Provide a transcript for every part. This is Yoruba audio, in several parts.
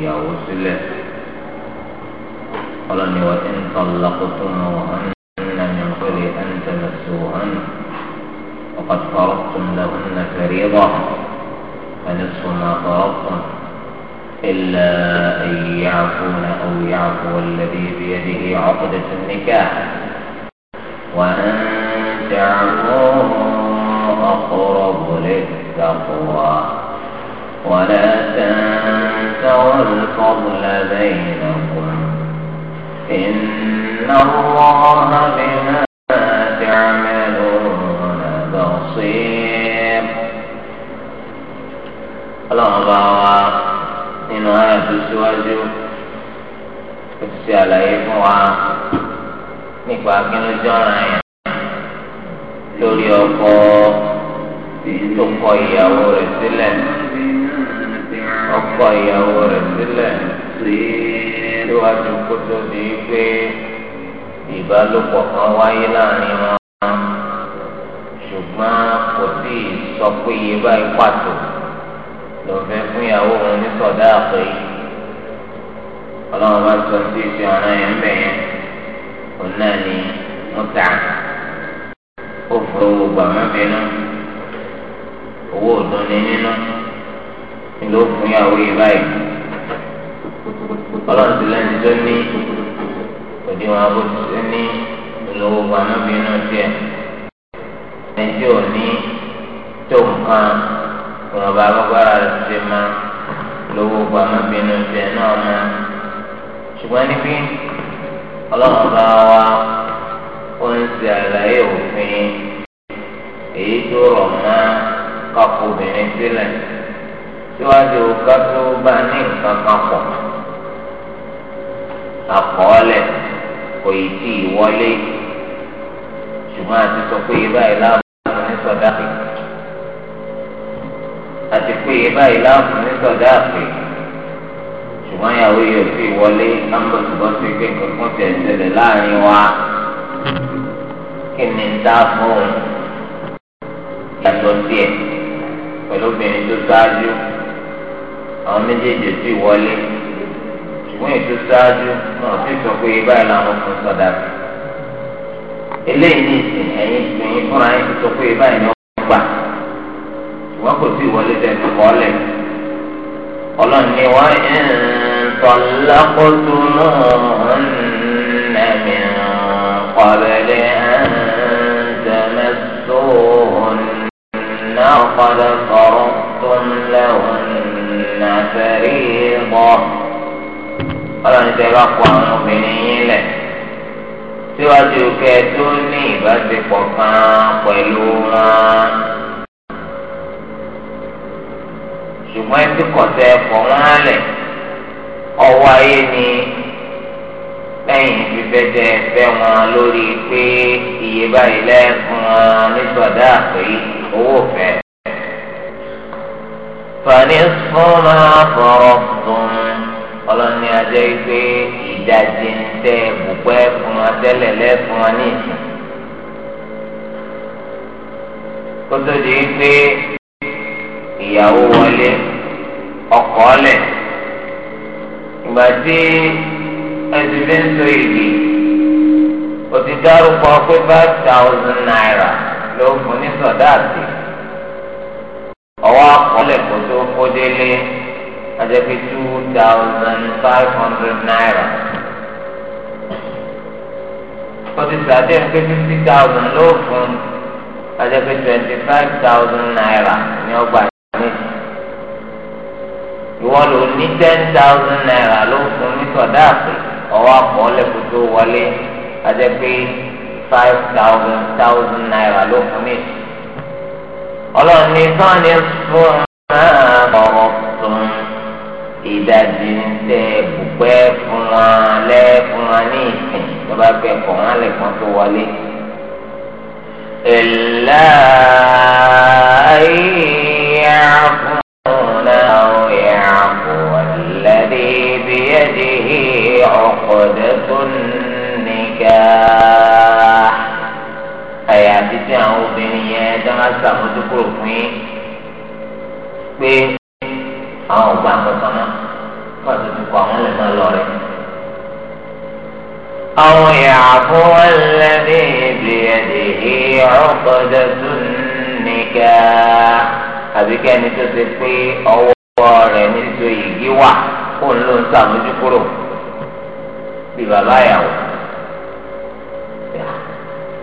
ìyàwó sílẹ̀ ọlọ́ni wa ń tọ́lákótó mọ́ wọn nínú ẹni ọ̀pẹ̀lẹ̀ ẹni tẹ̀lé sí wọn ọkọ̀ tọ́lọ́kùn lẹ́hùn ní fẹ̀rẹ̀ bọ̀ ẹni sọ̀nà tọ́lọ́kùn إلا أن يعفون أو يعفو الذي بيده عقدة النكاح وأن تعفوه أقرب للتقوى ولا تنسوا ترى الفضل بينكم إن الله بما تعملون بصير اللهم بارك nínú ayé tó síwájú ó ti ṣe àlàyé fún wa nípa akínújọ́ra yẹn lórí ọkọ èyí tó kọ ìyàwó rẹ̀ sílẹ̀ ọkọ ìyàwó rẹ̀ sílẹ̀ sí síwájú kó tó di pé ìbálòpọ̀ kan wáyé láàrin wọn ṣùgbọ́n kò sí sọ pé iye báyìí pàtó ló fẹ́ fún ìyàwó òun ní sọ̀dá àpè ọlọ́run bá sọ sí ìfi ọ̀ràn yẹn bẹ̀yẹn òun náà ni múta ó fọ owó gbàmọ́bínú owó òdùnní nínú ló fún yàwó yìí báyìí ọlọ́run ti lẹ́nu tó ní òdiwọ̀n abótú tó ní olówó gbanábìnrin tiẹ̀ ẹni tí ò ní tó nǹkan ìwọ̀nba agbára rẹ̀ ti ma lówó gbanábìnrin tiẹ̀ náà ma ṣùgbọ́n níbí ọlọ́run bá wa ó ń ṣe àlàyé òfin èyí tó rọ̀ mọ́ kápò obìnrin sílẹ̀ síwájú ká tó bá ní nǹkan kan pọ̀ àkọọ́lẹ̀ kò yìí tí ì wọlé ṣùgbọ́n àti sọ pé ibà ìlàbùn ní sọ̀dá pé àti pé ibà ìlàbùn ní sọ̀dá pé ṣùgbọ́n ìyàwó yìí ò tí ì wọlé lámbọ̀tìbọ̀ sí pé nǹkan tẹ̀ ṣẹlẹ̀ láàrin wa kí ni dá fún un yàtọ̀ díẹ̀ pẹ̀lú obìnrin tó ṣáájú àwọn méjèèjì ti wọlé ṣùgbọ́n ètò ṣáájú náà ti sọ pé báyìí làwọn fún sọdá sí eléyìí ní ìsìn ẹ̀yìn ìsìn fúnra yín ti sọ pé báyìí ni wọ́n gbà ṣùgbọ́n kò sí ìwọlé tẹ̀sí kọ́lẹ̀ ọlọ́run ni wọ́n ń tọ́lákótó náà ń nàmì kọ́lẹ̀ ń náà kọ́lẹ̀ sọ̀rọ̀ tó ń lẹ́wọ̀n. كنا فريضا ọlọ́run tẹ bá kó àwọn obìnrin yín lẹ̀ síwájú kẹ tó ní ìbáṣepọ̀ kan pẹ̀lú wọn. ṣùgbọ́n ẹtí kọ̀tẹ́ fọ̀ wọ́n lẹ̀ ọwọ́ ayé ni lẹ́yìn fífẹ́tẹ́ fẹ́ wọn lórí pé iye báyìí lẹ́ẹ̀kan ní sọ̀dá àpè owó fẹ́. فنصف ما فرضتم ọlọ́ni ajẹ́ pé ìdajì ń tẹ ìbùkún ẹ̀fún atẹ́lẹ̀ lẹ́fún wa ní ìsìn. kótó di pé ìyàwó wọlé ọkọ ọlẹ̀ ìgbà tí ẹtì fi ń naira ọwọ́ àkọọ́lẹ̀ kò tó kó délé ajẹ́pẹ́ two thousand five hundred naira. ó ti sàdé pé fifty thousand ló fún ajẹ́pẹ́ twenty five thousand naira ní ọgbà ìsàlẹ̀. ìwọ ló ní ten thousand naira ló fún ní sọ̀dáàpẹ̀ ọwọ́ àkọọ́lẹ̀ kò tó wọlé ajẹ́pẹ́ five thousand thousand naira ló fún ní ọlọ́run ní sọ́ọ̀nì fún máa bọ̀rọ̀ tún ìdajì ń tẹ bùpẹ́ fún wa lẹ́ fún wa ní ìsìn tó bá fẹ́ kọ̀ wọ́n lè kàn tó wọlé. إلا أن يعفون أو يعفو الذي بيده عقدة ń sàmójúkúrò fún yín pé àwọn ọgbà kankan náà wọn ti kọ àwọn lè máa lọ rẹ. أو يعفو الذي بيده عقدة النكاح àbí kẹ́ni tó ṣe pé ọwọ́ rẹ̀ níṣó yìí wà kó ń ló ń sàmójúkúrò bí bàbá yàwó.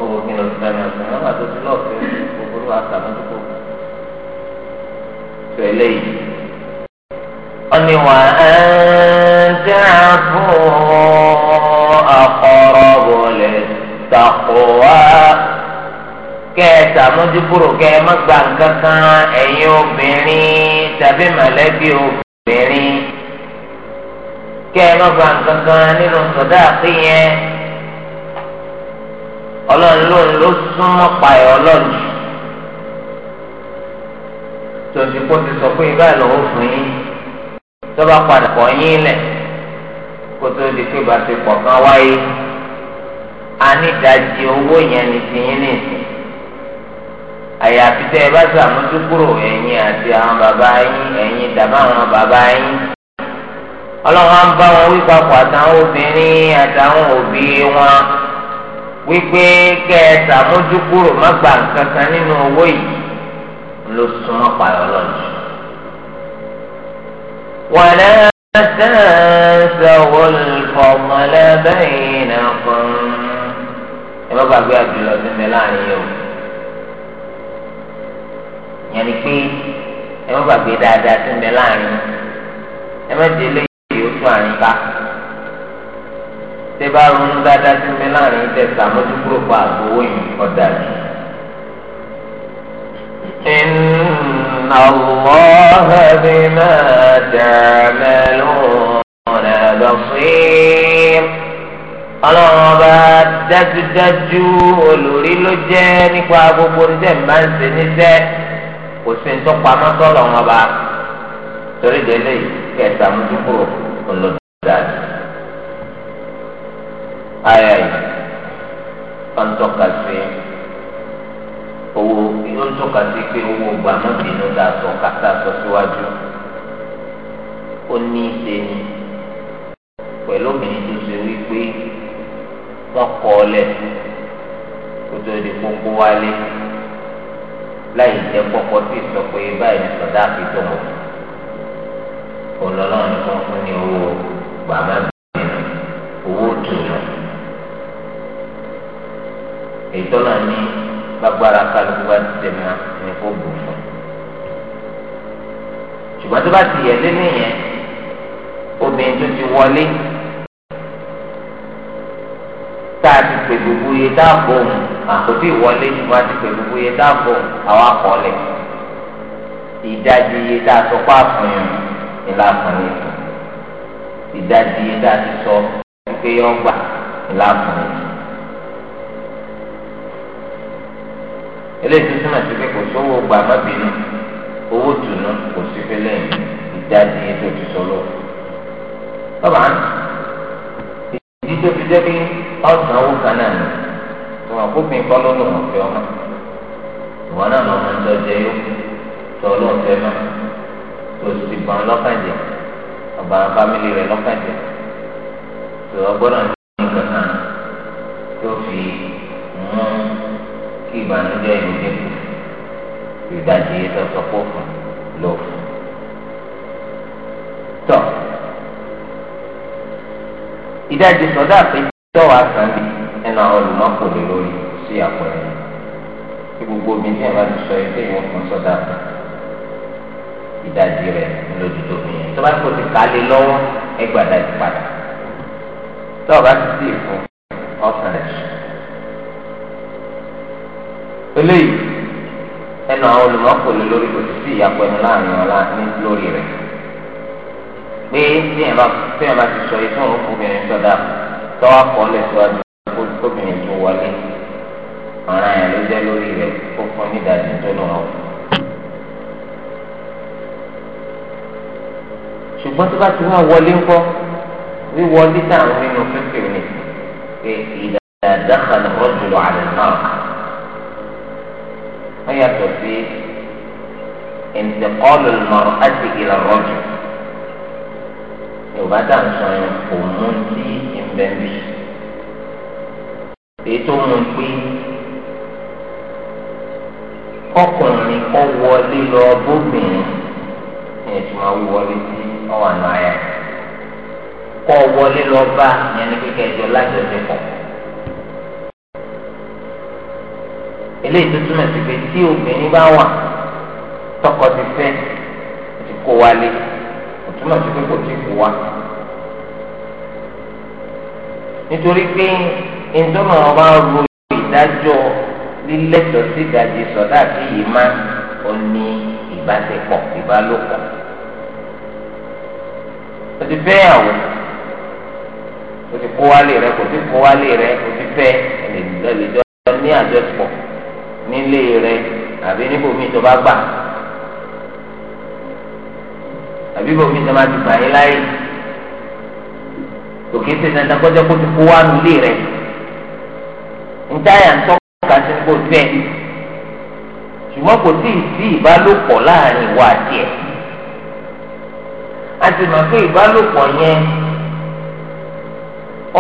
owó kí ló ti fẹ́ máa sọ wọn bá tó ti lọ́ọ̀ tó wà sàmójútó tó eléyìí. wọ́n ní wà á jẹ́ àfún àkọ́rọ́bù lè tàkùwá kẹ́ ẹ sàmójúkúrò kẹ́ ẹ má gba nǹkan kan ẹ̀yin obìnrin tàbí mọ̀lẹ́bí obìnrin kẹ́ ẹ má gba nǹkan kan nínú sọ̀dá àkíyẹn ọlọ́run ló ń lọ súnmọ́ payọ̀ ọlọ́run tòǹtì kó ti sọ pé ibà lọ́wọ́ fún yín tọ́ba padà pọ̀ yín lẹ̀ kó tó di pé bàtí pọ̀ kan wáyé anídàájì owó yẹn ni ti yín nìsín àyàfi tẹ ẹ bá sàmójúkúrò ẹ̀yin àti àwọn bàbá yín ẹ̀yin dàbá àwọn bàbá yín ọlọ́run á ń bá wọn wí papọ̀ àtàwọn obìnrin àtàwọn òbí wọn wípé kẹ́ ẹ sàmójúkúrò má gbà kankan nínú owó yìí ló súnmọ́ pààyàn lọ́nà. wàlẹ́ sẹ́ńsẹ̀ olùfọ̀mọ́lẹ́ bẹ́yìn náà fún ẹ má gbàgbé àjùlọ sí mi láàrin yìí o. yẹn ni pé ẹ má gbàgbé dáadáa sí mi láàrin ẹ má délé yìí ó tún àárín tẹ bá ronú dáadáa sí mi láàrin tẹ sàmójúkúrò pa àgbowó yìí ọ̀dà yìí. إن الله بما تعملون بصير ọlọ́run ọba dájúdájú olórí ló jẹ́ nípa gbogbo oníṣẹ́ máa ń ṣe níṣẹ́ kò sí ní tọ́pọ̀ amásọ́lọ̀ wọn ọba torí délé kẹta mójúkúrò olódàdì. ayé ọ̀ntọ́ka sí i owó inú ń tọ́ka sí pé owó gbàmọ́bìnú dà sọ kàtà sọ síwájú ó ní í ṣe ni pẹ̀lú obìnrin tó ṣe wípé wọ́n kọ́ ọ lẹ̀ kó tó di kókó wálé láì jẹ́ pọ́pọ́ tí sọ pé báyìí ní sọ̀dá àfitọ́ mọ̀ ọlọ́lọ́run ni wọ́n fún ní owó gbàmọ́bìnú owó tùnú ètò náà ní gbàgbára kálukú bá ti tẹ̀ mọ́ ní kó bù fún ṣùgbọ́n tó bá ti yẹ lé nìyẹn obìnrin tó ti wọlé tá a ti pè gbogbo iye dáàbò òun àkótí ìwọlé ṣùgbọ́n a ti pè gbogbo iye dáàbò òun àwọn akọọ̀lẹ̀ ìdajì iye tá a sọ pé àfihàn ni láàfin ìdajì iye tá a ti sọ pé yọ gbà ni láàfin. eléyìí tó túmọ̀ sí pé kò sówó gbà má bínú owó tùnú kò sí pé lẹ́yìn ìdajì ètò ìsọlọ. bàbá ìdí tó fi jẹ́ pé ọ̀sán owó kan náà ni wọn kó pin kọ́ lọ́nà ọ̀fẹ́ ọmọ ìwọ náà lọ́mọ ń dọ́jẹ́ yó tọ́ ọlọ́ọ̀fẹ́ náà tó sì bàn lọ́kànjẹ́ ọba fámìlì rẹ̀ lọ́kànjẹ́ tó ọgbọ́dọ̀ ní kan tó fi mú kí ìbànújẹ́ ìlú dínkù ìdajì yìí tọ́sọ kó fún lò fún. tọ́ ìdajì sọ̀dá pé tọ́wọ́ àtàn bí ẹnà olùmọ́kò lè lórí sí àpẹẹrẹ kí gbogbo omi tí ẹ bá ti sọ ilé ìwọ fún sọ̀dá ìdajì rẹ̀ lójútó mi yẹn tó bá kò ti kálé lọ́wọ́ ẹgbàá dájú padà tọ́wọ́ bá ti sí ìfún ọkàn rẹ̀ sùn eléyìí ẹnu àwọn olùmọ̀kòlè lórí kò sí ìyàpọ̀ ẹnu láàrin wọn láàrin lórí rẹ̀ pé tí ẹ̀ bá tí ẹ̀ bá ti sọ ìtàn obìnrin sọ̀dà tọ́wọ́ kọ́ lè síwájú obìnrin tó wọlé ọ̀ràn yẹn ló jẹ́ lórí rẹ̀ kó fún nídàájú tó lọ́wọ́. ṣùgbọ́n tó bá ti wá wọlé ńkọ́ wíwọlé táwọn nínú fífi ní pé ìdàdàkàlà rọ́jùlọ àlẹ́ náà wọ́n yàtọ̀ sí ìǹtẹ̀kọ́lù lọ́rọ̀ àti ìlàrọ́jù yorùbá dà ń sọ yẹn kò mú sí ìmbẹ́bí èyí tó mú pé kọkùnrin kọ́ wọlé lọ bóbìnrin ní ìtumọ̀ wọlé sí ọ̀wà náà yẹn kọ́ wọlé lọ bá yẹn ní kíkẹ́ ìjọ lájọṣepọ̀. eléyìí tó túmọ̀ sí pé tí obìnrin bá wà tọkọ ti fẹ́ o ti kó wálé o túmọ̀ sí pé kò tí kó wá. nítorí pé ìjọba ọba ro ìdájọ́ lílẹ́tọ̀ sí ìdajì sọ̀dá àti yìí má ó ní ìbáṣepọ̀ ìbálòpọ̀. o ti fẹ́yàwó o ti kó wálé rẹ kò tí kó wálé rẹ o ti fẹ́ ẹ̀ lè ní àjọṣepọ̀ nílé rẹ àbí níbòmí tó bá gbà àbí bòmí tó máa ti gbà yín láyé òkè ṣe dandan kọjá kó ti kó wá nílé rẹ ntáyà ń tọ́ka ti kó tẹ́ ṣùgbọ́n kò tí ì sí ìbálòpọ̀ láàrin ìwà àti ẹ̀ a ti mọ̀ pé ìbálòpọ̀ yẹn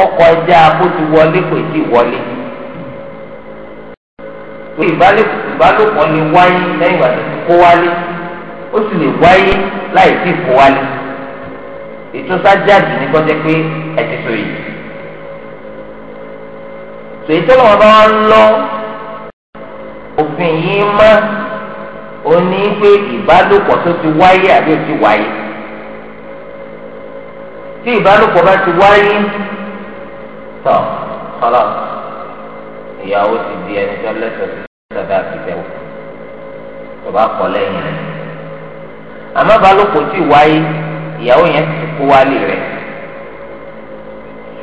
ọkọ̀ ẹja kó ti wọlé kò tí ì wọlé pé ìbálòpọ̀ lè wáyé lẹ́yìn ìgbà tó ti kó wálé ó sì lè wáyé láì sí kó wálé ètò sájáde ní kọ́jẹ́ pé ẹ ti sọ yìí tòyí tó lọ́wọ́ bá ń lọ òfin yìí mọ́ ó ní pé ìbálòpọ̀ tó ti wáyé àbí ó ti wáyé tí ìbálòpọ̀ bá ti wáyé tọ̀ ọlọ́run ìyàwó ti di ẹni tó lẹ́sọ̀ sọ̀dá àtìkẹ́ wò tó bá kọ́ lẹ́yìn rẹ̀ àmọ́ balùwò tí wáyé ìyàwó yẹn ti kó wálé rẹ̀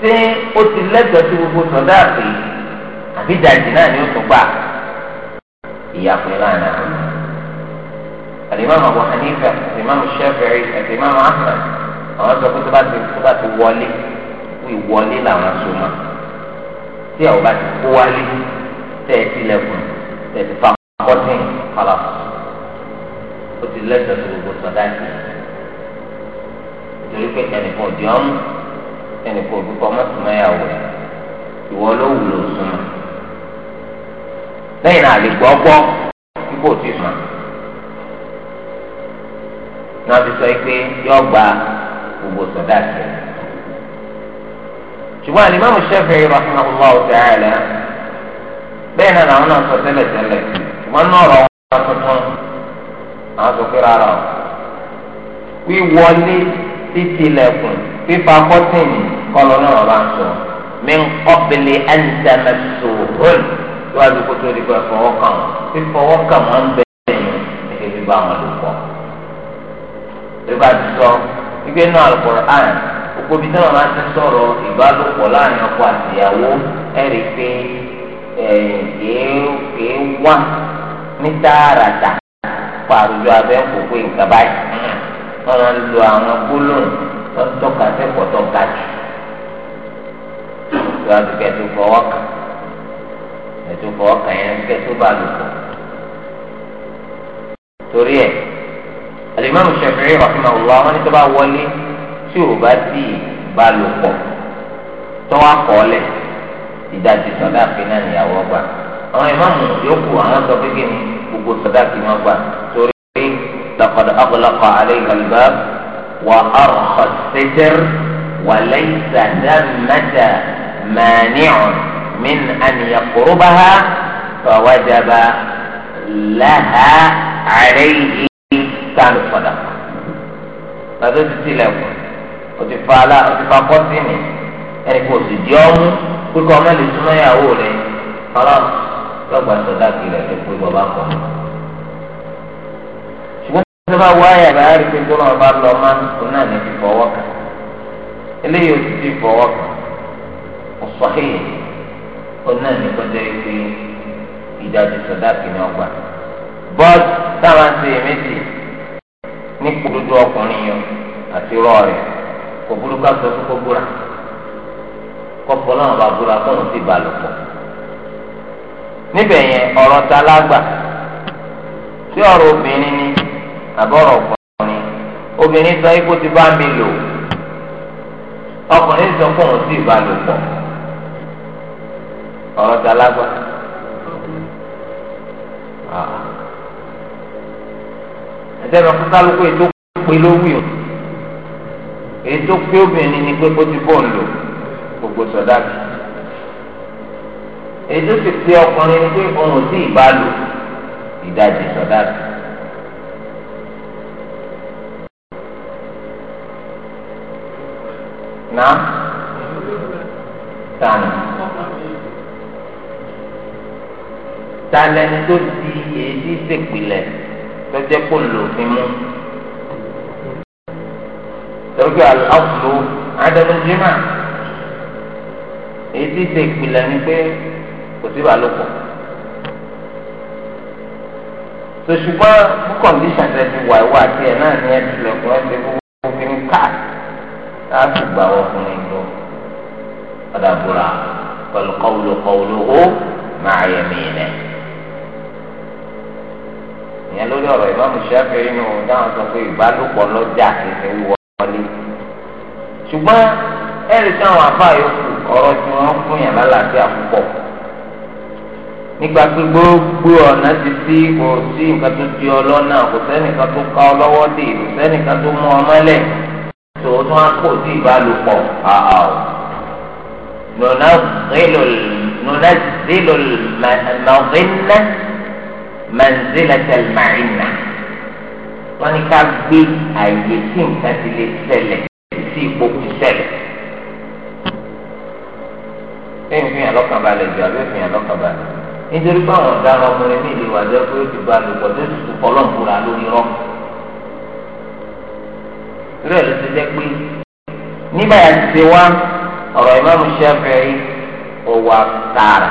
ṣé ó ti lẹ́sọ̀ sí gbogbo sọ̀dá àtì àbí dàjì náà ni ó tún gbà ìyàpẹ̀ lánà alimami abu hanifa alimami shafi'i alimami ahmed àwọn sọ pé tó bá ti wọlé wíwọlé làwọn sọ máa tí àwọn bá ti kó wálé tẹ ẹ tilẹ̀kùn tẹ ẹ ti fa kọtìn kala o ti lẹsẹ tó gbogbo sọdá jù nítorí pé ẹnìkan òdi ọmú ẹnìkan òdúkọ mọtòmáyàwó rẹ ìwọ ló wù ló súnmọ́ lẹ́yìn náà àlèkò ọgbọ kíkó ti sùn náà ti sọ pé yọ gba gbogbo sọdá jù ṣùgbọ́n alimami Shafi'i rahimahullah ta'ala bẹ́ẹ̀ náà làwọn náà sọ tẹ́lẹ̀ tẹ́lẹ̀ ṣùgbọ́n náà rọ wọn tuntun àwọn sọ pé rárá o wíwọlé títí lẹ́kùn fífa kọ́tìnì kọlọ náà bá ń sọ min qabli an tamassuhun yóò wájú kó tó di pé fọwọ́ kàn fífọwọ́ kàn máa bẹ ẹ̀yìn ẹ̀kẹ́ gbogbo ibi táwọn máa ti sọ̀rọ̀ ìbálòpọ̀ láàrin ọkọ àtìyàwó ẹ̀rí pé kìí wá ní tààràtà pàrọ̀jọ abẹ́ òkòkò nǹkan báyìí wọ́n lọ lo àwọn gbólóhùn tó ń tọ́ka sẹ́kọ̀ọ́ tó ga jù ìwà àdúgbò ẹ̀tún fọwọ́ kàn ẹ̀tún fọwọ́ kàn yẹn kẹ́ bá lò pọ̀ torí ẹ̀ alimami Shafi'i rahimahullah wọn ní tó bá wọlé tí ò bá tí ì bá lò pọ̀ tọ́wọ́ àkọọ́lẹ̀ ìdajì sọ̀dá pé náà nìyàwó gbà àwọn ìmáàmù yòókù àwọn sọ pé kí ni gbogbo sọ̀dá kì í máa gbà torí pé لقد أغلق عليها الباب وأرخى الستر وليس ثمة مانع من أن يقربها فوجب لها عليه كان الصدقة هذا تتلوه o ti fa ala o ti fa kọ́tìnì ẹni kò sì di ọmú pípọ̀ ọmọ lè súnmọ́ ìyàwó rẹ fọlá lọ́gbà sọ̀dá kiri ẹ̀ pé bàbá kọ́ mi. ṣùgbọ́n tí wọ́n bá wá ẹ̀yà bá rí pé tó náà bá lọ máa ń sùn náà ní ti fọwọ́ kàn eléyìí o ti ti fọwọ́ kàn o sọ kéye o náà ní kọjá ìpè ìdájọ́ sọ̀dá kiri ọgbà bọ́ọ̀dù táwọn ti èmi ti ní kúrúdú ọkùnrin yẹn àti rọ́ọ̀rẹ́ kò burúkú àti ọtún kó búra kọ́pọ̀ náà bá búra tọ́nù sí ìbálòpọ̀ níbẹ̀ yẹn ọ̀rọ̀ ta lágbà tí ọ̀rọ̀ obìnrin ni àbọ̀rọ̀ ọkùnrin obìnrin sọ ikú ti bá mi lò ọkùnrin sọ fún òun sí ìbálòpọ̀ ọ̀rọ̀ ta lágbà ẹ̀sẹ̀ mi kúta lóko ètò pé lówì o èyí tó pé obìnrin ni pé kó ti bò ń lò gbogbo sọdáàkì èyí tó sì pé ọkùnrin ni pé òun ò sí ìbá lò ìdajì sọdáàkì. na tani tani ẹni tó di èyí tí ìsèpìlẹ̀ tó jẹ́ kó lò mú torí àlọ́fù adẹ́nudínà èyí tí ṣe ìpìlẹ̀ ni pé kò sí ìbálòpọ̀ so ṣùgbọ́n fún kọ̀ǹdíṣàn rẹ ti wà ìwà àti ẹ̀ náà ní ẹ tilẹ̀kùn ẹ ti fún obìnrin káà láti gbà ọkùnrin lọ padà búra pẹ̀lú kọ́wúlò kọ́wúlò ó máa yẹ mí nẹ. ìyẹn lórí ọ̀rọ̀ ìmáàmù Ṣáfi'í nù dáhùn sọ pé ìbálòpọ̀ lọ́jà kìí ṣe wíwọ́ wọlé ṣùgbọ́n ẹ̀rí tí àwọn àbá yòókù ọ̀rọ̀ tí wọ́n ń fún yàn lálàáfíà púpọ̀ nígbà pé gbogbo ọ̀nà ti sí kò sí nǹkan tó di ọlọ́nà kò sẹ́nìkan tó ká ọ lọ́wọ́ dè kò sẹ́nìkan tó mú ọ mọ́lẹ̀ tó tún kò sí ìbálòpọ̀ àà ò nùnà zélòl màzínà màzínà tẹlmàínà wọ́n ní ká gbé àyè tí nǹkan ti lè ṣẹlẹ̀ sí ipò kù ṣẹlẹ̀. bẹ́ẹ̀ fi hàn lọ́kàn balẹ̀ jù àbẹ́ fi hàn lọ́kàn balẹ̀ nítorí pé àwọn ọ̀daràn ọmọrin ní ìlú ìwádìí ọkọ̀ yóò ti gba àlùkò tó ti tún fọlọ́n fúnra lórí rọ́. rẹ̀ ló ti jẹ́ pé nígbà yà ti ṣe wá ọ̀rọ̀ ìmáàmù Ṣáfi'í ọ̀wà tààrà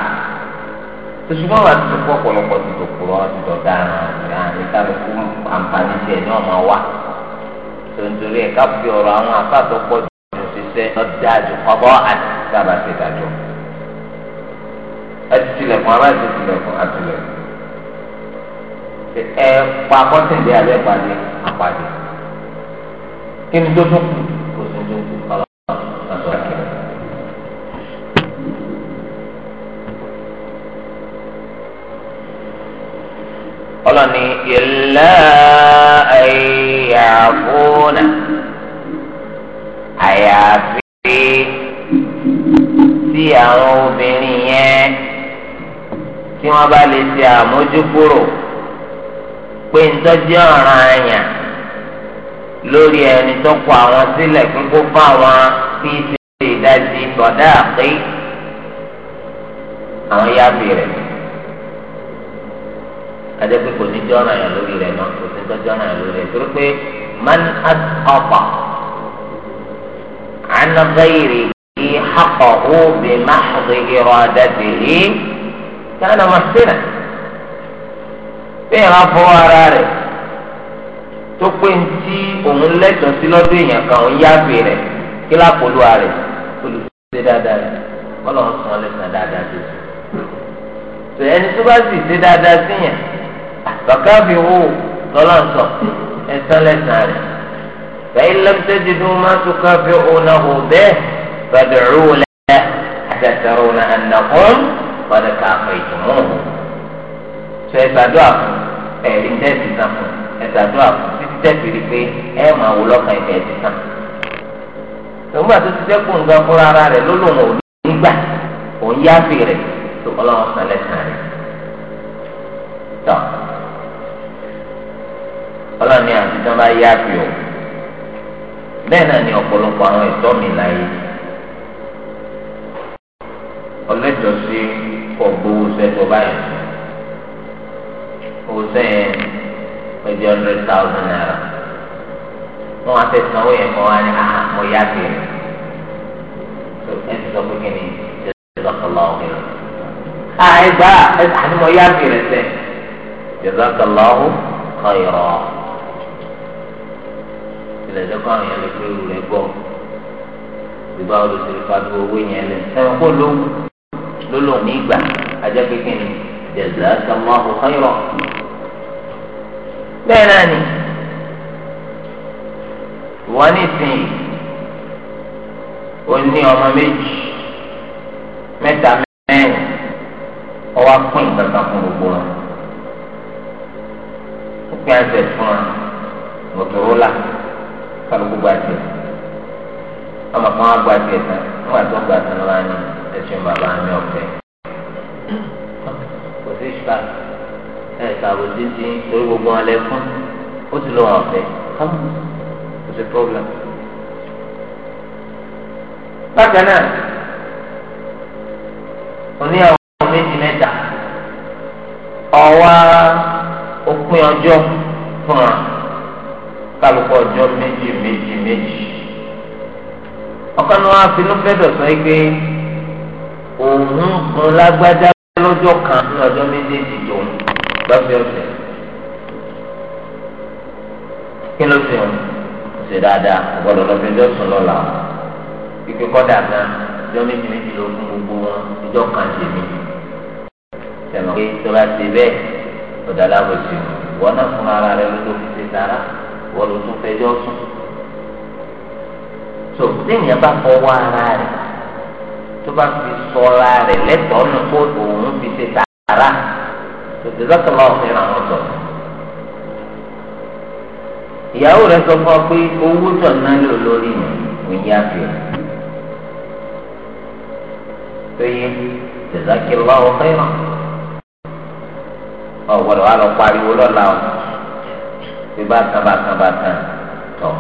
òṣùpá wà ti kọ́ ọ̀pọ̀lọpọ̀ ti dòkúrọ̀ ti dọ̀dá àrùn kálukú àǹfààní tiẹ̀ ní ọmọ wa tòǹtòrí ẹ̀ ká fi ọ̀rọ̀ àwọn afáàtọ̀ pọ̀ ju òṣìṣẹ́ ọ̀dájú ọ̀bọ̀ àti sábà ti dájọ́ ẹ ti tilẹ̀kùn ará ti tilẹ̀kùn àtìlẹ̀kùn ẹ pa bọ́sẹ̀ alẹ́ pàdé àpàdé kí ni tó tún kù. fúnà àyàfi tí àwọn obìnrin yẹn tí wọ́n bá lè ṣe àmójúkúrò pé ntọ́jú ọ̀ràn àyàn lórí ẹni tó kọ àwọn sílẹ̀ fún gbogbo àwọn tí í ṣe ìdajì sọ̀dá àpé àwọn yáàbì rẹ̀. adé pé kò ní jọ́ràn yàn lórí rẹ̀ náà kò sí tọ́jú ọ̀ràn yàn lórí rẹ̀ torí pé من أسقط عن غيره حقه بمحض إرادته كان محسنا bẹ́ẹ̀ máa fọwọ́ ara rẹ̀ tó pé ń tí òun lẹ́tọ̀ọ́ sí lọ́dún èèyàn kan òun yáàbì rẹ̀ kí lápolú ara rẹ̀ olùsọ ṣe dáadáa rẹ̀ kọ́lọ̀ ń sàn lẹ́sàn dáadáa tó tó ẹni tó bá sì ṣe dáadáa sí yẹn bàkàbí wo lọ́lá ń sọ ẹ̀sán lẹ́sàn rẹ̀ fẹ́yìn lẹ́mtẹ́jì tó máa tún ká fi ọ̀nà hù bẹ́ẹ̀ fẹ́dùrú lẹ́ àtẹ̀tẹ̀rù nà ànàkùn wọ́n ká fẹ́ ìtumọ̀ hù. sọ ẹ̀sàdúà fún ẹ̀rí tẹ́sí sàn fún ẹ̀sàdúà fún títí tẹ́sí pé ẹ̀ máa wò lọ́kàn ìfẹ́ ẹ̀sí sàn. tòmùbà tó ti dẹ́kun nǹkan fúnra ara rẹ̀ ló lòun ò nígbà òun yáfì rẹ̀ tó ọlọ́run sàn lẹ́sàn rẹ̀ ọlọ́run ní àti tán bá yá fi o bẹ́ẹ̀ náà ni ọ̀pọ̀lọpọ̀ àwọn ẹ̀tọ́ mi láyé ọlẹ́jọ́sí kọ̀ gbowó sẹ́tọ̀ báyìí owó sẹ́yìn ẹgbẹ́ hundred thousand naira wọ́n á tẹ̀sán owó yẹn kọ́ wá ní àmọ́ ah, yá fi o ẹ ti sọ pé kí ni jẹ́sọ́kọ̀lá ọ̀hìn àìgbà ah, ẹ̀ ànímọ̀ yá fi rẹ̀ sẹ́ jẹ́sọ́kọ̀lá ọ̀hìn kọ́ ìrọ̀ tilẹ̀ jẹ́ kó àwọn yẹn lè pé ewu rẹ̀ gbọ́ ìgbà wo ló ti rí fadu owó yẹn lẹ̀ ẹ̀wọ̀n kó ló ló lò ní ìgbà ajẹ́ kékeré ni jẹ̀zẹ̀ àtàwọn àbùkán bẹ́ẹ̀ náà ni ìwọ nísìnyí ó ní ọmọ méjì mẹ́ta mẹ́rin ọwọ́ pín kankan fún gbogbo wọn ó pín àṣẹ fún wọn mọ̀tòrólà kálukú gba tiẹ̀ ọmọ kan wá gba tiẹ̀ tán nígbà tó gba tán lọ́wọ́ ni ẹ̀sìn bàbá mi ọ̀fẹ́ kò sí ìṣúra ẹ̀ ṣàbò títí torí gbogbo wọn lẹ fún ó ti lọ́wọ́ ọ̀fẹ́ kámú kò sí problem. bákan náà oníyàwó méjì mẹ́ta ọ̀wá òpin ọjọ́ fún wa kálukọ ọjọ́ méjì méjì méjì ọkàn náà wá finú fẹ́ dọ̀tún yìí pé òun gun lágbájá lọ́jọ́ kan ní ọjọ́ méjèèjì tòun lọ́sẹ̀ ọ̀sẹ̀ kí ló ṣe òun ṣe dáadáa ọ̀gbọ́dọ̀ lọ́sẹ̀jọ́ sùn lọ́la kíkẹ́ kọ́dà náà ọjọ́ méjì méjì ló fún gbogbo wọn ọjọ́ kan ṣe mí tẹ̀mọ̀ pé tó bá ṣe bẹ́ẹ̀ ọ̀dà lábòsí wọn náà fún ara rẹ lọ́jọ́ fi ṣe sára wọ́n ló tún fẹjọ́ sùn. tó téèyàn bá fọwọ́ ara rẹ̀ tó bá fi sọ́ra rẹ̀ lẹ́tọ̀ọ́ nù kó òun fi ṣe tààrà tó ti lọ́kọ̀lọ́ ọ̀fẹ́ ràn wọ́n sọ̀rọ̀ ìyàwó rẹ sọ fún ọ pé owó tó ná lò lórí mi kò yá fi ọ. péye tẹ̀sákìlá ọ̀fẹ́ náà ọ̀gbọ̀dọ̀ wa lọ pariwo lọ́la o bí bákan bákan bákan tọ̀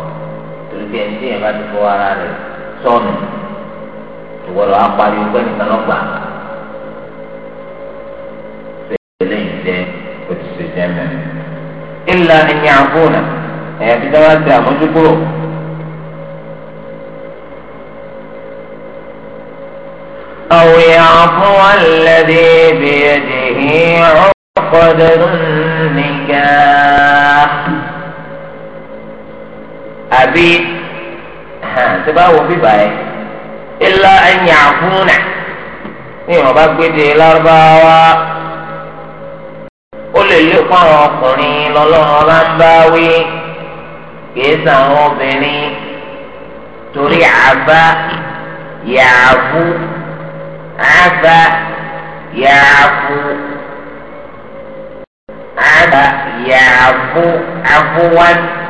torí pé ẹni tí yẹn bá ti fọ ara rẹ̀ sọnù ìwọ́lọ́ apari ọgbẹ́ nìkan lọ́gbà ṣẹlẹ̀ ìjẹ́ òtútù jẹ́ mẹ́rin. ìlà ẹ̀yìn àbúrò ẹ̀yà tí dáwà ti àmójúkúrò. أو يعفو الذي بيده عقد النكاح àbí tí bá wo bíbá yẹn ilá ẹ̀yìn àfúnà ní ìwọ̀n bá gbéde lárúbáwá ó lè lékún àwọn ọkùnrin lọ́lọ́run ọba ń bá wí kìí sàwọn obìnrin torí àbá yààbú àbá yààbú àbá yààbú àbúwájú.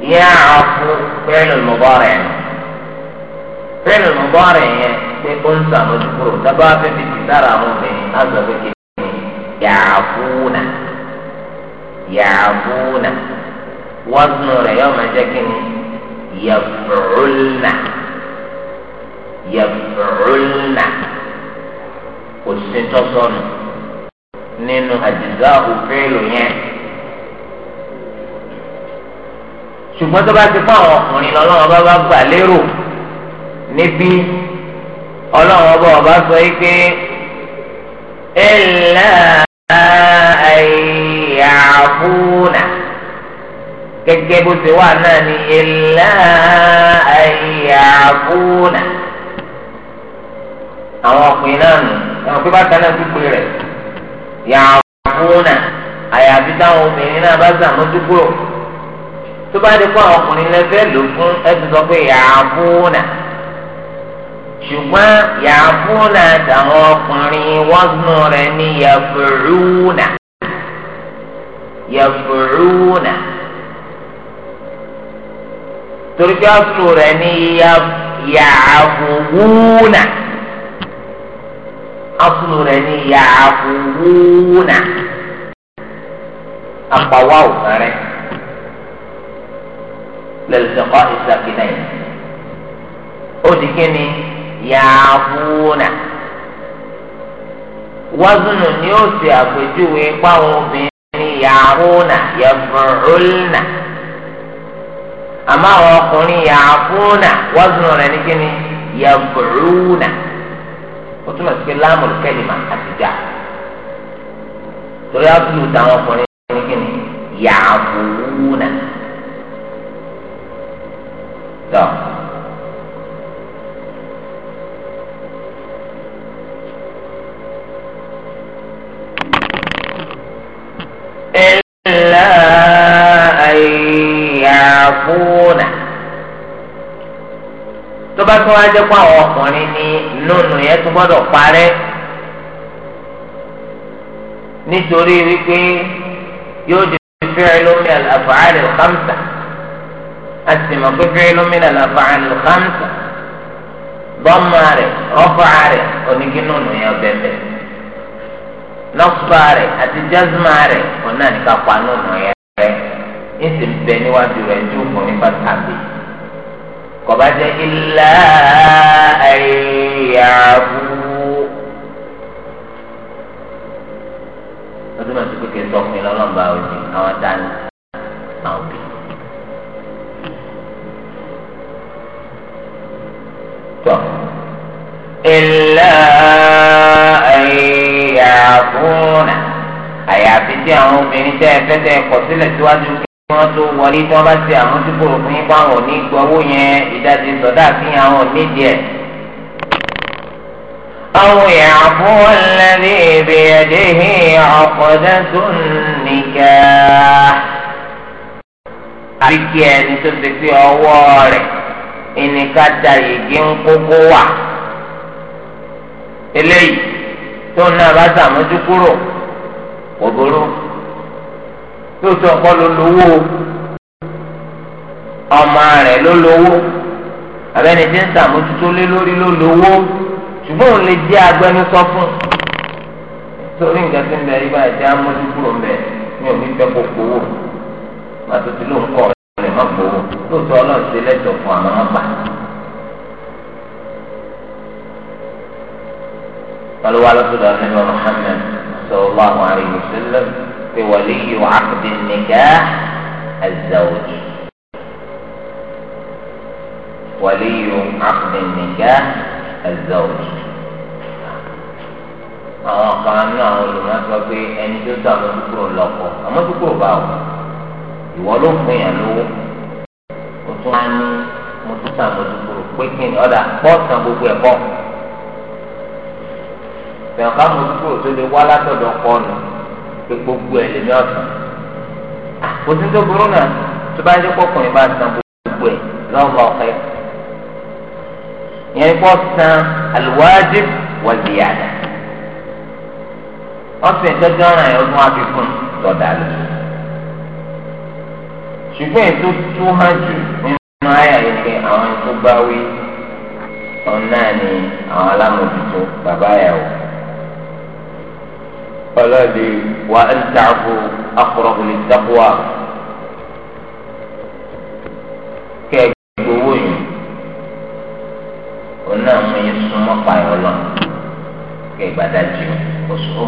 يعفو فعل المضارع فعل المضارع يكون سامجبور تبا في كتارة مؤمن هذا في يعفون يعفون وزن يوم جكن يفعلن يفعلن kò sí tọ́sọ́nù nínú àdìsá òfin lò yẹn. ṣùgbọ́n tó bá ti fún àwọn ọkùnrin lọ́lọ́wọ́ bá bá gbà lérò níbí ọlọ́wọ́ bá ọba sọ yìí pé ẹ̀là àyàfúnà gẹ́gẹ́ bó ti wà náà ni ẹ̀là àyàfúnà àwọn ọkùnrin náà nù ẹ̀wọ̀n pé bàtà náà rẹ̀ yàfúnà àyàfi obìnrin náà bá sàmójúkúrò tó bá dé kó àwọn ọkùnrin rẹ fẹ́ lò fún ẹtù sọ pé yàbúnà ṣùgbọ́n yàbúnà àtàwọn ọkùnrin wọ́nù rẹ ní yàbùrúnà yàbùrúnà torí pé ọ̀sùn rẹ ní yàbùwúnà ọ̀sùn rẹ ní yàbùwúnà àpàwọ̀ àwòrán rẹ lẹ́lẹ́sẹ̀kọ́ ìsàkínà yìí ó di kíni yàáfúnà wazunu ni ó ṣe àpèjúwe páwọn obìnrin yàáfúnà yàfúrúnà àmọ́ àwọn ọkùnrin yàáfúnà wazunu rẹ̀ ní kíni yàfúrúnà ó túmọ̀ sí pé láàmú kẹ́lìmà àtijọ́ torí àbúrò táwọn ọkùnrin ní kíni yàáfúnà tọ́. إلا أن يعفون tó bá tún wá jẹ́ pé àwọn ọkùnrin ní nùnù yẹn tún gbọ́dọ̀ parẹ́ nítorí wípé yóò di fẹ́ẹ́ lómi àfààrẹ̀ khamsa. أسمى فعل من الأفعال الخمسة ضم عليه رفع عليه ونجنون يا بمبه نصب عليه أتجزم عليه ونانك قانون يا ìsìn bẹ níwájú rẹ ju fún nípa tàbí kọba jẹ ilá ẹyàwó lọdún mẹ́sàn-án kékeré sọ fún mi lọ́lọ́mbà òjì àwọn dání tọ. ilà ẹ̀yà fúnà àyàfi tí àwọn obìnrin tẹ́ ẹ fẹ́ tẹ́ ẹ kọ̀ sílẹ̀ síwájú kí wọ́n tó wọlé tí wọ́n bá ti àwọn tí fún yín báwọn ò ní gbọ́ yẹn ìdajì sọ̀dá sí àwọn ò ní díẹ̀. أو يعفو الذي بيده عقدة النكاح àbí kí ẹni tó ìníká da yìgì ń kókó wà eléyìí tó náà bá sàmójú kúrò kò burú tó sọ ọkọ ló lówó ọmọ rẹ̀ ló lówó abẹ́ni tí ń sàmójútó lé lórí ló lówó ṣùgbọ́n òun lè jẹ́ agbẹnusọ fún torí nǹkan tí ń bẹ ibà ẹ̀jẹ̀ amójú kúrò ń bẹ ní òní fẹ́ kó gbowó màtòtí ló ń kọ̀ lè má gbowó lóòótọ́ ọlọ́run ṣe lẹ́tọ̀ọ́ fún àwọn ọgbà. قال والد النبي محمد صلى الله عليه وسلم ولي عقد النكاح الزوج ولي عقد النكاح الزوج àwọn kan náà olùmọ̀ sọ pé ẹni tó sàmójúkúrò lọ́kọ àmójúkúrò báwo ìwọ ló pín yàn lówó o tún á ní mo tún pé kí ni ọ̀dà pọ́ọ̀sán gbogbo ẹ̀ pọ̀ bẹ̀rẹ̀ ká mójúkúrò tó lè wá látọ̀dọ̀ pọ́ọ̀nù pé gbogbo ẹ̀ lèmi ọ̀sán kò sí tó burú náà tó bá yẹ kọkùnrin bá san gbogbo ẹ̀ lọ́wọ́ ọ̀fẹ́ yẹn ọ̀sẹ̀ ọ̀ràn ẹ̀ ọdún àfikún lọ́wọ́. ṣùgbọ́n ètò tó hàn jù nínú àyà yìí pé àwọn tó bá wí ọ̀n náà ni àwọn alámòjútó bàbá yàwó. ọlọ́ọ̀dẹ wà á ń dàgbò akọ̀rọ̀kùn lè dàgbòwà kẹ́ẹ̀gbowó yìí ọ̀n náà mú yín súnmọ́ pààyàn lọ kẹ́ẹ̀gbàdájì oṣù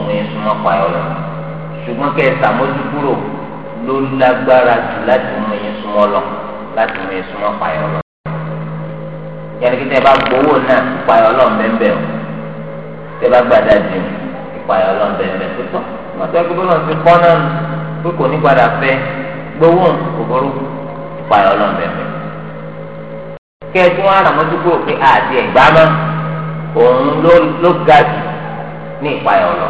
ló lágbára jù láti mú yín súnmọ́ lọ láti mú yín súnmọ́ payọ́ lọ. yẹnni kí tẹ bá gbowó náà ìpayọ́ lọ bẹ́ẹ̀ o tẹ bá gbàdá jù ìpayọ́ lọ bẹ́ẹ̀ tó tọ́ mọ̀tò ẹgbẹ́ bọ́lá ti kọ́ náà pé kò ní padà fẹ́ gbowó kòkòrò ìpayọ́ lọ bẹ́ẹ̀ kí ẹ pé àti ẹ̀gbá òun ló ga jù ní ìpayọ́ lọ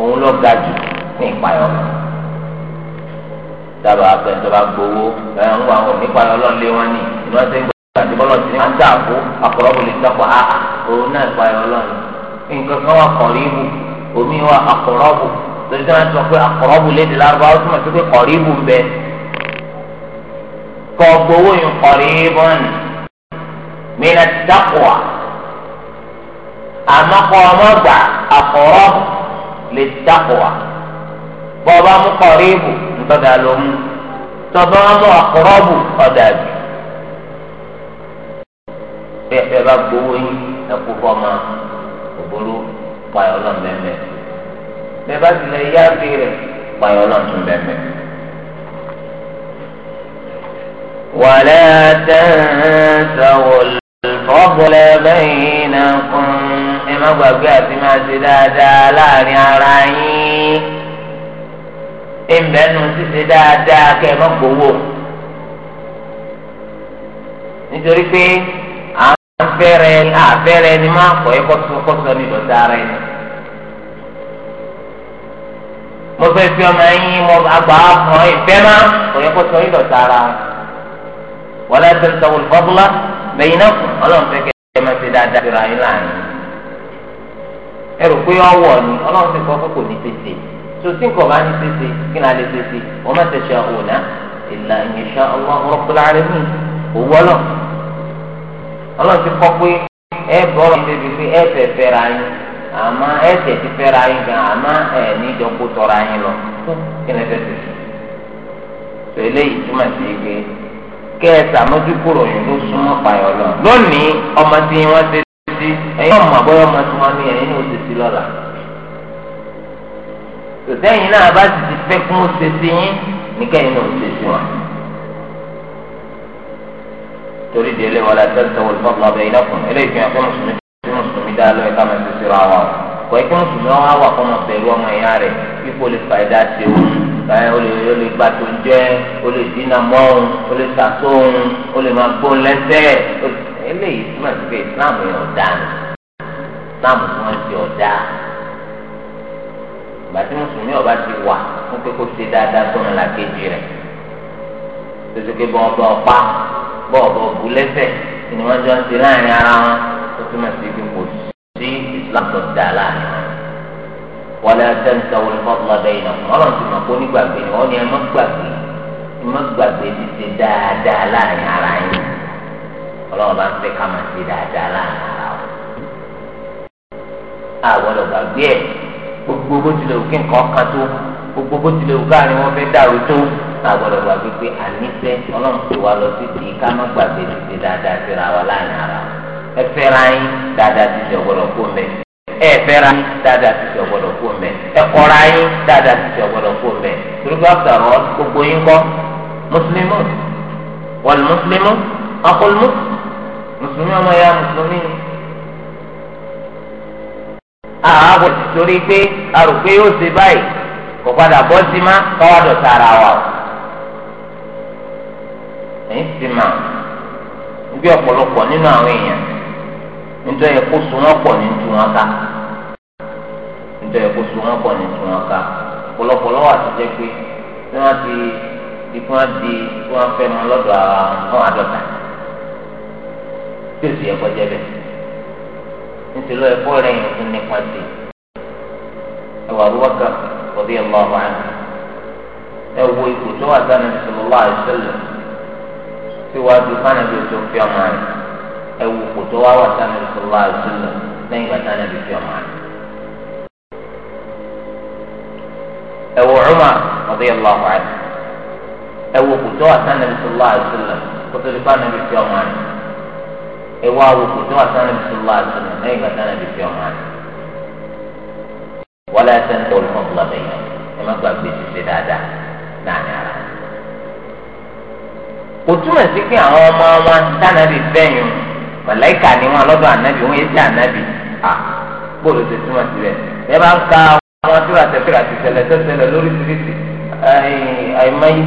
òun ló ga jù ní ìpayọ̀ lọ dábàá pé ìjọba gbowó ẹ̀ ń wà wọn nípa ọlọ́ọ̀lẹ́ wọn ni ìlú ọ̀sẹ̀ ń gbọ́ àti bọ́lọ̀ sí ni wọ́n ń dà kó àkọ́rọ́bù lè dọ́pọ̀ á òun náà pa ọlọ́ọ̀lẹ́ nǹkan kan wà kọ̀rìbù omi wà àkọ́rọ́bù lórí dáná sọ pé àkọ́rọ́bù léde lárúbáwá tó mọ̀ sí pé kọ̀rìbù ń bẹ kọ́ gbowó yìí kọ̀rìbùn mìíràn ti tọ́da ló mú tọ́ba wọn bọ̀ àkọ́rọ́bù ọ̀dà jù bí ẹ bá gbowó yín ẹ kó fọ́ ọmọ òbólú pààyọ̀ náà bẹ́ẹ̀ bẹ́ẹ̀ bá tilẹ̀ yá bí rẹ̀ pààyọ̀ náà tún bẹ́ẹ̀ ولا تنسوا الفضل بينكم ẹ má gbàgbé àti máa ṣe dáadáa ìmẹ̀nu ṣíṣe dáadáa kẹ́ ẹ má gbowó nítorí pé àfẹ́rẹ́ àfẹ́rẹ́ ni máa kọ́ ẹ kọ́sọ́kọ́sọ́ ní ìdọ̀tà rẹ ni. mo fẹ́ fi ọmọ yín mo àgbà ọmọ ìfẹ́ má kọ́ ẹ kọ́sọ́ ní ìdọ̀tà ara wọn. wọlé tẹ̀sán olùfọ́bùlá bẹ̀yìn náà kù ọlọ́run fẹ́ kẹ́ ẹ má ṣe dáadáa síra yín láàrin. ẹ rò pé ọwọ́ ni ọlọ́run ti kọ́ kókò ní tètè tòsí nǹkan bá ní sèse kí ni a lè sèse wọ́n má tẹ̀sẹ̀ ọ̀nà ìlà ìyẹ̀sà ọlọ́run rọ́pẹ́lá rẹ̀ mú òwú ọlọ́ ọlọ́run ti kọ́ pé ẹ bọ́rọ̀ débi pé ẹ fẹ́ fẹ́ra yín àmọ́ ẹ tẹ̀ ti fẹ́ra yín gan àmọ́ ẹ ní ìjọpọ̀ tọ́ra yín lọ kí ni ẹ fẹ́ sèse tó eléyìí túmọ̀ sí pé kẹ́ẹ̀sà mọ́júkúrò ló súnmọ́ payọ̀ lọ lónìí ọmọ tí wọ́n ti ti ẹ̀yin ọmọ àbọ̀yọ̀ ọmọ tí wọ́n ní ẹ̀yin ní òṣèṣì lọ́la tòtẹ́yìn náà bá sì ti fẹ́ kún ṣèṣe yín níkẹyìn náà ṣèṣe wọn. torí délé wọn la tẹ́lẹ̀ tẹ́wọ́ lọ́pọ̀ lọ́bẹ̀ iná kùn eléyìí fi hàn pé mùsùlùmí tí mùsùlùmí dá lọ́ọ́ ẹ̀ka máa ṣèṣe ra wọn. kò ẹ̀kọ́ mùsùlùmí wọn á wà fún ọmọ pẹ̀lú ọmọ ìyá rẹ̀ kíkó lè fa ẹ̀dá ṣe òun o lè gba tó jẹ́ o lè dínà mọ́ òun o lè sàtó o lè máa gbó lẹ́sẹ̀ eléyìí túmọ̀ sí pé Islam yẹn ọ̀dà Islam tí wọ́n ti ọ̀dà ìgbà tí mùsùlùmí ọba ti wà fún pé kó ṣe dáadáa sọnù làkejì rẹ̀ tètè pé bọ́ ọba ọ̀pá bọ́ ọba òbú lẹ́sẹ̀ kí ni wọ́n jọ ń ṣe láàrin ara wọn ó túmọ̀ sí pé kò sí islam tó dáa láàrin wọn. wọlé ẹsẹ̀ǹtẹ̀ wọlé fọ́tùlá bẹ́yìn náà ọlọ́run ti mọ̀ pé onígbàgbé ni wọ́n ní ẹ má gbàgbé ẹ má gbàgbé ti ṣe dáadáa láàrin ara yín ọlọ́run bá ń fẹ́ ká máa ṣe dáadáa láàrin ara wọn. àwọn ọ̀gbàgbé ẹ̀ gbogbo bó tilẹ̀ òkè nǹkan kan tó gbogbo bó tilẹ̀ òkè àárín wọn fẹ́ dàrú tó àgbọ̀dọ̀ gbàgbé pé àníṣẹ́ ọlọ́run ti wá lọ sí ti ká má gbàgbé títí dáadáa síra wa láàrin ara ẹ fẹ́ra yín dáadáa ti ṣe ọ̀gbọ̀dọ̀ kó mẹ́ ẹ fẹ́ra yín dáadáa ti ṣe ọ̀gbọ̀dọ̀ kó mẹ́ ẹ kọ́ra yín dáadáa ti ṣe ọ̀gbọ̀dọ̀ kó mẹ́ torípé àtàrọ gbogbo yín kọ́ mùsùlùmí wọ́n mùsùlùmí ọkọ̀ mùsùlùmí ọmọ ya mùsùlùmí àbò ah, torí pé a pé yóò ṣe báyìí kò padà bọ́ sí káwá dọ̀tà ara wa o. ẹ̀yin ti mà bí ọ̀pọ̀lọpọ̀ nínú àwọn èèyàn nítorí yẹ kó sun wọn pọ̀ ní ká yẹ kó sun wọn pọ̀ ní ká jẹ́ ti di di nítorí lọ ẹ̀kọ́ rẹ̀ yẹn tún nípa sí i ẹwà abubakar rọ̀bí ẹ̀mọ́ ọmọ ẹ̀ ẹ wo ipò tó wà sánà bisalòlá àìsílẹ̀ tí wàá ju fánàbí tó fi ọmọ rẹ̀ ẹ wo ipò tó wà wà sánà bisalòlá àìsílẹ̀ lẹ́yìn bàtà nàbí fi ọmọ rẹ̀. ẹ wo Umar rọ̀bí ẹ̀mọ́ ẹ wo ipò tó wà sánà bisalòlá àìsílẹ̀ kótó ti fánàbí fi ọmọ rẹ̀ ẹ wá arúgbó tí wàá sáré bisimilá àti lẹ́yìn ìgbà sáré bìí fi ọmọ àti. wọ́n lẹ́yìn sẹ́ni tó lọ́mọ bùlá bẹ̀yẹ ẹ má gbàgbé ṣiṣẹ́ dáadáa láàrin ara. kò túmọ̀ sí pé àwọn ọmọ wọn sànàbì fẹ́yìn màláìkà ni wọn lọ́dọ̀ ànábì wọn èsì ànábì à bóòlù ti túmọ̀ síbẹ̀ ẹ bá ń ka àwọn tí wàá tẹ̀fẹ́ àti lórí tìrìtì àìmọye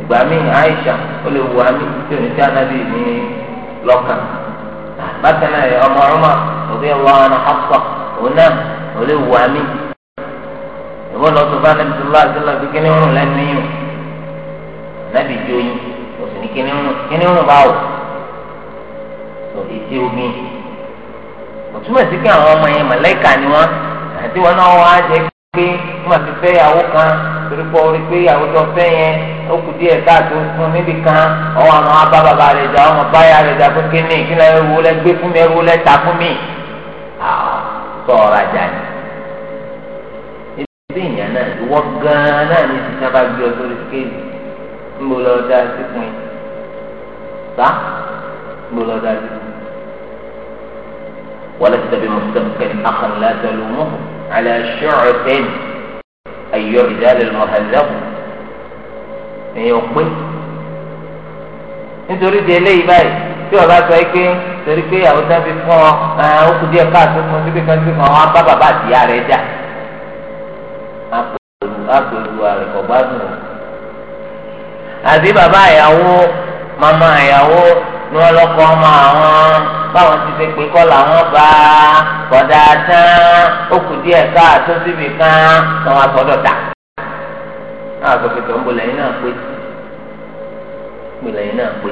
ìgbà míì Àìṣà ó lè wù á tí òní lọ́kàn bákan náà yẹ ọmọ ọmọ òbí ọlọ́ ọ̀nà ọ̀pọ̀ òun náà ò lè wù á mí ìwọ lọ sọ fún anabi sọlá àtẹlẹ pé kíni rún lẹnu yìí anabi jó yín o sì ní kíni rún kíni rún báwò tó ètí omi òtúmọ̀ sí àwọn ọmọ yẹn mọ̀lẹ́kà ni wọ́n àti wọn náà wọ́n á jẹ́ pé má ti fẹ́ ìyàwó kan torí pé orí pé ìyàwó tó fẹ́ yẹn ó kù díẹ̀ káàtó fún níbi kan ọwọ́ àwọn abá bàbá rẹ̀ jà ọmọ báyà rẹ̀ jà fún kíní kí lẹ́ wo lẹ́ gbé fún mi ẹ wo lẹ́ ta fún mi. sọ̀rọ̀ ajá ni ìdí ìyàn náà ìwọ gan-an náà ní ti sábà gbé ọ sórí skéèlì ń bò lọ dá sí fún yín sá ń bò lọ dá sí fún yín. wọ́n ti dàbí mọ̀tò kẹ́kẹ́ على شعث أن يعدل المهذب ni yóò pé nítorí di eléyìí báyìí tí ọba sọ yìí pé torí pé àwọn sábà fi fún ọ ó kù díẹ̀ káàtó fún ọ síbi kan síbi kan wọn bá bàbá àti ìyá rẹ jà àpèlú àrẹ̀kọ̀gbádùn àbí bàbá àyàwó màmá àyàwó ni wọ́n lọ́kọ́ ọmọ àwọn báwọn ti ṣe pé kọ́ làwọn bá kọ̀dà tán ó kù díẹ̀ káàtó síbi kan tán wá sọ́dọ̀ tà. náà sọ pé tó ń bolẹ̀ yín náà pé bolẹ̀ yín náà pé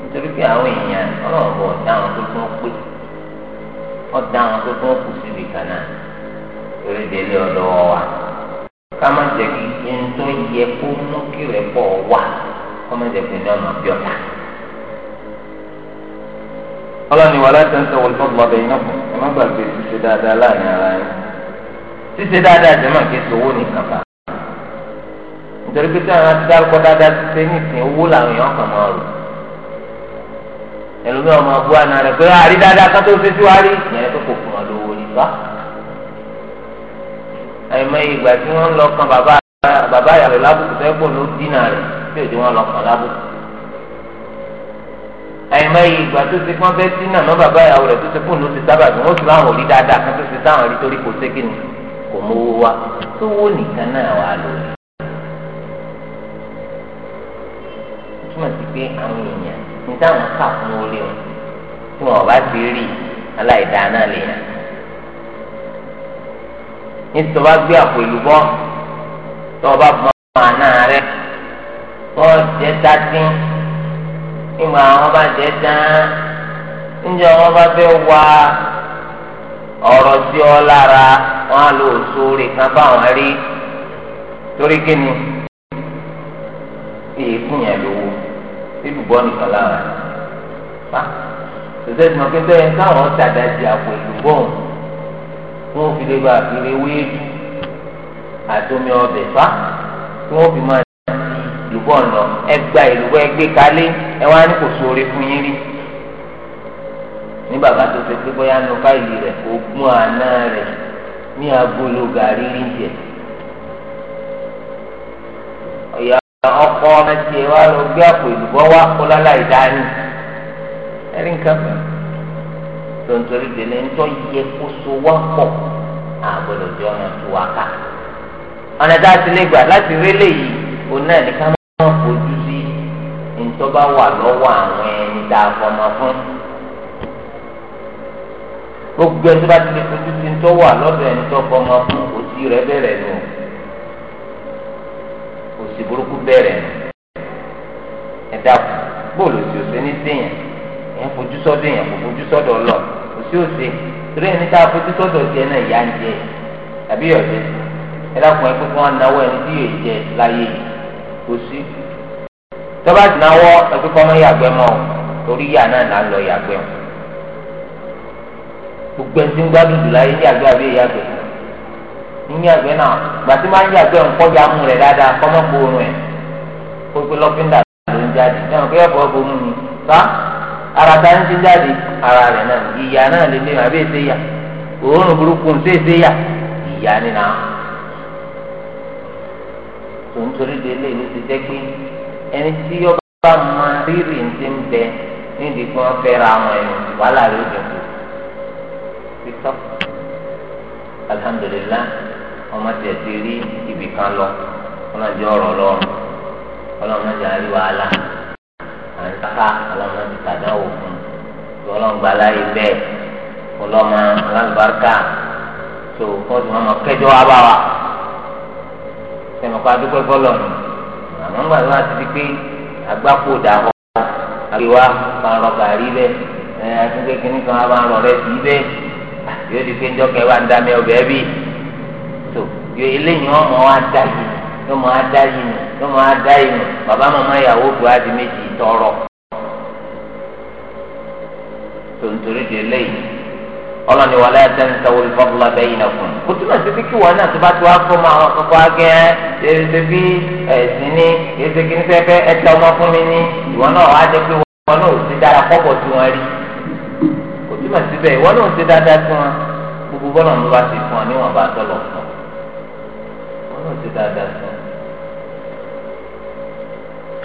nítorí pé àwọn èèyàn ọlọ́run bọ̀ ọ̀dá àwọn tó tún pé ọ̀dá àwọn tó tún kù síbi kan náà lórí délé ọ̀dọ̀ wa ká má jẹ́ kí n yẹ kó mú kí rẹ̀ pọ̀ wá kó pé ní ọmọ bí ọlọ́ni wà láti ń sọ̀rọ̀ lọ́dọ̀ ọ̀bẹ iná fún ẹ má gbàgbé ṣíṣe dáadáa láàrin ara yín ṣíṣe dáadáa jẹ́ máa kéṣe owó nìkan bá nítorí pé tí àwọn adárúkọ dáadáa ti ṣe nìsín owó làwọn èèyàn kàn máa rò ẹlòmíràn máa bú àná rẹ pé àrí dáadáa kan tó ṣe sí ìyẹn tó kò fún ọ lówó ní bá àìmọ̀ ìgbà tí wọ́n lọ kan bàbá bàbá lábùkù fẹ́ gbọ́n ló dínà rẹ̀ tí àyìnbá yìí ìgbà tó ṣe pọ́n bẹ́ẹ́ sínú àná bàbá ìyàwó rẹ̀ tó ṣe fóònù ti sábà bí wọ́n sì láwọn òrí dáadáa kan tó ṣe táwọn rí torí kò ségi ni kò mówó wa tó wó nìkan náà wà lórí. túmọ̀ sí pé àwọn èèyàn ní táwọn kà fún orí wọn tí wọn bá ti rí aláìdáa náà lè yàn. nítorí wọn bá gbé àpò ìlú bọ́ tó wọn bá bọ́ àná rẹ̀ wọ́n jẹ́ dájú. ìmọ̀ àwọn bá jẹ́ dán ǹjẹ́ wọn bá fẹ́ wá ọ̀rọ̀ sí ọ lára wọn á lò sóore kan bá wọn rí torí kí ni èéfín yẹn lówó ìdùbọ́ nìkan lára pa tòtẹ́ tí wọn kí bẹ́ẹ̀ káwọn tàdájì àpò ìdùbọ́ wọn ò fi lè bọ̀ ọ̀nà ẹgbà ìlú bọ́ ẹgbẹ́ kálé ẹ wá ní kò sóore fún yín rí ní bàbá tó ṣe pé bóyá nu fáìlì rẹ̀ àná rẹ̀ ní agolo gàrí a ti wọ́n fojú sí ntọ́ba wà lọ́wọ́ àwọn ẹni tá a fọmọ fún gbogbo ẹni tó bá ti lè fojú sí ntọ́ wà lọ́dọ̀ ẹni tó fọmọ fún òsì rẹ bẹ̀rẹ̀ nù òsì burúkú bẹ̀rẹ̀ nù ẹ̀dá bóòlù òsì òsè ní sèyàn èèyàn fojú sọ́dọ̀ èèyàn kò fojú sọ́dọ̀ lọ òsì òsè torí ẹni tá a fojú sọ́dọ̀ jẹ náà ìyá ń jẹ tàbí ọ̀jẹ̀ ẹ̀dá kan ẹ̀ pé kí wọ́n náwó ẹni tí yóò kò sí tọ́ba ti náwó ẹgbẹ́ kọ́ mọ́ yàgbẹ́ mọ́ o torí yà náà là ń lọ yàgbẹ́ o gbogbo ẹni tí ń gbádùn jù láyé ní àgbẹ̀ àbí ìyàgbẹ́ ní àgbẹ̀ náà gbàtí máa ń yàgbẹ́ òun kọjá mú rẹ̀ dáadáa kọ́ mọ́ kó oorun ẹ̀ kó pé lọ́fíńdà ló ń jáde náà kí ẹ̀fọ́ bò mú mi sá ara ta ń ti jáde ara rẹ̀ náà ìyà náà lè lé àbí ètè yà òórùn burúkú ń tètè tòun torí de lè ló ti jẹ́ pé ẹni tí yọ bá mọ rírì ń ti ń bẹ nídìí kí wọ́n fẹ́ ra wọn ẹ̀yìn wàhálà rẹ̀ ó dùn kù. títọ́ alhamdulillah ọmọ tiẹ̀ ti rí ibì kan lọ ọlọ́dẹ ọ̀rọ̀ lọ́rùn ọlọ́mọdé àrí wàhálà à ń ká ọlọ́mọdé tàdáwò fún tí ọlọ́ngbà láyé bẹ́ẹ̀ ọlọ́mọ alábàárkà tó kọ́ tó máa kẹjọ́ wá bá wa tẹmọkọ adúpẹ́ fọlọ nù àmọ́ ńgbà tó àti di pé àgbákò dàbọ àríwá máa rọ gàrí bẹ ẹ àtúnṣe kínní kan á máa rọ rẹ sí bẹ yóò di pé ńjọ kẹwàá ń dámẹ ọbẹ bí tó yọ eléyìí wọn mọ wá dá yìí yọ mọ wá dá yìí yọ mọ wá dá yìí bàbá màmá ìyàwó tó á méjì tọrọ tó di eléyìí ọlọ́ni wàlẹ́ àtẹnusẹ́wò ìfọ́bùlà bẹ́yìn náà fún kò túmọ̀ sí pé kí wọn náà tó bá tó wá fún ọmọ àwọn kankan agẹ́ ẹ̀ẹ́dẹ́ bí ẹ̀sìn ní ẹ̀sìn kìíní fẹ́fẹ́ ẹ̀tẹ́ ọmọ fún mi ní ìwọ náà wá jẹ́ pé wọn náà ò ti dára pọ̀pọ̀ tí wọ́n rí kò túmọ̀ síbẹ̀ ìwọ náà ò ti dáadáa tí wọn gbogbo bọ́lá ló bá ti fún ọ níwọ̀n bá tọ̀ lọ fún ọ wọn náà ò ti dáadáa tí wọn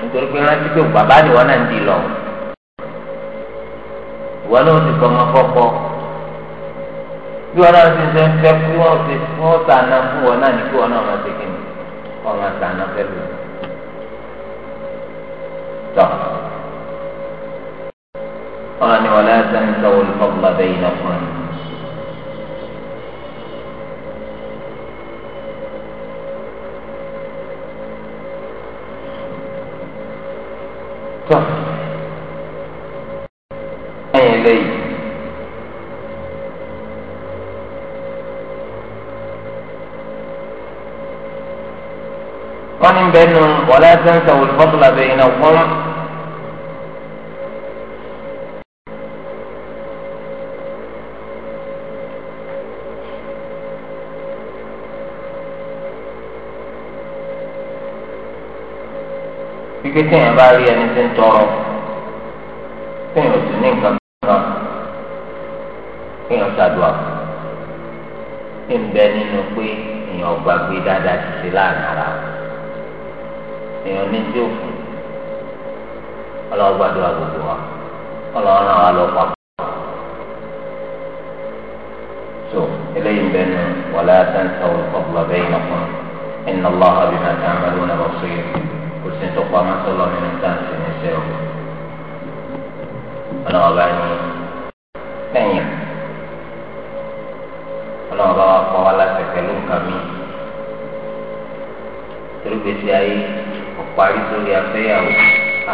nítorí pé rántí pé bàbá ni wọn náà ń di lọ ìwọ náà ò ti fọmọ fọ́pọ́ bí wọn náà ṣe ṣe ń fẹ́ kí wọn ṣe wọn sànà fún wọn náà ní kí wọn náà máa ṣe kí ni wọn máa sànà fẹ́ lò. tọ́ wọn ni wọn láti ń sọ wọn fọ́ bàbá yìí náà fún ẹ. tọ́ ẹ̀yìn lẹ́yìn. wọ́n ní bẹ́ẹ̀ nu wọlé sẹ́ńsẹ̀ olùfọ́tòlá bẹ́ẹ̀ iná fún. pípé téèyàn bá rí ẹni tí ń tọrọ téèyàn ò sì ní nǹkan kan kéèyàn ṣàdùà kí n nínú pé èèyàn gbàgbé dáadáa ti ṣe láàrin ara wọn èèyàn ní tí ó fún ọlọ́wọ́ gbàdúrà gbogbo wa ọlọ́wọ́ náà wà lọ́pọ̀ àpò. so eléyìí bẹ́ẹ̀ ni wàlá àtàntà ọ̀pọ̀lọpọ̀ bẹ́ẹ̀ yìí lọ́kùn إن الله بما تعملون بصير kò sí tọpọ amásọlọ nínú táǹtì níṣẹ o ọlọ́wọ́ bá ní lẹ́yìn ọlọ́wọ́ bá wà kọ́ wa láti pẹ̀lú nǹkan mi torí gbèsè ayé parí sórí afẹ́yàwó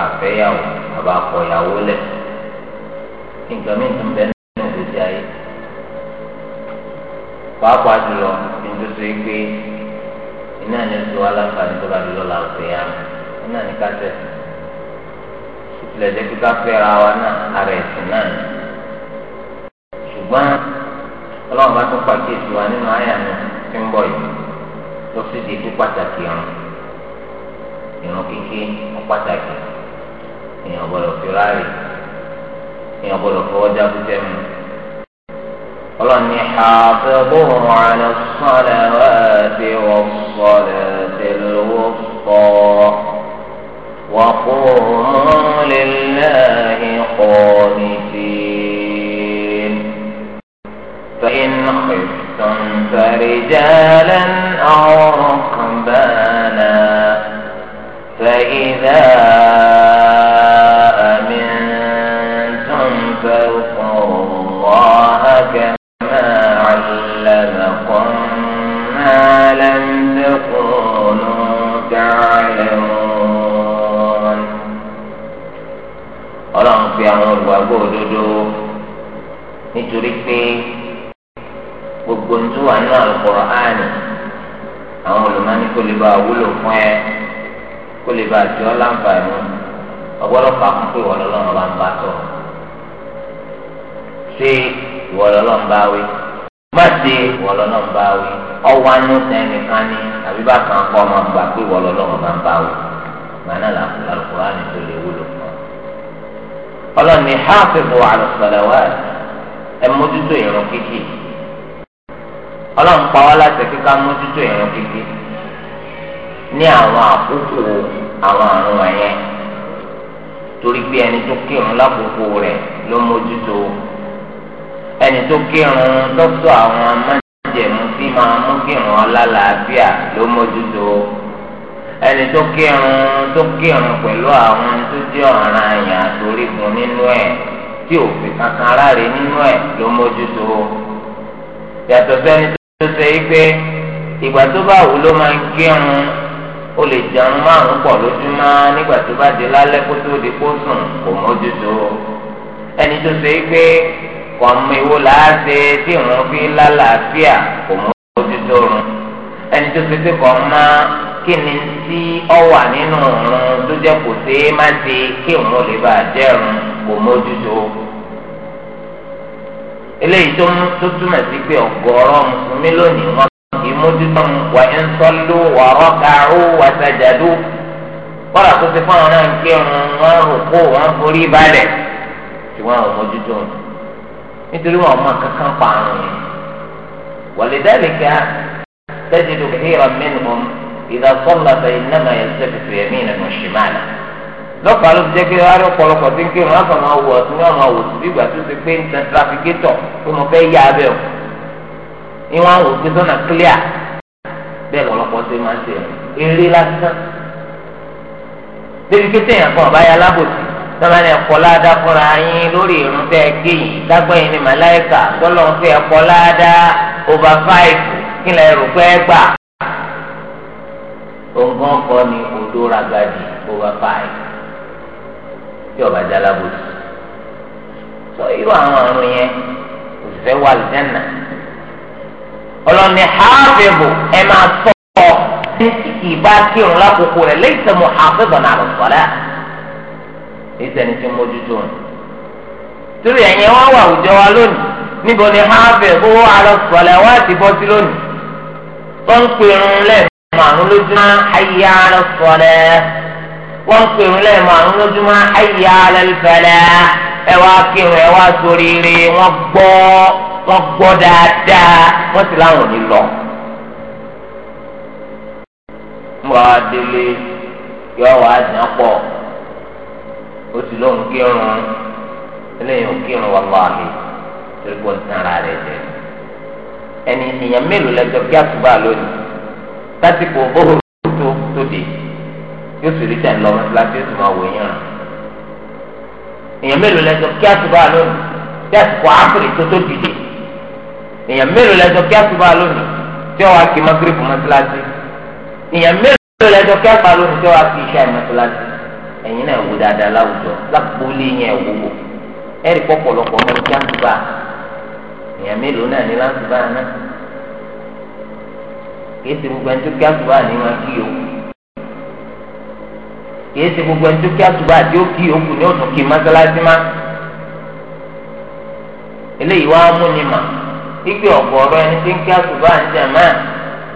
àfẹ́yàwó àbákọ̀yàwó lẹ̀ nǹkan mi tún bẹ́ẹ̀ nínú ìgbésí ayé pàápàá jùlọ nítorí pé iná ní oṣù aláǹfààní tó bá di lọ́la àfẹ́yà iná ní kásẹ̀ ìtìlẹ̀jẹ́ kíkà fẹ́ra wa náà ara ẹ̀sìn náà ṣùgbọ́n ọlọ́run bá tún pàkíyèsí wa nínú àyà náà tí ń bọ̀ yìí lọ sí di ikú pàtàkì ọ̀run ìran kéke ọ̀pátákì èèyàn gbọ́dọ̀ fi ráàlì èèyàn gbọ́dọ̀ fọwọ́ jákútẹ́ mu. ọlọ́run ní حافظوا على الصلوات والصلاة الوسطى وقوموا لله قانتين فإن خفتم فرجالا أو ركبانا فإذا أمنتم فاذكروا الله كما علمكم ما لم تكونوا تعلمون ọlọ́run fi àwọn olùgbàgbọ́ òdodo nítorí pé gbogbo ń tún wà nínú Al-Qur'ani àwọn olùmọ́ni kò lè bá wúlò fún ẹ kó lè bá a jọ láǹfààní ọgbọ́dọ̀pá kún pé ìwọ lọ́lọ́run bá ń bá tọ̀ ṣé ìwọ lọ́lọ́run bá wí má ṣe ìwọ lọ́lọ́run bá wí ọwọ́ anú sẹ́nìkan ni àbí bá kan kọ́ ọmọ gbà pé ìwọ lọ́lọ́run bá ń bá wí màánà làkùnrin tó lè wúlò fún ọ. ọlọ́ni hafizu ala salawat ẹ mójútó ìrun kíkì ọlọ́run pa wá láti kíkà mójútó ìrun kíkì ní àwọn àkókò àwọn àrùn wọ̀nyẹn torí pé ẹni tó kírun lákòókò rẹ̀ ló mójútó ẹni tó kírun lọ́sọ̀ àwọn amájẹ̀mú tí máa mú kírun ọlálàáfíà ló mójútó ẹni tó kírun tó kírun pẹ̀lú àwọn tó jẹ́ ọ̀ràn àyàn àtòrí fún nínú ẹ̀ tí òfin kankan aráre nínú ẹ̀ ló mójútó yàtọ̀ sẹ́ni tó ṣe é pé ìgbà tó bá wù ló máa ń kírun o lè jẹun márùn pọ̀ lójúmọ́ nígbà tó bá di lálẹ́ kó tó di kó sùn kò mójútó ẹni tó ṣe é pé kọ̀ọ̀mù ìwo làásè tí ìrun fi lálàáfíà kò mójútó run ẹni tó ṣe pé kọ̀ọ̀mù máa kí ni tí ọ wà nínú òun tó jẹ́ kò ṣe é má ṣe kí òun lè bá jẹ́rùn kò mójútó. eléyìí tó túmọ̀ sí pé ọ̀gọ̀ọ̀rọ̀ mùsùlùmí lónìí wọn mójútó wà ń sọ́lú wà rọ́kàrú wà sàjàdú tó ti fún àwọn náà ń kírun wọn rò kó wọn forí balẹ̀ ṣùgbọ́n àwọn mójútó nítorí wọn mọ kankan pa àrùn yẹn wàlídàlíkà tẹ́jìdù kéèrà mẹ́nu ya sọ́lá ya nàmà tó yẹ mìíràn lọ́pàá ló fi jẹ́ pé arí ọ̀pọ̀lọpọ̀ tí ń kírun wọn kàn máa wọ̀ máa o. ìwọ̀n àwọn òfin sọ́nà clear bẹ́ẹ̀ lọ́pọ̀lọpọ̀ ṣe máa ń ṣe eré lásán. débi kété yẹn kan ọ̀bá ya lábòsí sọ́mọ́ni ẹ̀kọ́ ládàá fúnra yín lórí irun tẹ́ ẹ gé yìí dágbọ́n yìí ni màláìkà tọ́lọ́ ń fẹ́ ẹ̀kọ́ ládàá over five kí lẹ́ rò pé ẹ gbà. òǹgàn kọ́ ni odó ragadi over five tí ọba já lábòsí. sọ irú àwọn àrùn yẹn òṣìṣẹ́ wà lùdẹ́nà. ọlọ́ni hafibu ẹ máa sọ ọ ìbá kírun lákòókò rẹ̀ lẹ́yìn tẹ́ mo hafibu náà lọ sọ́lá ìsẹ̀ni tí mo dúdú torí wà àwùjọ wa lónìí níbo ni hafibu wà lọ sọ́lá wá ti bọ́ sí lónìí wọ́n ń pèrún lójúmọ́ ayé wọ́n ń lójúmọ́ ayé ẹ wá kírun ẹ wá wọ́n gbọ́ wọ́n gbọ́ dáadáa wọ́n sì láwọn ò ní lọ. mbọ́ délé yọ wá dán pọ̀ ó sì lóun kírun eléyìí ò kírun wà lọ́ọ̀lì torí kò ń tan ara rẹ̀ jẹ. ẹni èèyàn mélòó lẹ́jọ́ kí àtúbà lónìí lásìkò bóhùrù tó tó dé yóò sì rí tẹ̀ lọ́mọ láti yóò sì máa wò yín ràn. èèyàn mélòó lẹ́jọ́ kí àtúbà lónìí kí àtúbà áfírí tó tó dìde èèyàn mélòó lẹ́jọ́ kí àsùbá lónìí tí wọ́n wá kí mọ́gírìbù mọ́sálásí èèyàn mélòó lẹ́jọ́ kí àsùbá lónìí tí wọ́n wá kí iṣẹ́ mọ́sálásí ẹ̀yin náà wò dáadáa láwùjọ lápòlì yẹn wòwò ẹ̀rì pọ̀pọ̀lọpọ̀ mọ́ kí àsùbá èèyàn mélòó náà ní àsùbá náà kìí ṣe gbogbo ẹni tó kí àsùbá ní wọn kí o kìí ṣe gbogbo ẹni tó kí àsùbá àti ó kí òkú ní òtún kí mọ́sálásí má eléyìí wá mú ni mà ikpe ọ̀gọ̀ọ̀rọ̀ ẹni tí ń kí àtúbà ń jà máa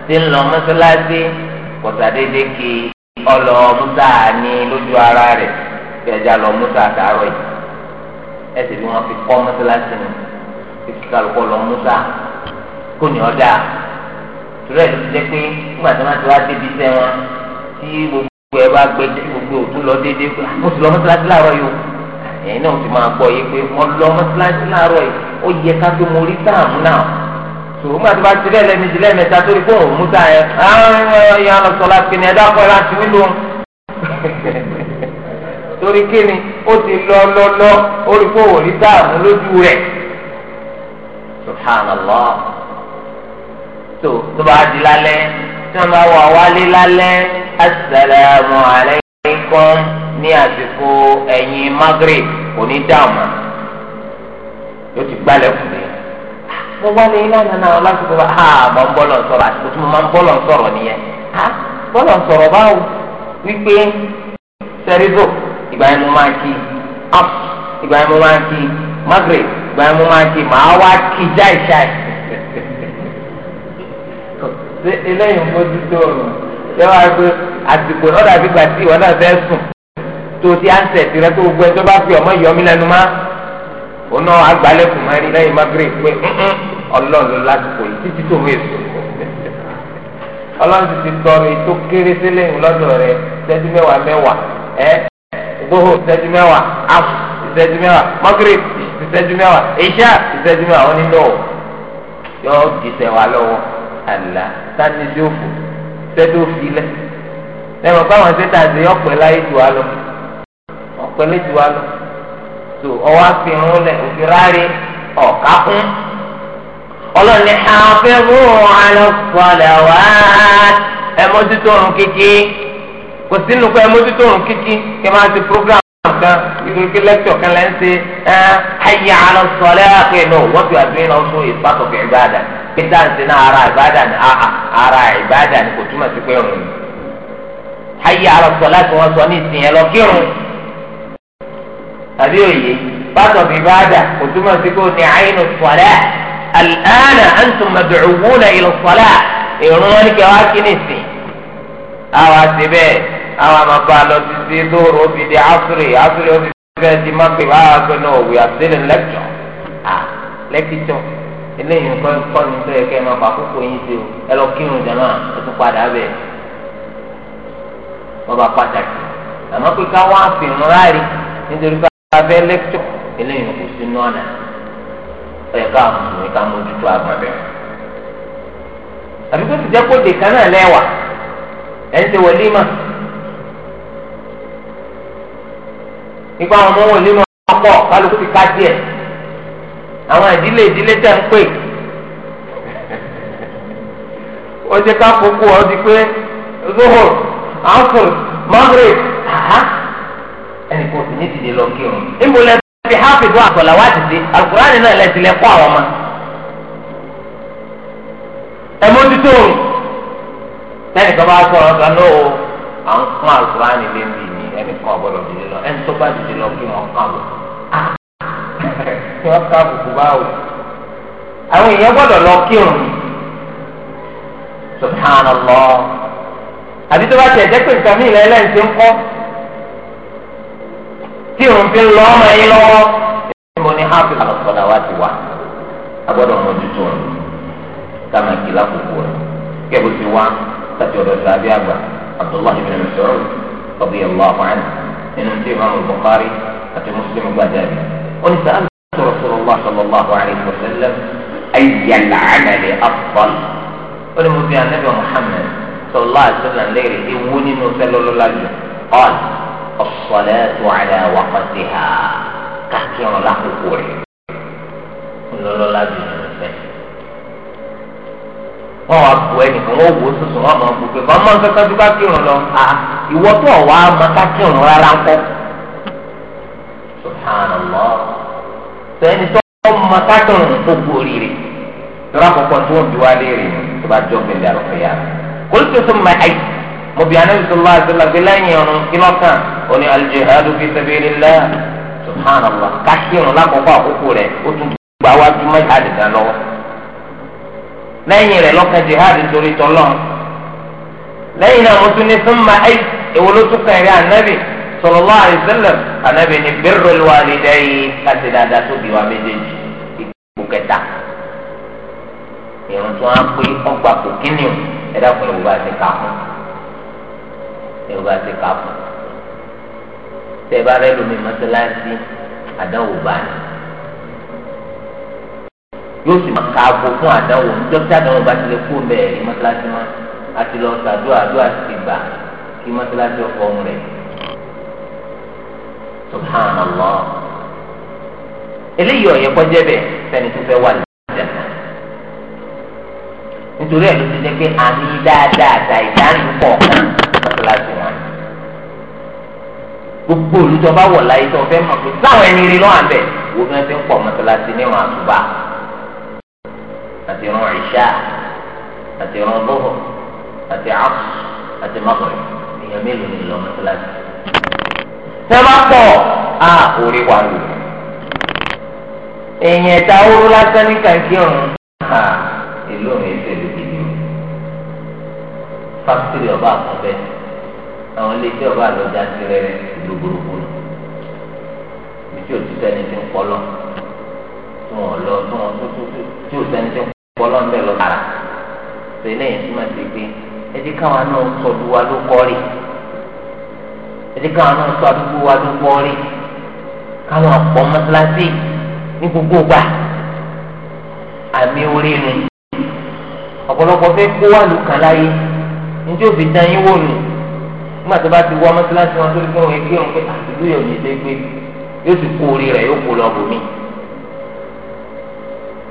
ti ń lọ mọ́sálásí kọ̀tàdédé kí ọlọ musa ní lójú ara rẹ̀ bí ẹja lọ musa àtàrọ̀ yìí ẹsẹ bí wọn fi kọ́ mọ́sálásí ni kíkí kálukọ́ lọ musa kò ní ọ̀dà torí ẹ̀ ló ti jẹ́ pé nígbà tí wọ́n ti wá débi iṣẹ́ wọn tí gbogbo ẹ bá gbẹ tí gbogbo òtún lọ déédéé kó ah, lọ mọ́sálásí láàárọ̀ yìí o ẹ̀yin náà ti máa gbọ́ yé pé wọ́n lọ mọ́sálásí láàárọ̀ yìí ó yẹ ká tó mo rí sáàmù náà tòun máa ti bá ti lẹ́ẹ̀ lẹ́ẹ̀mejì lẹ́ẹ̀mẹ́ta tó rí fún òun mú sáà yẹn ẹ̀yìn alọ́sọ̀lá kìnìún ẹ̀dá ọkọ̀ ẹ̀rá ti wílò torí kíni ó ti lọ lọ lọ ó rí fún òun rí sáàmù lójú rẹ̀ subhanallah tó tó bá di lálẹ́ tí wọ́n bá wà wálé lálẹ́ assalamu ní àsìkò ẹ̀yìn Maghrib kò ní yóò ti gbálẹ̀ fún mi. mo wá ní ìlànà náà lásìkò bá a mọ̀ ń bọ́lọ̀ sọ̀rọ̀ àsìkò tí mo máa ń bọ́lọ̀ sọ̀rọ̀ nìyẹn. bọ́lọ̀ sọ̀rọ̀ báwo wípé sẹ́rídò ìgbà yẹn mo máa kí up ìgbà yẹn mo máa kí ìgbà yẹn mo máa kí màá wá kí tó ti ansẹ̀ tirẹ̀ tó gbogbo ẹ tó bá fi ọmọ yọmí lẹ́nu ma náà agbálẹ̀kùn máa rí lẹ́yìn magreth pé ọlọ́run lásìkò yìí títí tó sùn ọlọ́run ti tọrọ ètò kéré lọ́dọ̀ ṣẹ́jú mẹ́wàá mẹ́wàá gbóhó ṣẹ́jú mẹ́wàá ṣẹ́jú mẹ́wàá ṣẹ́jú mẹ́wàá ìṣá ṣẹ́jú mẹ́wàá yọ gìṣẹ́ wa lọ́wọ́ tani tí ṣẹ́jú fi mọ̀ ṣẹ́ta ṣe ọpẹ méjì wa lọ tó ọwọ́ àfihàn lẹ òfin rárí ọkà kún ọlọ́ni àfẹ́rù àlọ́fọ̀lẹ́wà kíkí kò sínú pé kíkí kí máa ti program kan ìgbìkì lẹ́kítọ̀ kan lẹ́ ń ṣe ẹ́ ayé àlọ́fọ̀lẹ́ náà wọ́n ti àdúyìn náà sọ ìpàtọ̀kẹ́ ìbáàdà pété àǹtí náà ara ìbáàdà ni ara ìbáàdà ni kò túmọ̀ sí pé àbí òye bàtọ̀ bí bá dà kò túmọ̀ sí kó ní àyínú sọ̀lá àlànà àǹtùm màdùrùwúnà ìlú sọ̀lá ìrún wọn ní kí wọ́n á kí nìsín. àwa ti bẹ́ẹ̀ àwa máa bá a lọ sí sí lóru ó fi di asúrì asúrì ó fi bẹ́ẹ̀ di mọ́pẹ́ wá wá pé náà we are still in lecture. ah lecture eléyìí nǹkan kọ́ ní sọ kẹ́ ẹ máa fà kókó yín sí o ẹ lọ kírun jàmá ẹ tún padà bẹ̀ wọ́n pàtàkì àmọ́ pé ká wá fìrún ráàrí nítorí abẹ́ lẹ́kítọ̀ eléyìí kò sínú ọ̀nà ẹ̀ka àmùsùnmí ká mójútó àgbàbẹ́. àbí kó ti jẹ́ kó dèkà náà lẹ́wà ẹ̀ ń ṣe wọlímà. nípa àwọn ọmọ wọlímà ọkọ̀ kálukú ti ká díẹ̀ àwọn ìdílé ìdílé tẹ̀ ń pè. ó jẹ́ ká kókó ọ di pé zohor asr maghrib ní dìde lọ kírun níbo lẹ fi hafi bọ àtọ̀là wá dìde alukurani náà lẹ tilẹ̀ kọ́ àwọn ọmọ ẹ̀mọ́tító lẹ́nu kan bá sọ̀rọ̀ kan náà o à ń fún alukurani lé mi ní ẹnì kan ọ̀gbọ́dọ̀ dìde lọ ẹni tó bá dìde lọ kí wọ́n kàn wò ah! kí wọ́n ká àbùkù báwò àwọn èèyàn gbọ́dọ̀ lọ kírun subhanallah àbí tó bá tẹ̀ jẹ́ pé nǹkan mi ìlẹ́lẹ́ ń tí òun fi ń lọ ọmọ yín lọ́wọ́ níbo ni hafi àlọ́kọ̀dá wa ti wà agbọ́dọ̀ mójútó rẹ̀ kama kí lákòókò rẹ̀ kẹ́kọ̀ọ́ ti wá láti ọ̀dọ̀ sàbí àgbà abdullahi bin Mas'ud radiyallahu anhu nínú tí imaamu Bukhari àti Muslim gbàdá rẹ̀ ó ní sàbí rasulullah sallallahu alayhi wa sallam ayyal amali afdal ó ní mo bí anabi Muhammad sallallahu alayhi الصلاة على وقتها كاكيو لاكوكو ري lọ́lọ́ lábẹ́ ìlú fẹ́. wọ́n wá bu ẹnìkan wọ́n wò ó sọ̀sọ̀ wọ́n máa bu pé kọ́ máa ń kẹ́kẹ́ bí ká kírun lọ. à ìwọ tó ọ̀wá máa ká kírun rárá ń kọ́. subhanallah sẹ́ni tó máa ká kírun kó bu oríire. lọ́rọ́ àkọ́kọ́ tí wọ́n bí wá léèrè tó bá jọ́ gbẹ̀dẹ̀ àrùn fẹ́ yára. kò ní tó mọ̀bí anabi sọlá àtẹlá pé lẹ́yìn ọ̀run kìlọ́kàn ó ní alijihadu fi sabilillah subhanallah kákìrún lákòókò àkókò rẹ̀ ó tún gba wájú mẹ́tàdì dá lọ́wọ́ lẹ́yìn rẹ̀ lọ́kàn jihad torí tọ́lọ́ lẹ́yìn náà mo tún ní sọ́mà ẹ̀ èwo ló tún kàn rí anabi sallallahu alaihi wasallam anabi ni birrul walidayn láti dáadáa tó bí wa méjèèjì ìgbò kẹta ìrùn tó wá pé ọgbà kò kíni o ẹ̀dá kan ìwúwa ti kà ẹ bá ti kà fún tẹ bá rẹ lómi mọ́sálásí àdánwò bá ní yóò sì máa kaago fún àdánwò níjọ́ tí àdánwò bá ti lè kó bẹ́ẹ̀ ní mọ́sálásí mọ́ àti lọ sàdúrà àdúrà sì gbà kí mọ́sálásí ọkọ̀ ń rẹ̀ subhanallah eléyìí ọ̀yẹ́ kọjá bẹ̀ sẹ́ni tó fẹ́ wà lẹ́yìn nítorí ẹ̀ ló ti jẹ́ pé àmì dáadáa àtàìdáàrin pọ̀ kan mọ́tíláṣí wọn. gbogbo olùjọba wọ̀ láyé tó fẹ́ mọ̀ pé láwọn ẹni rí lọ́wọ́ àbẹ̀ wo bí wọ́n ti ń pọ̀ mọ́tíláṣí níwọ̀n àtúbà àti ìran ìṣá àti ìran lọ́wọ́ àti àpò àti mọ́tòrì èèyàn mélòó ni lọ mọ́tíláṣí. tẹ́ bá pọ̀ á orí wa lò èèyàn ẹ̀ta oró lásán ní kàkí ọ̀run ìlú òun èsèlú fákítìrì ọba àkọ́bẹ àwọn ilé tí ọba àlọ́jà ti rẹrẹ ìlú burúkú ni ibi tí òtún sẹ́ni ti ń kọ́lọ́ tí wọ́n lọ tí wọ́n tó tó tí òtún sẹ́ni ti ń kọ́lọ́ ń bẹ̀ lọ tààrà tó ilé yẹn túmọ̀ sí pé ẹdí káwọn náà sọdún wa ló kọ́ rí ẹdí káwọn náà sọ àdúgbò wa ló kọ́ rí káwọn àpọ̀ mọ́tíláṣí ní gbogbo gbà àmì orí ni ọ̀pọ̀lọpọ̀ fẹ́ kó wà lù kàn láyé. njẹ́ òfin iwu yín wò nù nígbà tó bá ti wọ mọ́tíláṣí wọn tó lè onye òun kí òun pé àtìlú ah, yóò ní dégbé yóò sì kó orí rẹ̀ yóò kó lọ bò mí.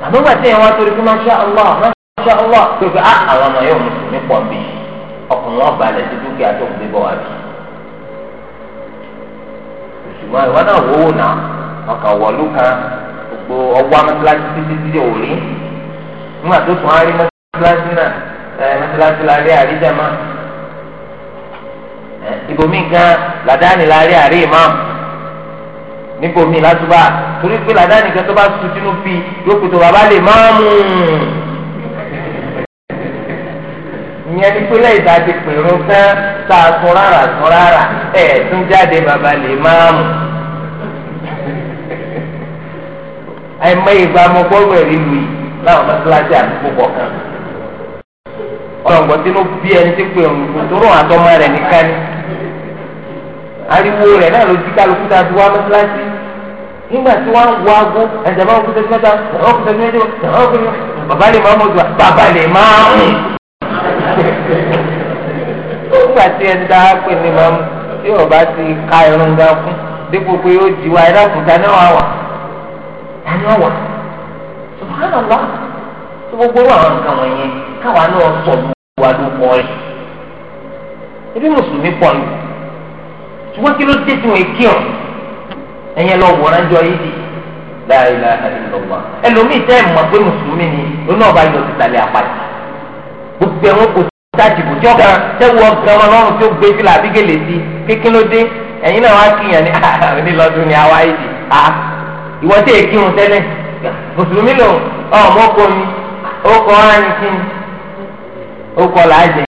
àmọ́ ìgbà tí ìwọ́n torí fún allah allah tó fi ah, àwọn ọmọ yóò mùsùlùmí pọ̀ bí ọkùnrin wọn balẹ̀ sí dúkìá tó gbé bọ̀ wá bí. ṣùgbọ́n ìwọ náà wò ó nà ọkà wọ̀lú kan gbogbo ọwọ́ ẹ mọ́tíláṣí la rí àríjàmá ibòmí gan làdáni la rí àrí ìmá níbòmí látúbà torí pé làdáni kan tó bá sùtúnú bí yóò kó tó bàbá lè máa mú un ìyẹn ní pínlẹ̀ ìdájí pèrò tán tá a sọ rárá sọ rárá ẹ̀ tún jáde bàbá lè máa mú un. àìmọye ìgbà mọ́ gbọ́dọ̀ rí lu yìí láwọn mọ́tíláṣí àdúgbò kọ̀ọ̀kan ọ̀rọ̀gbọ̀n tí ló bí ẹni tí pé òun kò tó rò àtọmọ rẹ̀ nìkan ni ariwo rẹ̀ náà ló ti kálukú tá a ti wá mọ́sálásí nígbà tí wọ́n wọ aago ẹ̀jẹ̀ máa ń kúta sí mẹ́ta ẹ̀hán kúta sí mẹ́ta ẹ̀hán kúta sí mẹ́ta bàbá lè máa mọ̀jú bàbá lè máa ń. nígbà tí ẹni dáa pè ní máa ń tí ọba ti ka irun ga fún dípò pé ó jìwà ẹ̀dá kúta náà wà wà ẹni wà wà subhanallah tó gbogbo àwọn nǹkan wọ̀nyẹn káwa náà sọ̀rọ̀ wà ló kọ́ ẹ̀ ebi mùsùlùmí pọ̀ ní ṣùgbọ́n kí ló dé tí wọ́n kí ọ̀ ẹ̀yẹn lọ wọ̀ ránjọ yìí di láìla àdìlọ́gbà ẹlòmíì tẹ́ ẹ̀ mọ̀ pé mùsùlùmí ni lónà ọba yọ títàlẹ̀ àpàtì gbogbo ẹ̀wọ̀n kò tá jìbò tí ọ̀gá tẹ́wọ́ gan ọlọ́run tó gbé fìlà àbígèlè sí kékin ló dé ẹ̀yin náà wá kíyàn ní ah, ah, ní lọ́dún ní àwa yìí di a ah, ìwọ́n tẹ̀ kírun tẹ́lẹ̀ mùsùlùmí lò ọ̀ mọ́kọ́ mi ó kọ́ ọ́ ó kọ́ là á jẹ.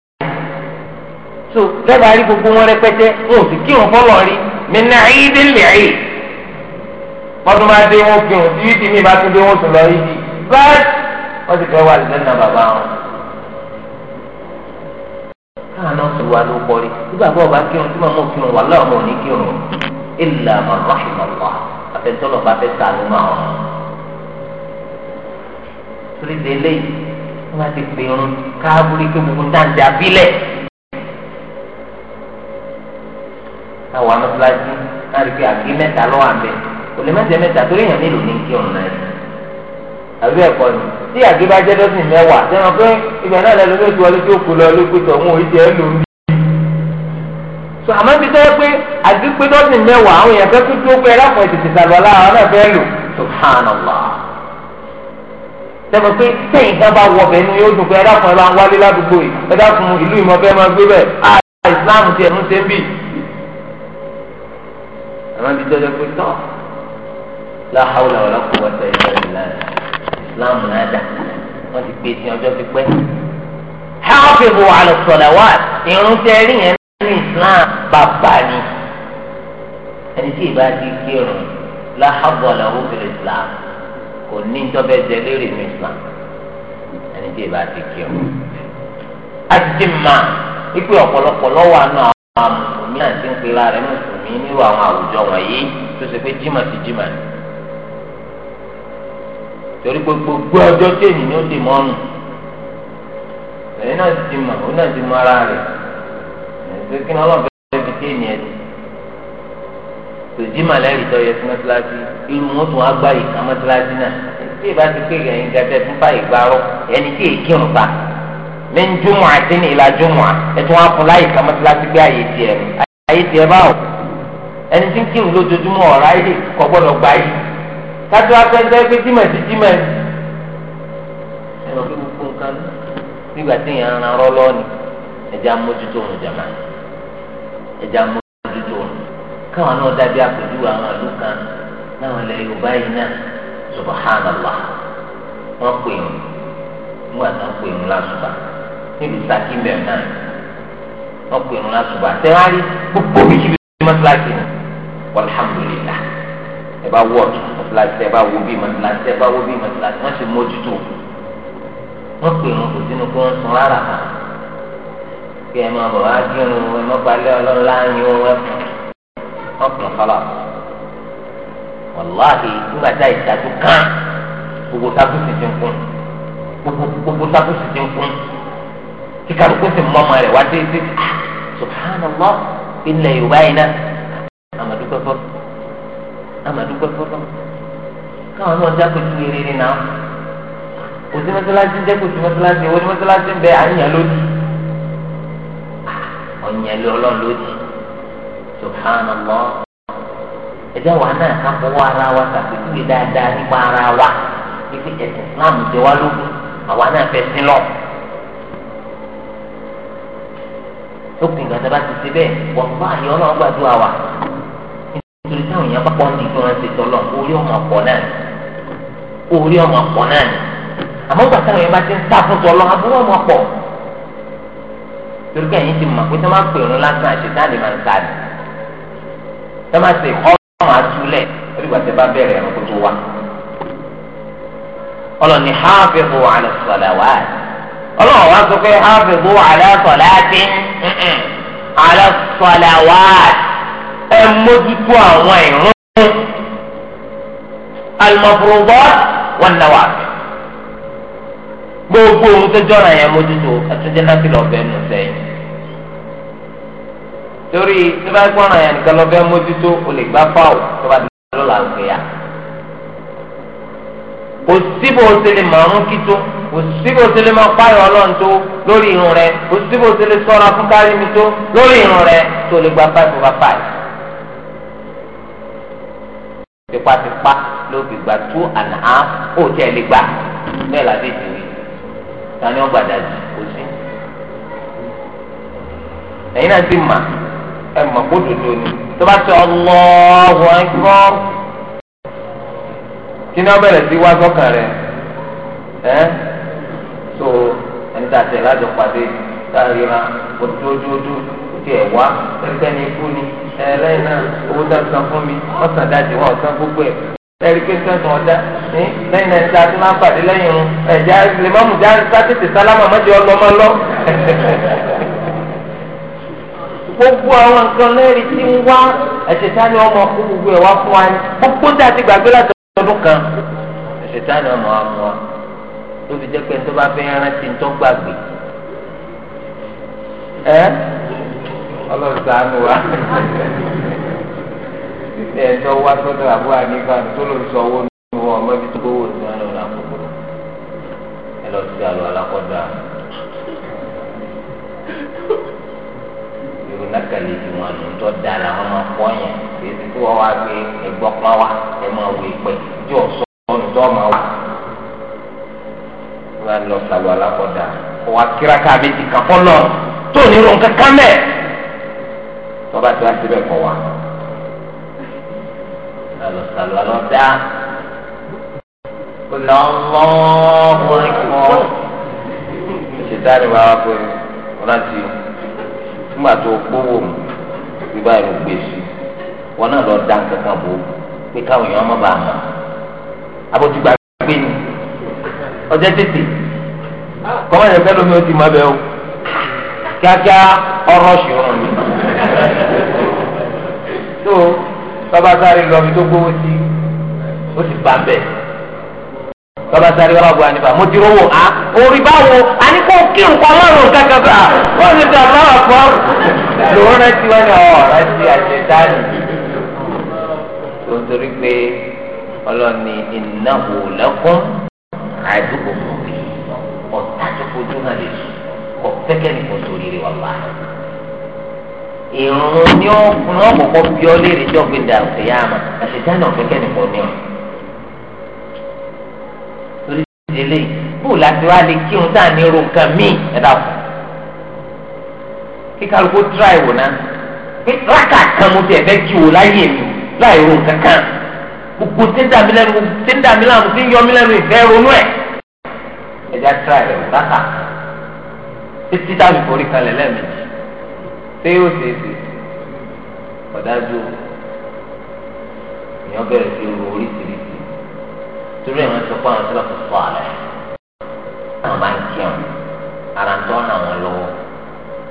so dábàá rí gbogbo wọn rẹpẹtẹ wọn ò sì kí wọn fọlọ rí mi ná ayé dé lè ayé wọ́n máa dé wọn fi hàn tí yìí ti ní ìbátan dé wọn sùn lọ yìí bẹ́ẹ̀ wọ́n ti fẹ́ wà lẹ́nu náà bàbá wọn. káàánú sì wà ló kọrí tí bàbá ọba kírun tí màmá òkírun wà láwọn ọmọ òní kírun ìlà màmá ìmọ̀lá àfẹ́tọ́lọ́ba fẹ́ sàánú náà. torí délé yìí wọ́n bá ti pè ọ́n káàbùrì tó gbogbo dáńdé abílẹ̀. àwọn amọ̀síláṣí náà rí pé àgé mẹ́ta lọ́wọ́ àbẹ̀ kò lè mẹ́tẹ̀ẹ́ mẹ́ta torí èèyàn mélòó ní kí ọ̀run náà yìí. àbí ẹ̀kọ́ ni tí àgé bá jẹ́ dọ́sìn mẹ́wàá sẹ́wọ̀n pé ibẹ̀ náà lẹ́nu ló ti wọlé tó kú lọ lókùtọ̀ wọn ò jẹ́ lómi. sọ àmọ́ ibi tó yẹ pé àgé pé dọ́sìn mẹ́wàá àwọn èèyàn fẹ́ kú tó pé ẹ sẹ́mi pé sẹ́yìn kan bá wọ ọbẹ̀ ni yóò dùn pé ẹ̀dá fún ẹ bá ń wálé ládùúgbò yìí ẹ̀dá fún ìlú ìmọ̀fẹ́ máa gbé bẹ́ẹ̀ á ìsìláàmù tiẹ̀ ń ṣe ń bì. àwọn ti jọjọ pé tọ́ láhàúlà wàlá kò wá sẹ́yìn lọ́wọ́ ìlànà ìsìláàmù náà dà wọ́n ti pè sí ọjọ́ ti pẹ́. háàfìbù àlùsọ̀làwà irun tẹ rí yẹn ní ìsìláàmù bàbá ni ẹni tí ì kò ní tọ́fẹ́ jẹ lérè ní islam ẹni tí ìbá ti kí ọ. a ti ti ma ipe ọ̀pọ̀lọpọ̀ lọ́wọ́ àánú àwọn mùsùlùmí náà ti ń pe ara rẹ̀ mùsùlùmí nírú àwọn àwùjọ wọ̀nyí tó ṣe pé jimá ti jimá ni. torí gbogbo ọjọ́ tèmi ni ó dì mọ́ ọ̀nù ẹ̀yin náà ti ti mọ̀ òun náà ti mọ ara rẹ̀ ẹ̀sìn kí ni ọlọ́ọ̀fẹ́ fi tèmi ẹ̀ sí tòjí màlẹ́rì tó yẹ sí mọ́tíláṣí irú wọn tún agbá ìka mọ́tíláṣí náà tí ìbá ti pé ẹ̀yìn gàtẹ́ fún báyìí gbárọ́ ẹni tí èkì ń pa mí ń jùmọ̀ àti ní ìlà jùmọ̀ ẹ tún wá fún láyìíká mọ́tíláṣí pé àyè tiẹ̀ àyè tiẹ̀ báwò ẹni tí ń kírun lójoojúmọ́ ọ̀rá ilé kò gbọ́dọ̀ gbá yìí kájú afẹ́ńtẹ́ pé jímọ̀ sí jímọ̀ ẹ̀rọ pé gbogbo nǹkan nígbà tí èèyàn ń ran rọ́ lọ́ọ̀nì ẹ̀jẹ̀ amójútó òun jàmá ẹ̀jẹ̀ amó káwọn náà dàbí àpèjúwe àwọn ìlú kan láwọn ilẹ̀ Yorùbá yìí náà subhanallah wọn pè ń nígbà tí wọn pè ń lásùbà níbi sàkí mẹ́rin náà wọn pè ń lásùbà tẹ́wárí gbogbo mi kí bí mọ́tíláṣí ni alhamdulillah ẹ bá wọ ọ̀tún mọ́tíláṣí ẹ bá wo bí mọ́tíláṣí ẹ bá wo bí mọ́tíláṣí wọ́n ti mójútó wọ́n pè ń kò sínú kó ń sun rárá kí ẹ máa bọ̀ wá kírun ẹ má balẹ̀ ọlọ́lá yín ẹ fún ọkùnrin kọlá wàláhì nígbà tá ìdájọ kán gbogbo tábù sì ti ń kún gbogbo tábù sì ti ń kún kí kálukú sì mọ ọmọ rẹ wá dé dé ah, subhanallah ilẹ̀ yorùbá yìí náà amadukọ fọlọ amadukọ fọlọ káwọn náà jákòtú rere náà òsì mọ́sálásí jákòtú mọ́sálásí òsì mọ́sálásí ń bẹ àyàn lódì ọ̀yàn lọ́lọ́ lódì subhanallah ẹjẹ wa náà ká fọwọ́ ara wa ṣàpèjúwe dáadáa nípa ara wa ibi ẹ̀sìn islam ti wá lókun àwa náà fẹ́ sí lọ. lókun ìgbà tí a bá ti ṣe bẹ́ẹ̀ wọ́n fún àyè ọlọ́run gbàdúrà wa nítorí táwọn èèyàn bá pọ̀ ní ìgbà wọn ṣe tọ́lọ̀ orí ọmọ pọ̀ náà orí ọmọ pọ̀ náà ni àmọ́ ìgbà táwọn èèyàn bá ti ń sá fún tọ́lọ̀ abúlé ọmọ pọ̀ torí kẹ́yìn ti mọ̀ pé tí wọ́n pè é lásán àṣetá lè máa ń sáà ẹ má ṣe ọmọ àtúlẹ̀ ẹgbẹ́ tẹ bá bẹ̀rẹ̀ ẹ̀rọ tó wá. ọlọ́ni hafizu ala salawat ọlọ́run wá sọ pé hafizu ala salati ala salawat ẹ mójútó àwọn ìrún al-mafruḍat wan-nawafil gbogbo ohun tó jọra yẹn mójútó àtúndé ti lọ bẹ́ẹ̀ nù sẹ́yìn torí tí bá gbọ́ràn yẹn nìkan lọ́fẹ́ mójútó o lè gbá fáwọ̀ tó bá dùn lọ́la ń gbéyà. kò síbò ṣe lè màrún kí tó kò síbò ṣe lè máa pààyàn ọlọ́run tó lórí irun rẹ kò síbò ṣe lè sọ́ra fún kárí mi tó lórí irun rẹ tó lè gbá fáwọ̀ bá fáyà. tipatipa ló fi gba two and a half ó tẹ̀ lè gbà bẹ́ẹ̀ la fi jù rí tani ọgbàdàjì kò sí. ẹ̀yin náà ti mà ẹ mọ̀ kó dodo ni tó bá ti Allahu Akbar kí ni wọ́n bẹ̀rẹ̀ sí wá sọ́kàn rẹ̀ ẹ́ so ẹni tá a tẹ̀ lájọ pàdé tá a ríra kò dúdúdú kò tiẹ̀ ikú ni ẹ̀rẹ́ náà owó tá a san fún mi wọ́n san dájú wọn ò san gbogbo ẹ̀ ẹ̀rí pé sẹ́sùn ọ̀dá ní lẹ́yìn náà níta tó máa ń pàdé lẹ́yìn ẹ̀já lè má mú já sátìtì sálámà mọ́jọ́ ọlọ́mọ lọ. gbogbo àwọn nǹkan lẹ́rìí tí ń wá ẹ̀sẹ̀ tání ọmọ kó gbogbo ẹ̀ wá fún wa ní gbogbo dá ti gbàgbé láti ọdún kan ẹ̀sẹ̀ tání ọmọ wa mú wa tó fi jẹ́ pé tó bá fẹ́ rántí tó gbàgbé ẹ ọlọ́sàánù wa ẹ̀ tó wá sọ́dọ̀ àbúrò àníkà tó lọ sọ owó nínú ọmọ ibi tó gbówó sí wọn lọ́nà àkókò ẹ lọ sí àlọ́ alákọ̀dá. lákàlẹ tí wọn nù tọ da la wọn máa kọ yẹn èyí tí wọn wá gbé ẹgbọ pa wá ẹ máa wé pẹ tí ò sọ wọn tọ máa wá. wọn lọ sàlù alákọ̀dá wà kíráká bíi ti kàkọ́ lọ tó nínú kankan mẹ́ tọ́ba tí wọ́n ti bẹ̀ kọ́ wa. wọn sàlù alọ́dá lọ́wọ́ wọn kọ́ ṣètá ni wàá pé wọn láti nígbà tó gbówó mu bí báyìí ló gbé sí wọn náà lọ dá kankan bò ó pé káwọn èèyàn má bàa mọ̀ abótúgba gbé ni ọjọ́ tètè kọ́mọ́ yẹn fẹ́ lómi ó ti má bẹ́ẹ̀ o kíákíá ọ̀rọ̀ ṣòro ni tó bàbá sáré lọ bí tó gbówó sí ó sì bá bẹ́ẹ̀ bàbá sáré wà bu ànífà mo ti rówó a orí báwo àní kò kí nǹkan lọ́rùn kankan bá wọ́n ti dà lọ́wọ́ fọ́ lòun rántí wọn ni ọ̀ rántí àṣetánì tó torí pé ọlọ́ni ìnáwó lẹ́kún àdúgbò mọ̀bí ọ̀tá tó fojú hàn lè sùn kọ̀ pẹ́kẹ́ ní kò sórí rẹ̀ wàlá. ìrùn ni ó kún ọ̀pọ̀pọ̀ bí ọ léèrè jọ́gbìn dàrú ìyá àmà àṣetánì ọ̀pẹ́kẹ́ ní kò ní ọ̀rùn eléyìí bóòlù àti wá lè kírun tá à ní irun kan míì ẹ dàpọ̀ kíkàlùkù tíra ìwò náà pé rákà kan mo tiẹ̀ fẹ́ kí wò láyé mi láì irun kankan gbogbo tí ń dàmí lẹ́nu tí ń dàmí lẹ́nu tí ń yọ mí lẹ́nu ìfẹ́ ronú ẹ̀ ẹ̀dá tíra ìwò rákà títí táwọn ìforí kalẹ̀ lẹ́ẹ̀mejì ṣé yóò ṣe é ṣe ọ̀dájú ìyàn bẹ̀rẹ̀ sí ro oríṣiríṣi torí àwọn sọ pé àwọn sọlọ́pù fọ́ àlẹ́ àwọn máa ń kí wọn ara ń tọ́ náà wọn lọ́wọ́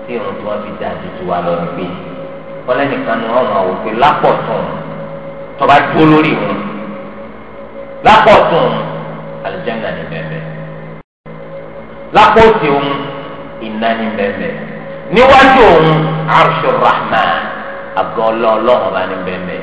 tí irun tí wọ́n fi dá tutù wa lọ ní pé wọ́n lẹ́nìkan ni wọ́n máa wò pé lápọ̀tún tọba dúró lórí wọn lápọ̀tún alìjẹ́nà ní bẹ̀bẹ̀ lápọ̀tún òun iná ní bẹ̀bẹ̀ níwájú òun arṣu rahman àgọ́ ọlọ́ọ̀lọ́ọ̀ bá ní bẹ̀bẹ̀.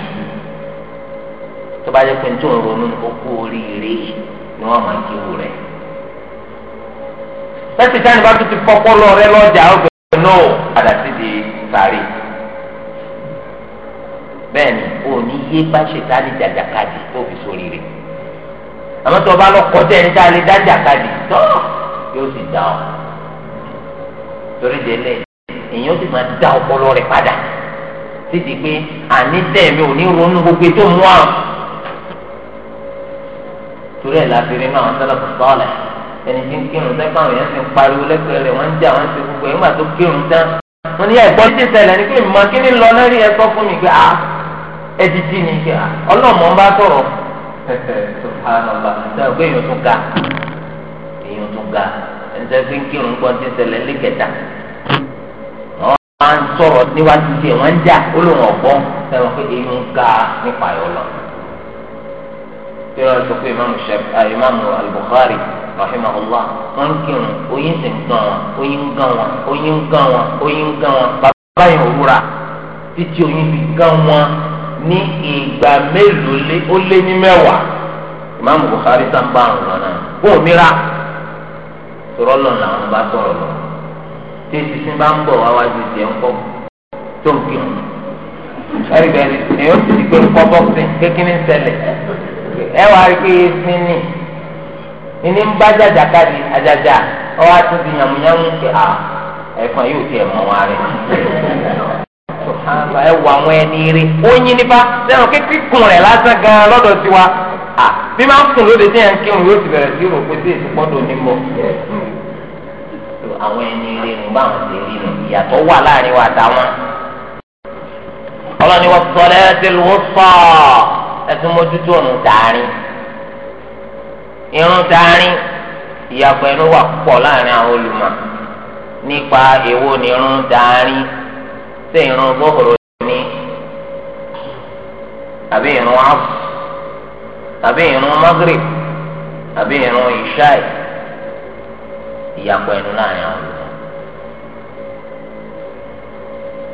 tó bá yẹ pé tó ń ronú okú oríire yìí ni wọn máa ń kí wù rẹ. pẹ́sì táyì bá tún ti fọ́pọ́ lọ rẹ lọ́jà ọgbẹ́ náà padà sí di sàárè. bẹ́ẹ̀ni o ní yé bá ṣètánì jàjàkadì tó fi sórí rẹ̀. àmọ́ tó o bá lọ kọjá ẹni tá a lè dá jàkadì tó yóò sì dá ọ. torí délé èèyàn ti máa dá ọpọlọ rẹ̀ padà títí pé àní tẹ̀ mi ò ní ronú gbogbo tó mú àwọn torí lafiri láti rí náà wọn sọ́dọ̀ kò sọ́ọ̀lẹ̀ ẹni tí ń kírun sẹ́kọ̀ àwọn èèyàn ti ń pariwo lẹ́gbẹ̀ẹ́ rẹ̀ wọ́n ń jà wọ́n ti gbogbo ẹ̀ tó kírun tán wọ́n ní ẹ̀gbọ́n ti ṣẹlẹ̀ ní pé mọ kí ni lọ lórí ẹ sọ fún mi pé a ah, ẹ ti ni pé ah, ọlọ́mọ ń bá sọ̀rọ̀ subhanallah ṣe ọgbẹ́ èèyàn tún ga èèyàn tún ga ẹni tẹ́ fi ń kírun gbọ́n ti ṣẹlẹ̀ lé kẹta wọ́n máa ń sọ̀rọ̀ níwájú kíra sọ pé imaamu shafi ah imaamu al-bukhari rahimahullah wọn ń kírun oyin sì ń gan wọn oyin ń gan wọn oyin ń gan wọn oyin ń gan wọn bàbá yẹn òwúra títí oyin fi gan wọn ní ìgbà mélòó ó lé ní mẹ́wàá imaamu bukhari sábà ń lọ náà wọn ò mìíràn sọ̀rọ̀ lọ làwọn bá sọ̀rọ̀ lọ tí sísin bá ń bọ̀ wá wájú tiẹ̀ ń kọ́ tó ń kírun ẹ̀rí bẹ́ẹ̀ ni èèyàn ti di pé ń bọ́ọ̀sì kékeré ń ṣẹlẹ̀ ẹ wá rí pé sinmi ìní ń bá jàjà káàdì àjàjà ọ wá tún di yàmùyàmù pé à ẹ̀fọn yóò tiẹ̀ rẹ̀ ẹ wọ àwọn ẹni rí oyin nípa lẹ́nu kékeré kun rẹ̀ lásán gan lọ́dọ̀ tiwa bí máa ń kun lóde tí yẹn ń kírun yóò ti bẹ̀rẹ̀ sí rò pé tí ní àwọn ẹni rí nu ti rí nu ìyàtọ̀ wà láàrin wa táwọn ọlọ́ni wọ́n sọ lẹ́yìn tí sọ̀ọ́. ẹtún mójútó ọ̀nù tààrin irun tààrin ìyàpọ̀ ẹnu wà púpọ̀ láàrin àwọn olùmọ̀ nípa èwo ni irun tààrin ṣé irun gbóhòrò ni àbí irun áfù àbí irun magrib àbí irun ìṣáì ìyàpọ̀ ẹnu láàrin àwọn olùmọ̀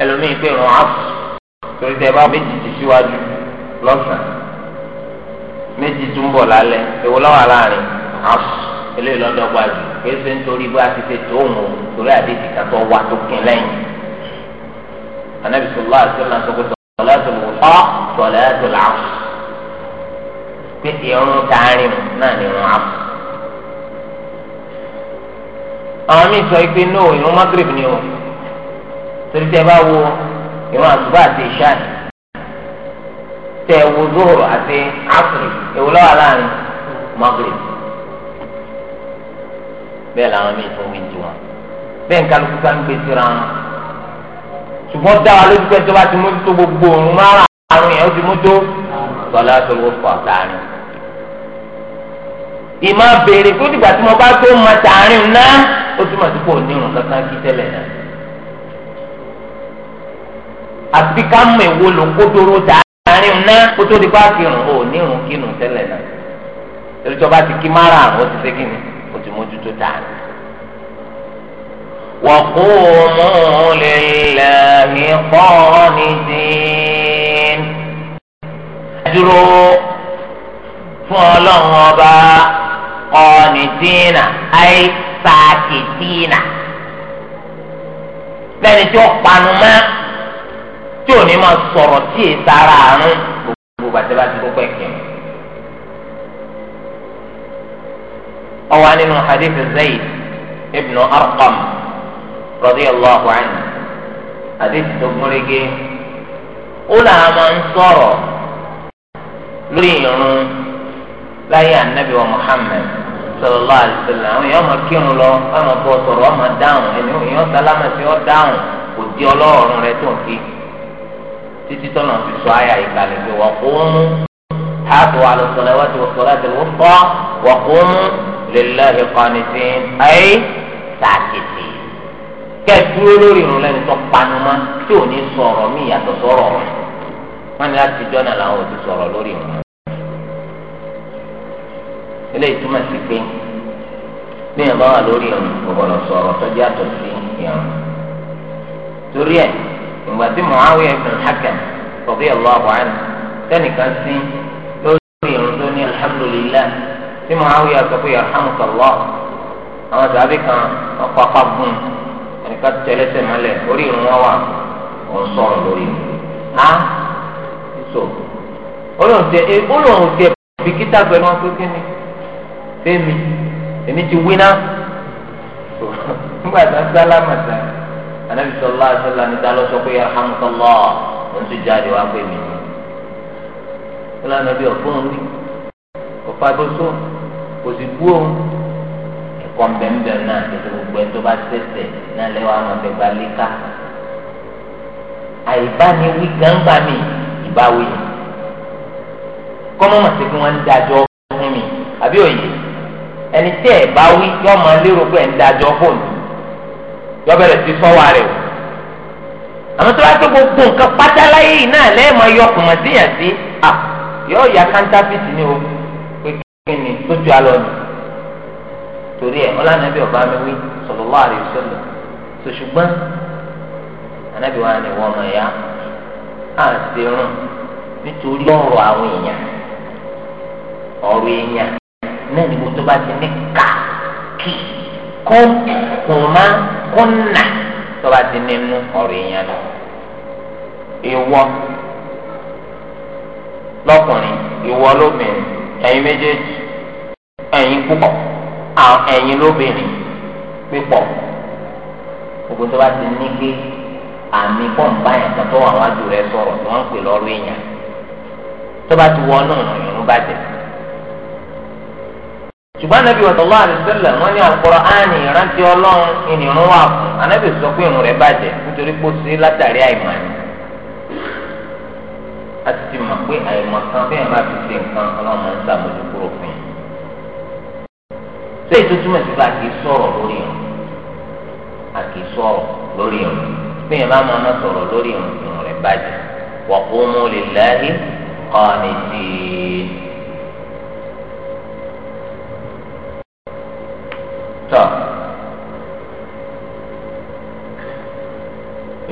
ẹlòmíì pé irun áfù torí tẹ bá méjì ti síwájú lọ́sàn-án méjì tó ń bọ̀ lálẹ́ èwo lọ́wọ́ aláàárín àṣù eléyìí lọ́dọ̀ gba jù kéésì nítorí bó a ti ṣe tó òun o torí àti ìdìkà tó wà tó kín lẹ́yìn. anabi sọlá àti ọ̀nà tó kọtọ̀ ọ̀lá tó lò ọ́ tọ̀lá tó là pé irun taarin náà ni irun áfù. àwọn míì sọ pé no irun magrib ni o torí tẹ bá wo irun àsùbá àti ìṣáà tẹ ewu zuhuru àti asiri ewu lọ́wọ́ láàrin magre bẹ́ẹ̀ làwọn míì tún wí ju wọn bẹ́ẹ̀ nkálukú ká ń gbé síra wọn ṣùgbọ́n dáwà lójú pé tó bá ti mójútó gbogbo òun máa àrùn yẹn ó ti mójútó sọlá tó ló pọ̀ sáárín ìmọ̀ béèrè kó dìgbà tí mo bá tó ma tààrin náà ó túmọ̀ sí pé òní ìrùn kankan kí tẹ́lẹ̀ náà àti ká mọ èwo ló kó yìí ná kótó di pa kírun ò ní irun kírun tẹ́lẹ̀ náà torí tó bá ti kí mara àwọn ti ṣe kíni o ti mójútó tà ní. wa qumu lillahi qanitin. dúró fún ọlọ́run ọba qanitina ay sakitina tí ò ní máa sọ̀rọ̀ tí è sára àrùn gbogbo bàtẹ́ bá ti kókó ẹ̀kẹ́. ọwọ́ nínú hadith Zayd ibn Arqam radiyallahu anhu hadith tó gúnrégé ó làá máa ń sọ̀rọ̀ lórí ìrun láyé ànábì wa Muhammad sallallahu alaihi wasallam àwọn èèyàn máa kírun lọ wọn bọ sọ̀rọ̀ wọn dáhùn ẹni èèyàn sálámà ọ dáhùn kò di ọlọ́run rẹ tó ń kí títí tọ́nà fi sọ àyà ìkàlẹ̀ pé wọ́n kó mú hàtò àlùsọ̀lẹ̀ wọ́n ti wọ́pọ̀ láti wọ́n kọ́ wọ́n kó mú lélẹ̀ ìkànnì tí ayé sàkìtì. kẹ́ẹ̀dúró lórí irun lẹ́nu tó panumá tí ò ní sọ̀rọ̀ mí ìyàtọ̀ sọ̀rọ̀ wọn ni láti jọ́nà làwọn ò ti sọ̀rọ̀ lórí irun. ilé ìtumọ̀ sí pé bí ìyàbá wà lórí irun kò gbọdọ̀ sọ̀rọ̀ tọ́jú àtọ̀ sí irun. torí ẹ̀ ìgbà tí Muawiya ibn Hakam radiyallahu anhu sẹ́nìkan sí lórí irun tó ní alhamdulillah tí Muawiya sọ pé yarhamukallah àwọn sàbí kan ọkọ̀ apá gùn ẹnìkan tẹ̀lẹ́sẹ̀ mọ́lẹ̀ orí irun wọn wà ọ̀ sọ̀rọ̀ lórí ha so olóhùn tẹ e, bìkítà pẹ̀lú wọn pé kíni fẹ́mi èmi ti wí ná nígbà tá a sálámà sáà anabi sọlá sọlá ní ta ló sọ pé alhamdulilá ó ń tún jáde wá pé mi ó lànà bí ọ̀fọ́n rí ọ̀fà tó sọ kò sì bú òun ẹ̀kọ́ bẹ́ẹ̀nbẹ́ẹ̀ náà tètè gbogbo ẹ̀ tó bá tẹ̀sẹ̀ náà lẹ́wọ̀ àwọn ọ̀bẹ gba léka àìbániwí gánba mi ìbáwí kọ́mọ́ màsí kí wọ́n ń dájọ́ fún mi àbí òye ẹni tẹ́ ẹ̀ bá wí yọ́ máa lérò pé ẹ̀ ń dájọ́ fóònù yọ bẹ̀rẹ̀ sí fọwọ́ rẹ̀ o àmọ́ tó bá tó gbogbo nǹkan pátá láyé yìí náà lẹ́ẹ̀mọ yọ kùmọ̀ sí yàn sí à yọ ya kántáfìtì ní o pé kí ni lójú alọ ni torí ẹ ọlànàbí ọba mi wí sallallahu alaihi wasallam tó ṣùgbọ́n anábì wa ni wọ́n mọ̀ ya á ti rún nítorí ọ̀rọ̀ àwọn èèyàn ọ̀rọ̀ èèyàn náà ni mo tó bá ti ní ká kí kún kùnmá kùnà tọ́ba ti nínú ọ̀rọ̀ èèyàn lọ. ìwọ lọkùnrin ìwọ lóbìnrin ẹ̀yin méjèèjì ẹ̀yin púpọ̀ ẹ̀yin lóbìnrin pípọ̀ gbogbo tọ́ba ti ní pé àmì pọ̀npá yẹn kan tó wà wájú rẹ sọ̀rọ̀ tí wọ́n ń pè lọ́rọ̀ èèyàn tọ́ba ti wọ náà ìrún bàjẹ́ ṣùgbọ́n anabi wa sallallahu alayhi wa sallam wọ́n ní Al-Qur'ani ìrántí ọlọ́run ìnìrún wà fún anabi sọ pé irun rẹ̀ bàjẹ́ nítorí pé ó ṣe látàrí àìmọ̀ ni a ti ti mọ̀ pé àìmọ̀ kan bẹ́ẹ̀ máa fi ṣe nǹkan ọlọ́run ń sàmójú kúrò fún yìí. sẹ́yìn tó túmọ̀ sí pé a kì í sọ̀rọ̀ lórí irun a yẹn bá máa sọ̀rọ̀ lórí irun rẹ̀ bàjẹ́ wa qumu lillahi qanitin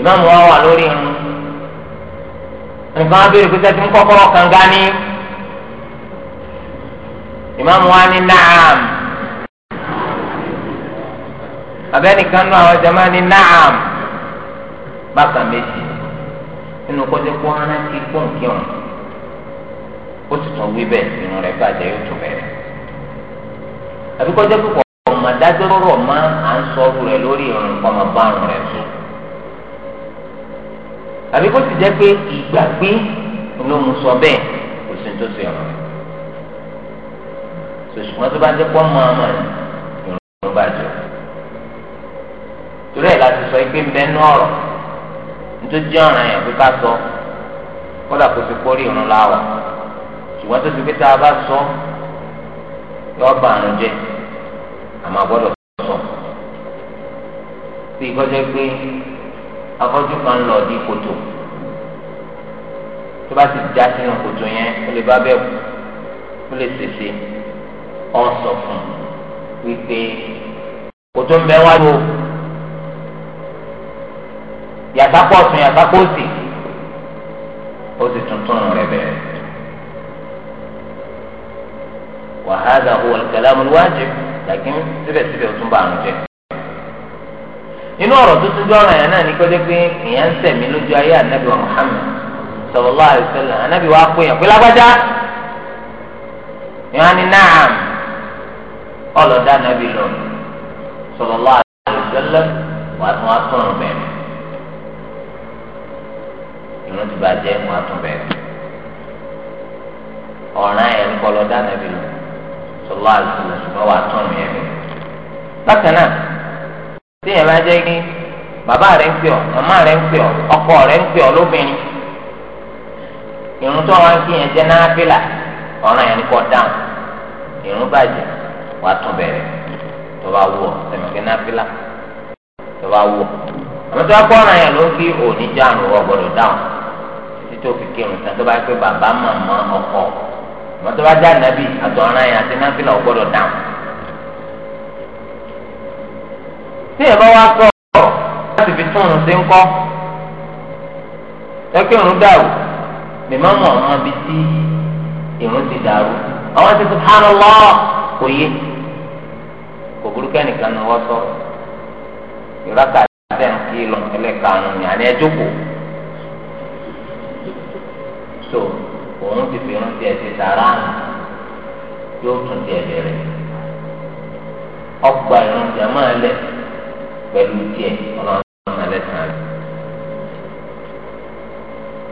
ìmáàmù wa wà lórí irun nǹkan abéèrè pé sẹ́tí ń kọ́kọ́rọ́ kanga ní ìmáàmù wa ní naam abẹ́nìkan náà àwọn jama ní naam bákan méjì nínú kọ́jú kó hánà kí kóńkéwọ̀n ó ti tún wí bẹ́ẹ̀ sínú rẹ̀ bàjẹ́ yóò tún bẹ̀rẹ̀ àbíkọ́jọ́ pípọ̀ ọ̀mọ̀dájọ́ rọ̀ mọ́ ń sọ ọ́rù rẹ̀ lórí ìrìn kọ́mọ bá àrùn rẹ̀ tó àbí kó sì jẹ́ pé ìgbàgbé ló mú sọ bẹ́ẹ̀ kò sí tó ṣe ọ̀rọ̀ rẹ̀ sòṣùwọ́n tó bá jẹ́ pọ́ mọ́ ọmọ rẹ̀ ìrùn bàjẹ́ torí ẹ̀ láti sọ pé mbẹ́ nú ọ̀rọ̀ nítorí jẹ́ ọ̀ràn yẹn pé ká sọ kódà kó ti kórè ìrùn láwà ṣùgbọ́n tó ti pé tá a bá sọ yọ ọba àrùn jẹ àmọ́ àgbọ́dọ̀ sọ sí ìkọ́jẹ́ pé afọ́jú kan lọ di kòtò tó bá ti já sínú kòtò yẹn ó lè bá bẹ́ẹ̀ kú ó lè sèse ọ̀sọ̀ fún wípé kòtò ń bẹ wá lò yàtá pọ̀ tún yàtá ó sì tuntun rẹ̀ bẹ̀rẹ̀. وهذا هو الكلام الواجب لكن سبع سبع تنبع نجح inú ọ̀rọ̀ tó tún jọ́ràn yẹn náà ní pé pé èèyàn ń sẹ̀mí lójú ayé ànábì wa Muhammad sallallahu alaihi wasallam ànábì wa pé yàn pé lágbájá yàn á ní naam ọlọ́dà ànábì lọ sallallahu alaihi wasallam wà tún wà tún ọ̀rùn bẹ̀rẹ̀ ìrún ti bàjẹ́ wà tún bẹ̀rẹ̀ ọ̀ràn yẹn kọ́ lọ́dà ànábì lọ sallallahu alaihi wasallam ṣùgbọ́n wà tún ọ̀rùn yẹn bẹ̀rẹ̀ tí yẹn bá jẹ́ kí bàbá rẹ̀ ń pè ọ́ màmá rẹ̀ ń pè ọ́ ọkọ rẹ̀ ń pè ọ́ lóbìnrin irun tó wọn kí yẹn jẹ́ náfìlà ọ̀ràn yẹn kọ́ dáhùn irun bàjẹ́ wà á tún bẹ̀rẹ̀ tó bá wù ọ́ tẹ̀mẹ̀kẹ́ náfìlà tó bá wù ọ́ àmọ́ tó bá kọ́ ọ̀ràn yẹn ló ń kí òní jáàmù wọ́n gbọ́dọ̀ dáhùn títí tó fi kírun tó bá pé bàbá màmá ọkọ àmọ́ tí ìbá wa sọ ọ láti fi tún un sí ń kọ́ ẹgbẹ́ òun dàrú mímọ́ mọ̀ ọ́n bí tí ìrún ti dàrú àwọn ti subhanallah kò yé kò burúkú ẹnìkan ni wọ́n sọ ìrákà àtẹ̀ ń kí lọ ẹlẹ́karùn ní àná ẹjọ́ kò so òun ti fi irun tiẹ̀ ti sàrà yóò tún tiẹ̀ bẹ̀rẹ̀ ọgbà irun tiẹ̀ máa lẹ̀ pẹ̀lú díẹ̀ ọlọ́run alẹ́ sàn án.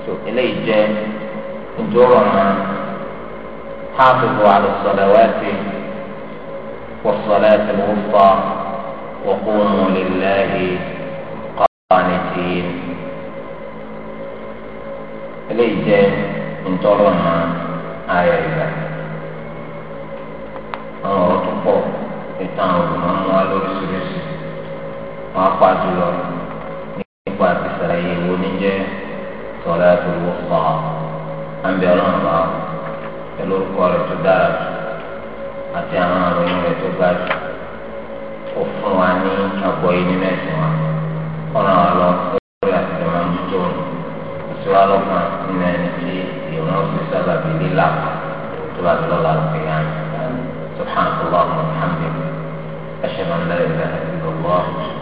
tó eléyìí jẹ́ ìjọba ọ̀nà حافظوا على الصلوات والصلاة الوسطى وقوموا لله قانتين eléyìí jẹ́ ntọrọ na ayẹyẹ àwọn ọ̀rọ̀ tó pọ̀ ìtàn àwọn ọmọ wọn apá jùlọ nípa àti sàlàyé ìwò níjẹ sọlá tó wọ sọ àǹbẹ Ọlọ́run bá pẹ̀lú orúkọ rẹ̀ tó dára jù àti àwọn àròyìn rẹ̀ tó ga jù ó fún wa ní àgbọ́yé nínú ẹ̀sìn wa ọ̀ràn wa lọ lórí àtìlẹ́ máa ń dúdú òsì wa lọ́kàn nínú ẹni tí ìrún ọ̀sẹ̀ sábà bí lílà tó bá ti lọ́la lọ́kẹ́yà subhanahu wa ta'ala alhamdulilayi ashhadu an la ilaha illallah.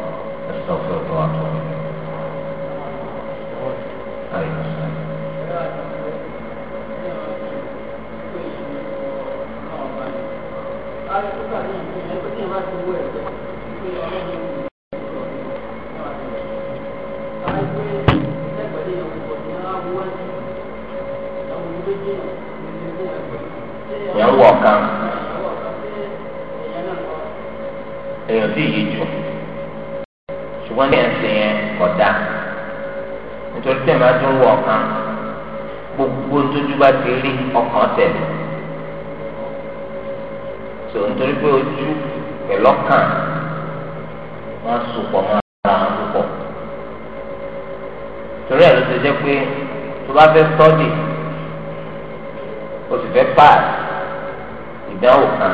bá ti ń wọ ọ̀kan gbogbo tójú bá ti rí ọkàn tẹ̀lé tó nítorí pé ojú pẹ̀lú ọkàn wọ́n sopọ̀ mọ́ ara wọn púpọ̀ torí ẹ̀ ló ti jẹ́ pé tó bá fẹ́ sọ́ọ̀dì o sì fẹ́ páàsì ìdánwò kan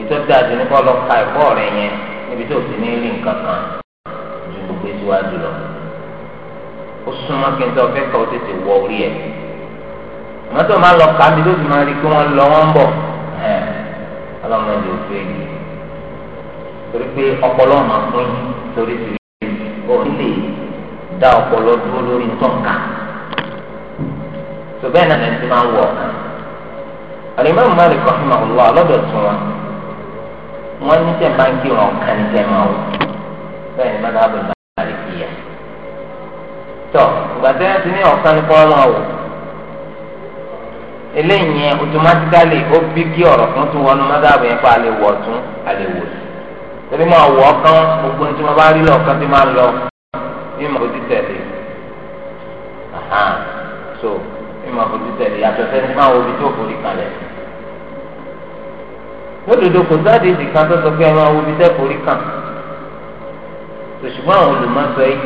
ìtọ́jú àti nípa ọlọ́ka ẹ̀kọ́ rẹ̀ yẹn níbi tó ti ní rí nǹkan kan ju gbogbo ìṣíwájú lọ ó súnmọ́ kí n tó fẹ́ kọ́ ó tètè wọ orí ẹ̀ mọ́tò máa lọ kà mí lóṣù máa rí i pé wọ́n lọ wọ́n ń bọ̀ ẹ̀ ọlọ́mọdé ò fẹ́ yìí torí pé ọpọlọ máa pín torí ti rí i ó lè dá ọpọlọ dúró lórí tọ́ka tó bẹ́ẹ̀ náà lẹ́sìn máa ń wọ̀ ọ̀kan Al-Imam Malik rahimahullah lọ́dọ̀ tún wa wọ́n ní sẹ́ máa ń kí wọn máa wọ̀ bẹ́ẹ̀ ni tọ ìgbàdé ti ní ọ̀kan ní kọ́ ọmọ wò eléyìí yẹn automatically ó bí kí ọ̀rọ̀ kan tún wọnú mọ́tàbí yẹn pa àlè wọ̀ tún àlè wò sí torí máa wọ̀ ọ̀kan gbogbo ní tí wọ́n bá rí lọ́ọ̀kan tí máa ń lọ ní ìmọ̀ ojú tẹ̀lé so ìmọ̀ ojú tẹ̀lé yàtọ̀ sẹ́ni máa wo ibi tó forí kalẹ̀ lódodo kò sáà dé ìdìkan tó sọ pé ẹ máa wo ibi tẹ́ forí kàn tòṣùgbọ́n àwọn olùmọ̀ sọ yìí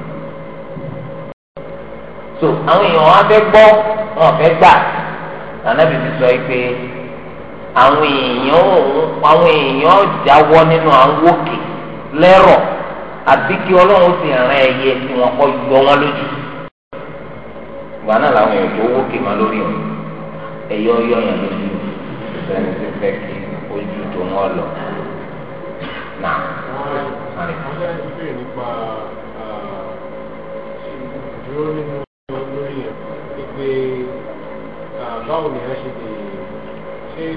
so àwọn èèyàn wọn fẹ́ gbọ́ wọn fẹ́ gbà ànábì ti sọ pé àwọn èèyàn àwọn èèyàn jáwọ́ nínú àwọn òkè lẹ́rọ̀ àbí kí ọlọ́run sì rán ẹyẹ tí wọn kọ́ yọ wọn lójú ìgbà náà làwọn èèyàn tó wókè máa lórí wọn ẹyẹ ọyọ yẹn lójú sẹni ti fẹ́ kí ojú tó wọn lọ náà. Àlẹ́ nípa ìdúró nínú.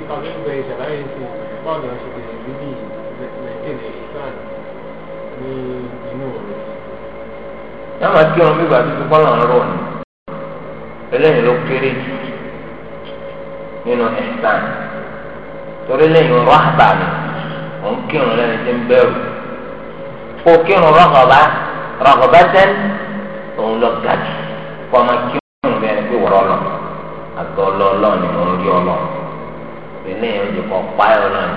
because everybody is allowing to bọ́ọ̀lù ọ̀ṣẹ̀ lè rí bí nàìjíríà islam ní inú rẹ̀. táwọn àti ló kéré jù nínú ẹ̀sán torí lẹ́yìn ọ̀rọ̀ àbá òun kírun lẹ́ni tí ń bẹ̀rù kó kírun rọ́gọ̀bá rọ́gọ̀bá tẹ́ òun lọ gàdù kọ́ ọmọ kírun bẹ́ẹ̀ pé wọ́rọ́ lọ àgọ́ ọlọ́ọ̀lọ́ ni mò ń rí ọlọ́ọ̀. ilé yẹn lè kọ́ náà ni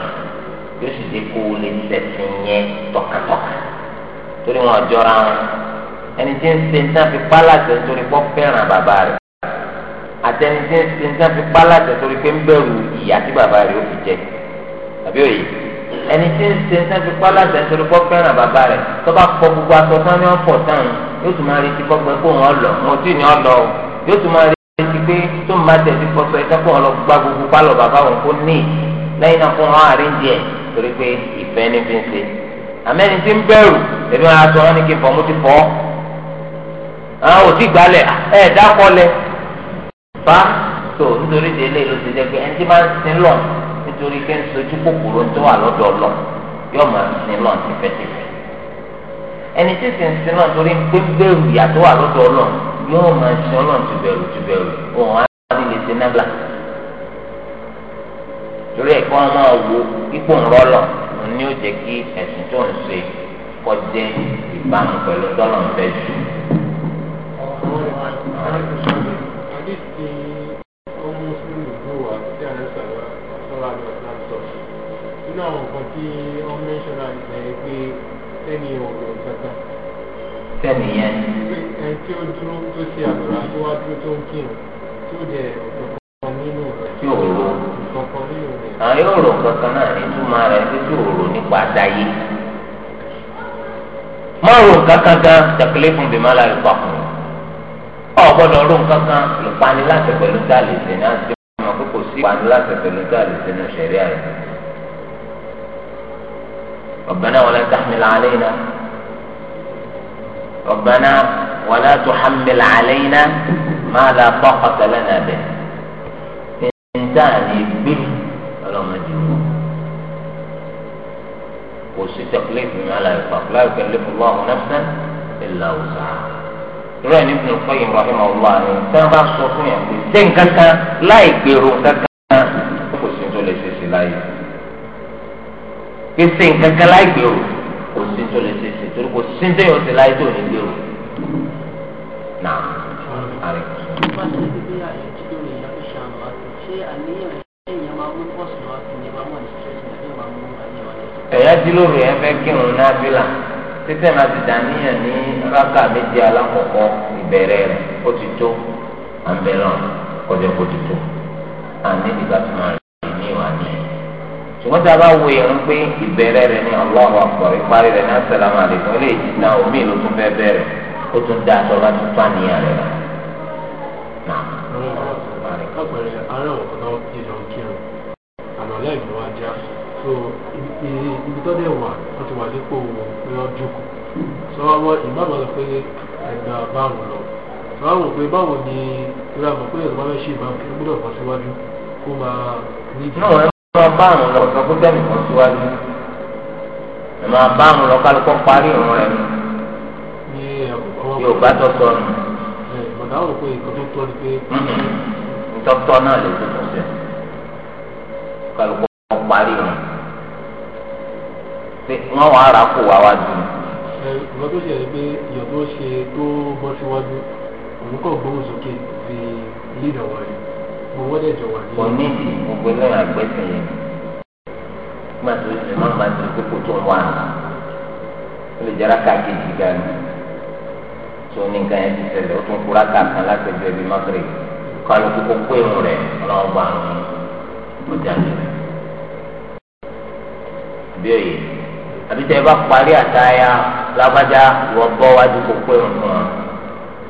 yóò sì di kó o lè tẹ̀sìn yẹn tọkàtọkà torí wọn jọra wọn ẹni tí ń fi fẹ́ràn bàbá rẹ̀ tí ń fi torí pé ń bẹ̀rù ìyá tí bàbá rẹ̀ ó fi jẹ òye fi fẹ́ràn bàbá rẹ̀ tó bá kọ gbogbo aṣọ ti pé tó ń bá tẹ̀sí pọ̀sọ ìtọ́kùn ọlọ́gbà gbogbo pálọ̀ bàbá wọn kó ní lẹ́yìn náà fún wọn àríǹjì ẹ̀ torí pé ìfẹ́ ní fi ń ṣe. àmẹ́ni tí ń bẹ̀rù ẹ̀mí wọn aṣọ wọn ni kí n fọ́ mo ti fọ́ àwọn ò tí gbalẹ̀ ẹ̀ dákọ́lẹ̀ bá tó nítorí délé ló ti jẹ́ pé ẹni tí máa ń sin lọ nítorí pé ń sojú kòkòrò tó wà lọ́dọ̀ lọ yóò máa sin lọ tìfẹ́tìfẹ́ ẹni tí sì ń sin lọ torí pé bẹ̀rù ìyà tó wà lọ́dọ̀ Ọlọ́run yóò máa ṣe ọlọ́run ti bẹ̀rù ti bẹ̀rù òun á rí lè ṣe náà gbà torí ẹ̀kọ́ máa wo ipò ńrọ́lọ̀ ní ó jẹ́ kí ẹ̀sìn tó ń ṣe kọjá ìbámu pẹ̀lú dọ́là ń bẹ́ jù. nínú àwọn nǹkan tí wọ́n mẹ́ṣọ́ra ẹ̀ pé sẹ́ni ọ̀gbọ̀n kankan. sẹ́ni yẹn ẹni tí ó dúró tó ṣe àlùra tó wá dúró tó ń kírun tí ó jẹ ọ̀kọ̀ọ̀kan nínú tí ò rò ọ̀kọ̀ọ̀kan nínú rẹ̀. àwọn yóò rò kankan náà ní túmọ̀ rẹ̀ pé tí ò rò nípa àdáyé. má rò kankan gan tẹ̀kílẹ́ fún bímọ aláìlú papọ̀. ọ̀ gbọ́dọ̀ rò láti pẹ̀lú dáàlì ìsìn náà ti mọ̀ pé kò sí ìpani láti pẹ̀lú dáàlì ìsìn náà ṣẹ̀rí àyè. ربنا ولا تحمل علينا ربنا ولا تحمل علينا ما لا طاقة لنا به إنسان يكبر ولا مجنون وسي تكليف ما لا يطاق لا يكلف الله نفسا إلا وسعها ìrọ̀lẹ́ Ibn al-Qayyim rahimahullah ni tí wọ́n bá sọ fún yàn pé ṣé nǹkan kan láì gbèrò kankan kò sí tó lè ṣe sí láyé pé ṣé nǹkan kan láì gbèrò kò sí tó lè ṣe ṣe torí kò sí tó yọ̀ sí láyé tó ní gbèrò náà àrẹ. ẹ̀yà tí lóru yẹn fẹ́ kírun náà bílà títẹ̀ máa ti dàníyàn ní rákà méje alákọ̀ọ́kọ́ ìbẹ̀rẹ̀ rẹ̀ ó ti tó àbẹ̀rẹ̀ kọjá kó ti tó àní ìdìgbà tó máa rẹ̀ ṣùgbọ́n tí a bá wo irun pé ìbẹ̀rẹ̀ rẹ̀ ní Allahu Akbar ìparí rẹ̀ ní Assalamu Alaikum ilé ìdíná omi ló tún fẹ́ bẹ̀rẹ̀ ó tún dá aṣọ láti tún àníyàn rẹ̀ náà. ọ̀pẹ̀rẹ̀ àárẹ̀ ọ̀kan náà ti lọ kírun àná lẹ́yìn wá já so ibi tó dẹ̀ wà wọ́n ti wà nípò pé wọ́n jókòó sọ wọn ìmáàmù lọ pé ẹgbẹ́ báwọn lọ sọ wọn pé báwo ni ìrànwọ́ pé ìrànwọ́ fẹ́ ṣe ìmáàmù kí máa bá àrùn lọ sọ fún bẹ́ẹ̀ nìkan síwájú ẹ máa bá àrùn lọ kálukọ́ parí ìrún rẹ yóò bá tọ́tọ́ nù. Mm-hmm. tọ́tọ́ náà lè tuntun sí kálukọ́ parí ìrún wọ́n wàá rà kó wá wá dùn. ìgbà tó ṣe ẹ̀ pé ìyọ̀ ṣe tó bọ́ síwájú òun kò gbóhùn sókè fi lídọ̀ wọ̀nyí owó lè jọ wà ní. òní ti gbogbo ilé àgbẹ̀sìn yẹn nígbà tó ṣe máa máa ti kókó tó ń wà ó lè jẹ́ra káàkiri gan tó ní nǹkan yẹn ti ṣẹlẹ̀ ó tún kúra kàkan láti ẹgbẹ́ bíi mọ́tìrì kọ́ni kókó kó irun rẹ̀ ọlọ́run bá ń kọjá ní. ìbéèrè àbí ẹ bá parí àtayá lábájá ìwọ bọ́ wájú kókó irun fún wa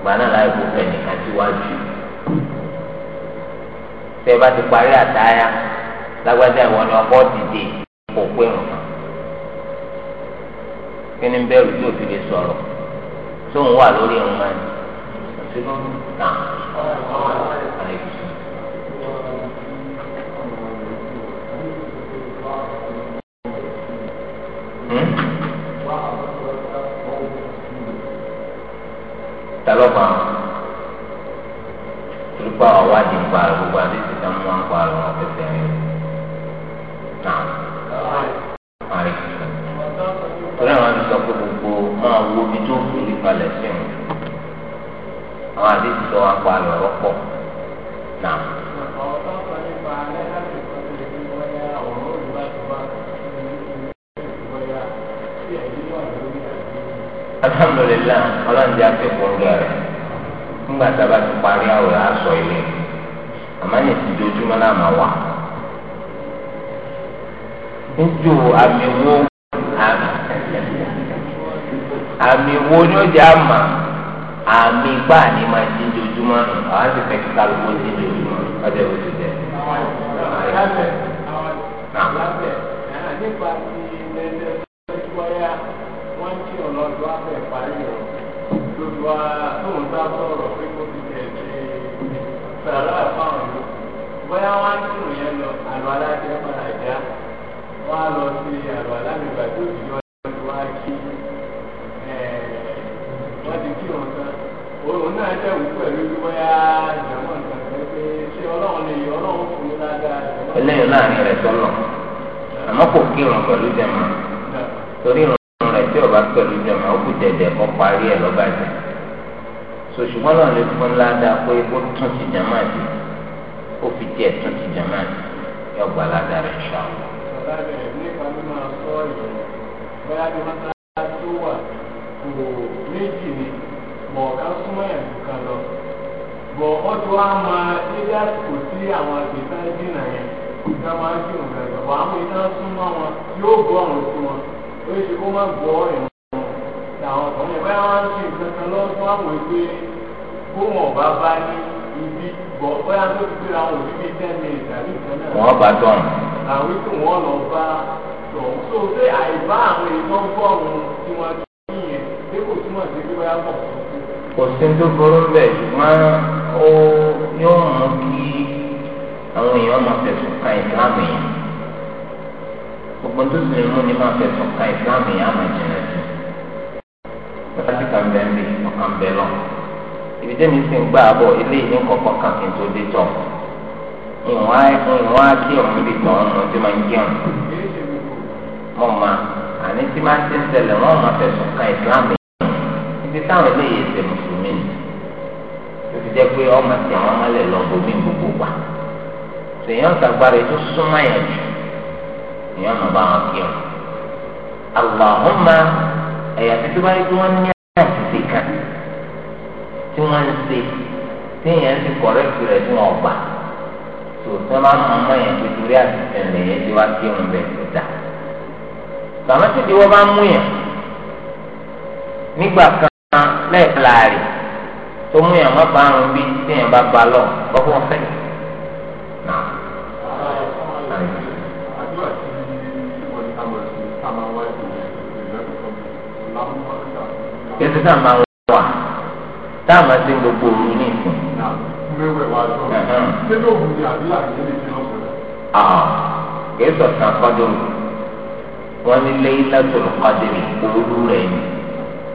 gbaná láì kó fẹ́ nìkan síwájú tẹ ẹ bá ti parí àtàyà lágbájá ìwọ ni ọkọ dìde kò pé wọn kí ni bẹ́ẹ̀ rúdú òfin lè sọ̀rọ̀ tó ń wà lórí irun máa ń ṣe lórí náà àlejò. Hmm? ta ló pa nípa àwọn dị nípa rẹ̀ gbogbo àti ìṣẹ̀dá mú wọn pa àwọn ọ̀fẹ́fẹ́ rẹ̀. Torí ahụ àti sọ pé gbogbo máa wo ibi tó fi lè balẹ̀ Alhamdulillah, nígbà tá a bá ti parí àwọ̀ rẹ̀ aṣọ ilé àmọ́ yẹn ti dojúmọ́ náà máa wà. níjó àmì wo àmì wo ni ó jẹ́ àmà àmì gbà ní máa ti dojúmọ́ nù àwọn ti fẹ́ kí kálukú ti dojúmọ́ ọdẹ wo ti jẹ. nípa ti ẹgbẹ́ ẹgbẹ́ wáyà wọ́n ń kí ọ̀nà ọdún afẹ́ parí ọ̀ lójú bóyá wọn á tún yẹn lọ àlọ́ aláṣẹ padà já wọn á lọ sí àlọ́ alábìgbà tó ti yọ ẹni wá kí wọ́n ti kí wọn tán òun náà jẹ́ òun pẹ̀lú bí bóyá ìjàmọ̀ nǹkan kan pé ṣé ọlọ́run lè yọ ọlọ́run fún mi lágbára. eléyìí láàrin rẹ̀ sọ́nà àmọ́ kò kírun pẹ̀lú jẹ̀mọ́ torí ìrùn rẹ̀ tí ọba pẹ̀lú jẹ̀mọ́ ó kú dẹ̀dẹ̀ kọ́ parí ẹ̀ lọ́bàjẹ́ sòṣùgbọ́n náà lè fún ńlá dáa pé ó tún ti jẹ̀mọ́ àti ó fi díẹ̀ tún ti jẹ̀mọ́ yọ gbà ládàrí ṣá. bọ̀ ọdún wa máa dédé àsìkò sí àwọn àgbẹ̀tà jìnnà yẹn ìgbà máa ń jìnnà gbàgbà wà á mú iná súnmọ́ wọn yóò gbọ́ ọ̀rọ̀ sí wọn ó ṣe kó má gbọ́ ọ̀rọ̀ wọn làwọn ọ̀sán yẹn báyọ̀ wá ń ṣe nǹkan kan lọ́sọ́ àwọn ìgbé bóun ọ̀bá bá ní ibi bọ̀ bóyá tó ti gbéra wọn òbí bíi ten minutes àbí ìfẹ́ náà. wọ́n bá tọ̀nù. àwọn ikú wọn lọ bá tọ̀hún. so ṣé àìbá àwọn èèyàn gbọ́ọ̀rùn tí wọ́n ti ń yẹn ṣé kò túmọ̀ sí pé bóyá bọ̀ kò sí tó burú bẹ́ẹ̀ ṣùgbọ́n ó yóò mú kí àwọn èèyàn máa fẹ̀sùn kan ìsìlámù yẹn gbogbo tó sì ń mú ni máa fẹ̀sùn kan ìsìlámù yẹn ibi tẹ́mi sì ń gbà bọ̀ eléyìí ní kọ̀ọ̀kan kan kí n tó dé tọ̀ ìwọ̀n ìwọ̀n á kí òun níbi tọ̀ ọ̀nà tí máa ń jẹun mọ̀ ma àní tí máa ti ń ṣẹlẹ̀ wọ́n máa fẹ̀sùn kan ìsìláàmù ibi táwọn eléyìí ṣe mùsùlùmí ni tó fi jẹ́ pé ọmọ ti àwọn ọmọlẹ̀ lọ bomi gbogbo wa sèyàn sàgbára ètò súnmọ́ yẹn jù ìyẹn ọmọ bá wọn kí ọ àlọ́ àhùnmá ẹ̀yà tí wọ́n ń ṣe téèyàn ti kọ̀rẹ́tì rẹ̀ tí wọ́n gbà tó tí wọ́n máa ń mọ yẹn pé torí àtúntẹ̀ lẹ́yìn tí wọ́n á kírun bẹ́ẹ̀ tó dà. Bàbá tí ìdíwọ́ bá mú yẹn nígbà kan lẹ́ẹ̀kan láàrin tó mú yàn má bá àrùn bí téèyàn bá ba lọ ọgbọ́n fẹ́. Yẹ́sẹ̀ sáà máa ń wà táàmù àti gbogbo òru ní ìsìn. kìí sọ̀tàn kọ́dọ̀ wọn ní lẹ́yìn látò lùkọ́dẹ̀ òru rẹ̀ ni.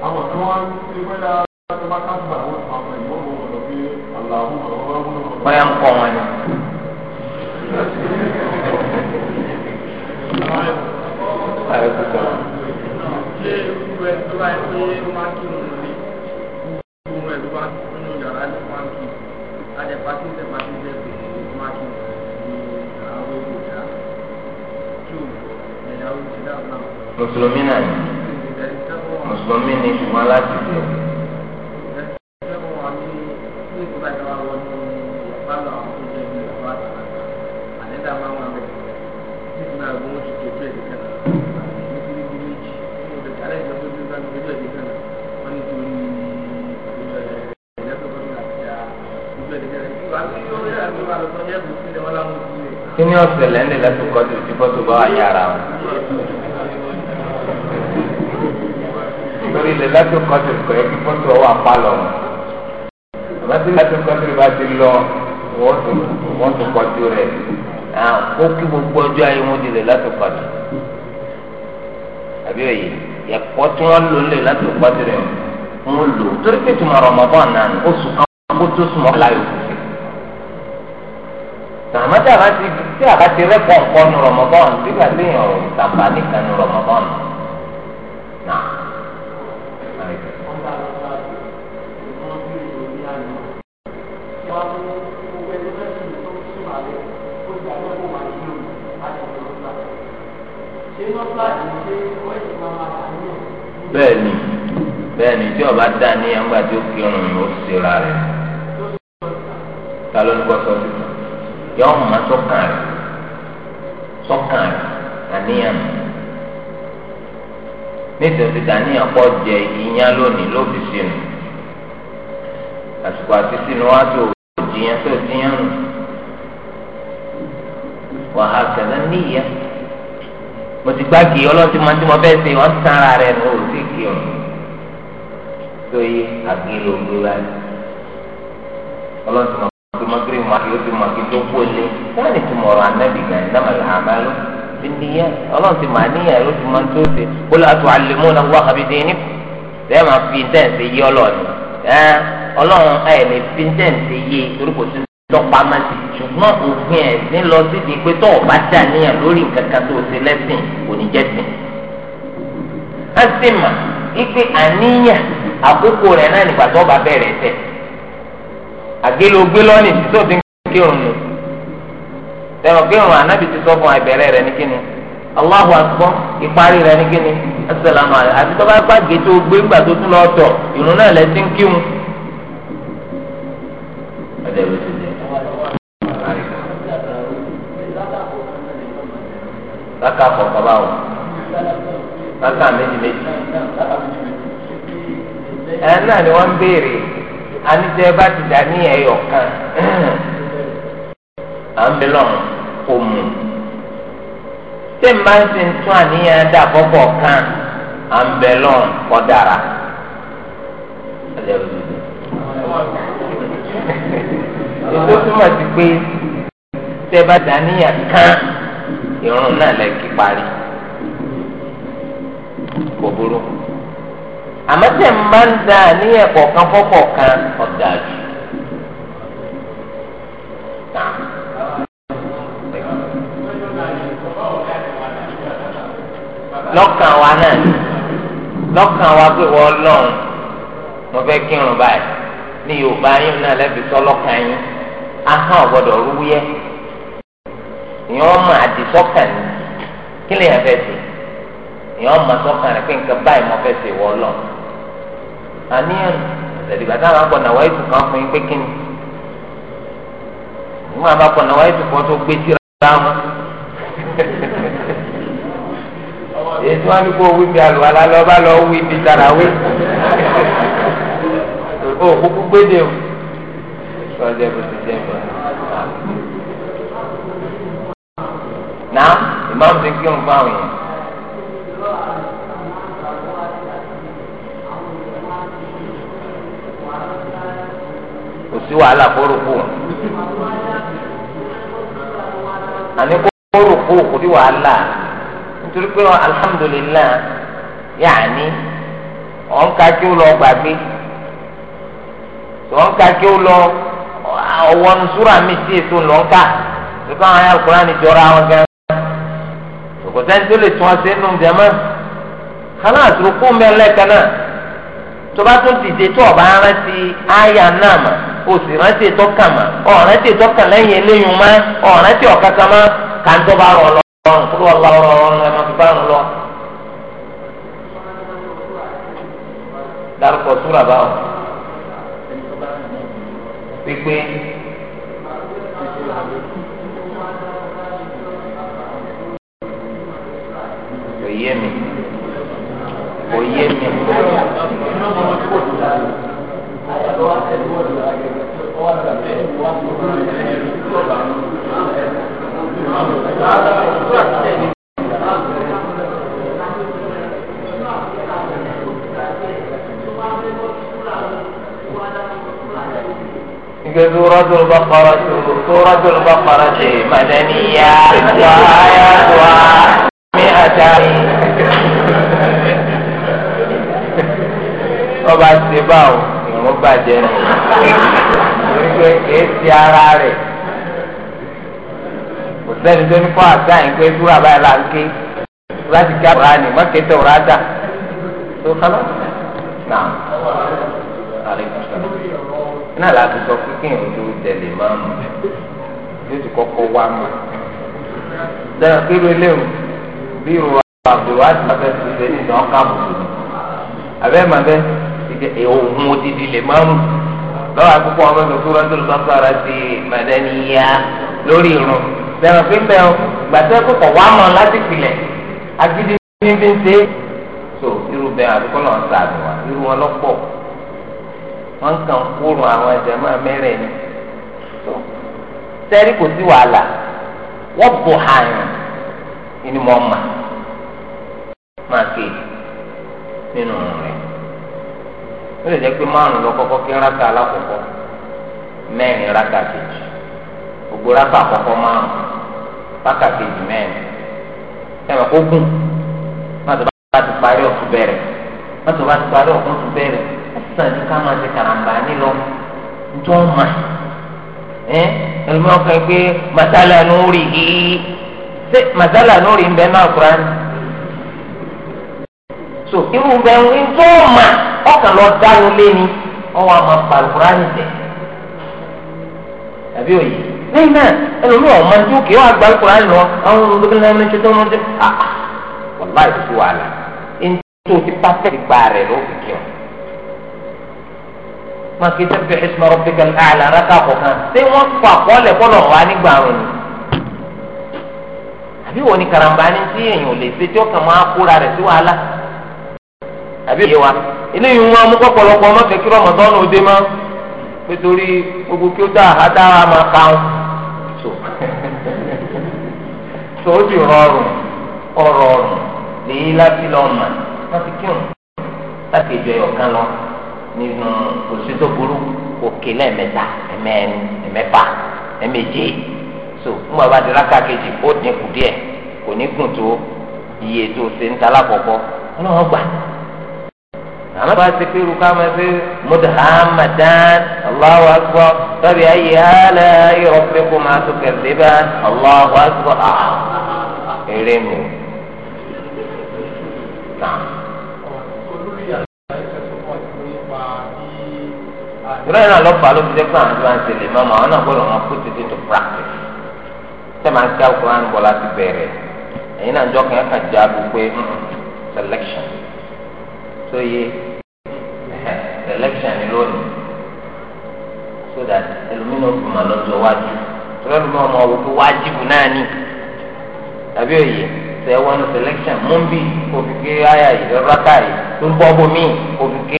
àwọn tó wá ní wẹ́lá tó bá ká gbà wọ́n tó máa bẹ̀rẹ̀ wọ́n lọ bí aláwọ̀ ọ̀rọ̀ bóyá ń kọ́ wọn ni. Ṣé ń ṣe máa kí pẹ̀lú wa nínú yàrá ní one adé pàṣẹ tẹ pàṣẹ tẹ pèsè ní one ní àwọn owó ìjà two ẹ̀yà owó ìjà náà. mùsùlùmí náà mùsùlùmí ni ṣùgbọ́n láti bẹ̀rẹ̀. kí ni ọ̀sẹ̀ lẹ́nu lẹ́tọ̀ kọ́tù tí kọ́tù bá wà yára o. torí lẹ́tọ̀ kọ́tù kọ́ yẹ kí kọ́tù ọwọ́ apálọ̀ mọ́. àmọ́ tí lẹ́tọ̀ kọ́tù bá ti lọ wọ́n tún kọ́tù rẹ̀ ó kí gbogbo ọjọ́ ayé wọn di lẹ́tọ̀ kọ́tù. àbí òye ẹ̀kọ́ tí wọ́n lò lè lẹ́tọ̀ kọ́tù rẹ̀ wọ́n lò torí pé tùmọ̀ Ramadan náà oṣù kan kó tó sùn ọ́ àmọ́ tí a bá ti tí a bá ti rẹ́pọ̀ nǹkan nu Ramadan nígbà tí èèyàn ò tàpá nìkan nu Ramadan náà. bẹ́ẹ̀ni bẹ́ẹ̀ni tí ọba dá ní ẹgbàá tí ó kírun ó ṣe ra rẹ̀ ta ló ń gbọ́ sọ́ọ́ yọ ọmọ máa sọkàn rẹ sọkàn rẹ àníyàn nítorí dàníyàn pọ̀ jẹ ìyẹn lónìí ló fi sínú àsìkò àti sínú wá tó jiyàn tó jiyàn nù wàhálà kẹlẹ níyà mo ti gbá kì í ọlọ́tí máa tí mo bẹ́ẹ̀ ṣe wọ́n sára rẹ̀ ní òòlù sí ọ̀hún tó yé àgbélòògbé láti ọlọ́tí mo màkì ó ti màkì tó kú ilé wọn ni tí mo rọ anábì gan iná màlẹ àmàlú ti níyà ọlọ́run ti màá níyà ló ti máa ń tó ṣe kó lọ́ọ́ tó àlèmọ́ náà wá kàbí dín ní bẹ́ẹ̀ máa fi tẹ̀sí yí ọlọ́ọ̀ni ọlọ́run ẹ̀ lè fi tẹ̀sí yí torí kò sí lọ́pàá ṣùgbọ́n òfin ẹ̀ ní lọ síbi pé tó o bá dà níyàn lórí nǹkan kan tó ṣe lẹ́sìn kò ní jẹ́sìn. a sì mà ipe àníyàn àkókò rẹ̀ náà nígbà tó o bẹ̀rẹ̀ tẹ̀ àgélógbé lọ́nìí tí tó fi ń kírun nù tẹ̀wọ̀n kírun anábì ti sọ fún àìbẹ̀rẹ̀ rẹ̀ ní kíni Allahu akbar ìparí rẹ̀ ní kíni àti tọ́ba gbàgé tó gbé gbà tó tún lọ́ọ́ tọ̀ ìrun náà lẹ́ ti ń méjì méjì náà ni ń béèrè bá ti dà ní à ń bẹ lọ́run kò mú tí n bá ń sin kan à ń bẹ lọ́run kọ́ dára. èso túmọ̀ sí pé tẹ́ bá dàníyàn kan irun náà lẹ́kì parí kò burú àmọ́ tẹ́ ń bá ń da àníyàn kọ̀ọ̀kan fọ́kọ̀ọ̀kan ọ̀dà jù. lọ́kàn wa náà lọ́kàn wa pé wọ́n lọ́run mo fẹ́ kírun báyìí ní yorùbá yín náà lẹ́bi sọ lọ́kàn yín ahọ́n ọ̀gbọ́dọ̀ rúwúyẹ́ ìyẹn wọ́n mọ àdìsọ́kàn ní kí lè yàn fẹ́ sí ìyẹn wọ́n mọ sọ́kàn rẹ̀ pé nǹkan báyìí mo fẹ́ sí wọ́n lọ. àníyàn tẹ̀lifà táwọn akọ nàwa ètò kan fún yín pé kí ìwọ́n àbá kọ nàwa ètò kan tó gbé síra èyí tí wọ́n ní kó wí bí àlùwàlá lọ bá lọ wí bí tarawé o kúkú gbéde o sọjá bó ti jẹ bẹ́ẹ̀. na ìmáàmù ti kí òun fáwọn yẹn. kò sí wàhálà kórópò àní kórópò kò sí wàhálà nítorí pé alhamdulilayi yaani wọn ka kí ó lọ gbàgbé wọn ka kí ó lọ ọwọ́ nusura mi sí ètò lọ́nkà nípa àwọn alukóra ni jọra wọn gan òkòtẹ́ni tó lè tún ọ sí inú jẹ́mọ́ kánà àtúrúkú mẹ́lẹ́ kánà tó bá tún dìde tó ọba rántí àyà náà mà o rántí tọ́kà mà ọ̀rántí tọ́kà lẹ́yìn eléyìí mà ọ̀rántí ọ̀kàkà mà rọ̀ lọ ọrùn kúrò ọlọ́rọ̀ ọrùn ẹ máa fi bárùn lọ. dárúkọ súrà báwò wípé kò yé mi kò oh, mi kò. Thank ike suratul baqara suratul baqara ti madaniya wa aya wa mi atari. ọba ti bá o ìwọ́n bàjẹ́ ni wípé kìí ti ara rẹ̀ kò sẹ́ni tó ní fún àṣà yìí pé sùúrà báyìí là ń ké láti ká ọ̀rá ni mọ́kẹ́tẹ̀ ọ̀rá dà tó kálọ̀ náà iná làá fi sọ pé kéèyàn tó tẹ̀lé máa mú yóò ti kọ́kọ́ wá mọ́ dáhùn kí ló léwu bí ìrora àbúrò àti bàbá ẹsẹ ṣe ní ìdán káàbù sùn abẹ́ màbẹ́ òun odidi lè máa mú lọ́wọ́ àkókò ọmọ ẹgbẹ́ sọ́ra tó lọ́sọ́ ara ti màdánìyà lórí irun bẹ̀rẹ̀ pípẹ́ o gbàtẹ́ kókò wá mọ̀ láti pilẹ̀ agídí ní bí ń ṣe so irú bẹ́ẹ̀ àdúgbò náà ń wọ́n kàn ń kúrò àwọn jàmáà mẹ́rẹ̀ ni tó sẹ́rí kò sí wàhálà wọ́n bò hàn ní mọ́ mà máa ké nínú rẹ̀ ó lè jẹ́ pé márùn-ún lọ kọ́kọ́ kí rákà alákọ̀ọ́kọ́ mẹ́rin rákà kejì gbogbo rákà àkọ́kọ́ márùn-ún rákà kejì mẹ́rin ẹ̀rọ kó gùn má tó bá ti parí ọ̀tún bẹ̀rẹ̀ má tó bá ti parí ọ̀tún tún sàn ju ká máa ṣe kàràǹbà nílò ntọ́ ma ẹ ẹlòmí ọkọ pé màtálà nùúrì yìí ṣé màtálà nùúrì ń bẹ náà kúrá ni so irú bẹ́ẹ̀ ń ntọ́ ma ọkàn lọ dá ló lé ni ọwọ́ àmọ́ pàlùkúrá ni tẹ̀ tàbí òye lẹ́yìn náà ẹlòmí ọmọ ní òkè wà gbà kúrá lọ àwọn olùdókòlò náà ní ṣètò ọmọdé ah wàláì tó wà lá ntọ́ ti pàṣẹ ìgbà rẹ̀ ló fi kí ọ wọn kì í sẹ́bi ìsúná rọ́bìkà àlà rákà kọ̀ọ̀kan ṣé wọ́n kọ àkọọ́lẹ̀ kọ́ lọ́wọ́ nígbà rẹ̀ ni. àbí wo ni karamba ni tí èèyàn ò lè ṣe tí ó kàn máa kóra rẹ̀ sí wàhálà. àbí òye wa eléyìí wọn mú kọ́pọ̀lọpọ̀ ọmọ fẹ́ kí rọmọdọ́nù òde mọ́ pé gbogbo kí ó dá àdá wa máa ka wọn. tó o sì rọrùn ọrọrùn lèyí lábí lọ́ọ̀mà wọ́n ti kírun láti ìjọ ẹ̀yọ̀ kan lọ nínú òsì tó burú òkè lẹ́ẹ̀mẹ́ta ẹ̀mẹ́rin ẹ̀mẹ́fà ẹ̀mẹ́je so fún bàbá àti rákà kejì ó dín kù díẹ̀ kò ní gùn tó iye tó ṣe ń ta lákọ̀ọ́kọ́ ọlọ́wọ́ gbà àmọ́ bá ti pérù ká máa fi mudhamadan Allahu akbar tọ́bi ayé hàlẹ́ ayé ọ̀pẹ́ kó máa tó kẹ̀sí bá Allahu akbar àà eré mi. Nah. ìrẹ́ náà lọ́pàá ló fi jẹ́ pé àwọn tó máa ń tẹ̀lé mọ́mọ́ àwọn náà gbọ́dọ̀ wọn kó tètè tó practice tẹ́ máa ń kí alukur'an bọ̀ láti bẹ̀rẹ̀ ẹ̀yin náà jọ́kàn ẹ̀ka jẹ́ abu pé mm, mm, selection tó yé selection lónìí so that ẹlòmínú òfin máa lọ́jọ́ wájú tọ́lá ló máa mọ owó tó wájibù náà ní tàbí òye tẹ wọn ní selection mú bí òfin kí ayà yìí lọ́rọ́ káyì tó ń bọ́ bómi òfin kí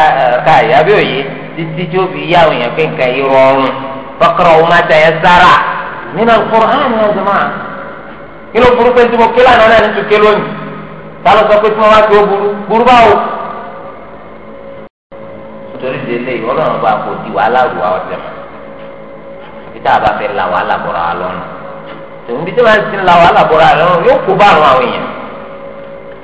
ayà káyì títí tí ó fi yá àwọn èèyàn pé nǹkan yìí rọrùn bákàrà ọ̀hún máa tẹ̀yẹ sára nínú àkùrọ̀ àwọn ènìyàn jọ máa kí ló burú pé tí mo ké lánàá náà ní tún ké lónìí ta ló sọ pé tí mo bá ti ó burú burú báwo. nítorí délé ọlọ́run bá kò di wàhálà rù àwọn ọ̀sẹ̀ mọ́ ibi tá a bá fẹ́ la wàhálà bọ̀rọ̀ àlọ́nà tòun bí tí wọ́n ti la wàhálà bọ̀rọ̀ àlọ́nà yóò kó bá àwọn èèyàn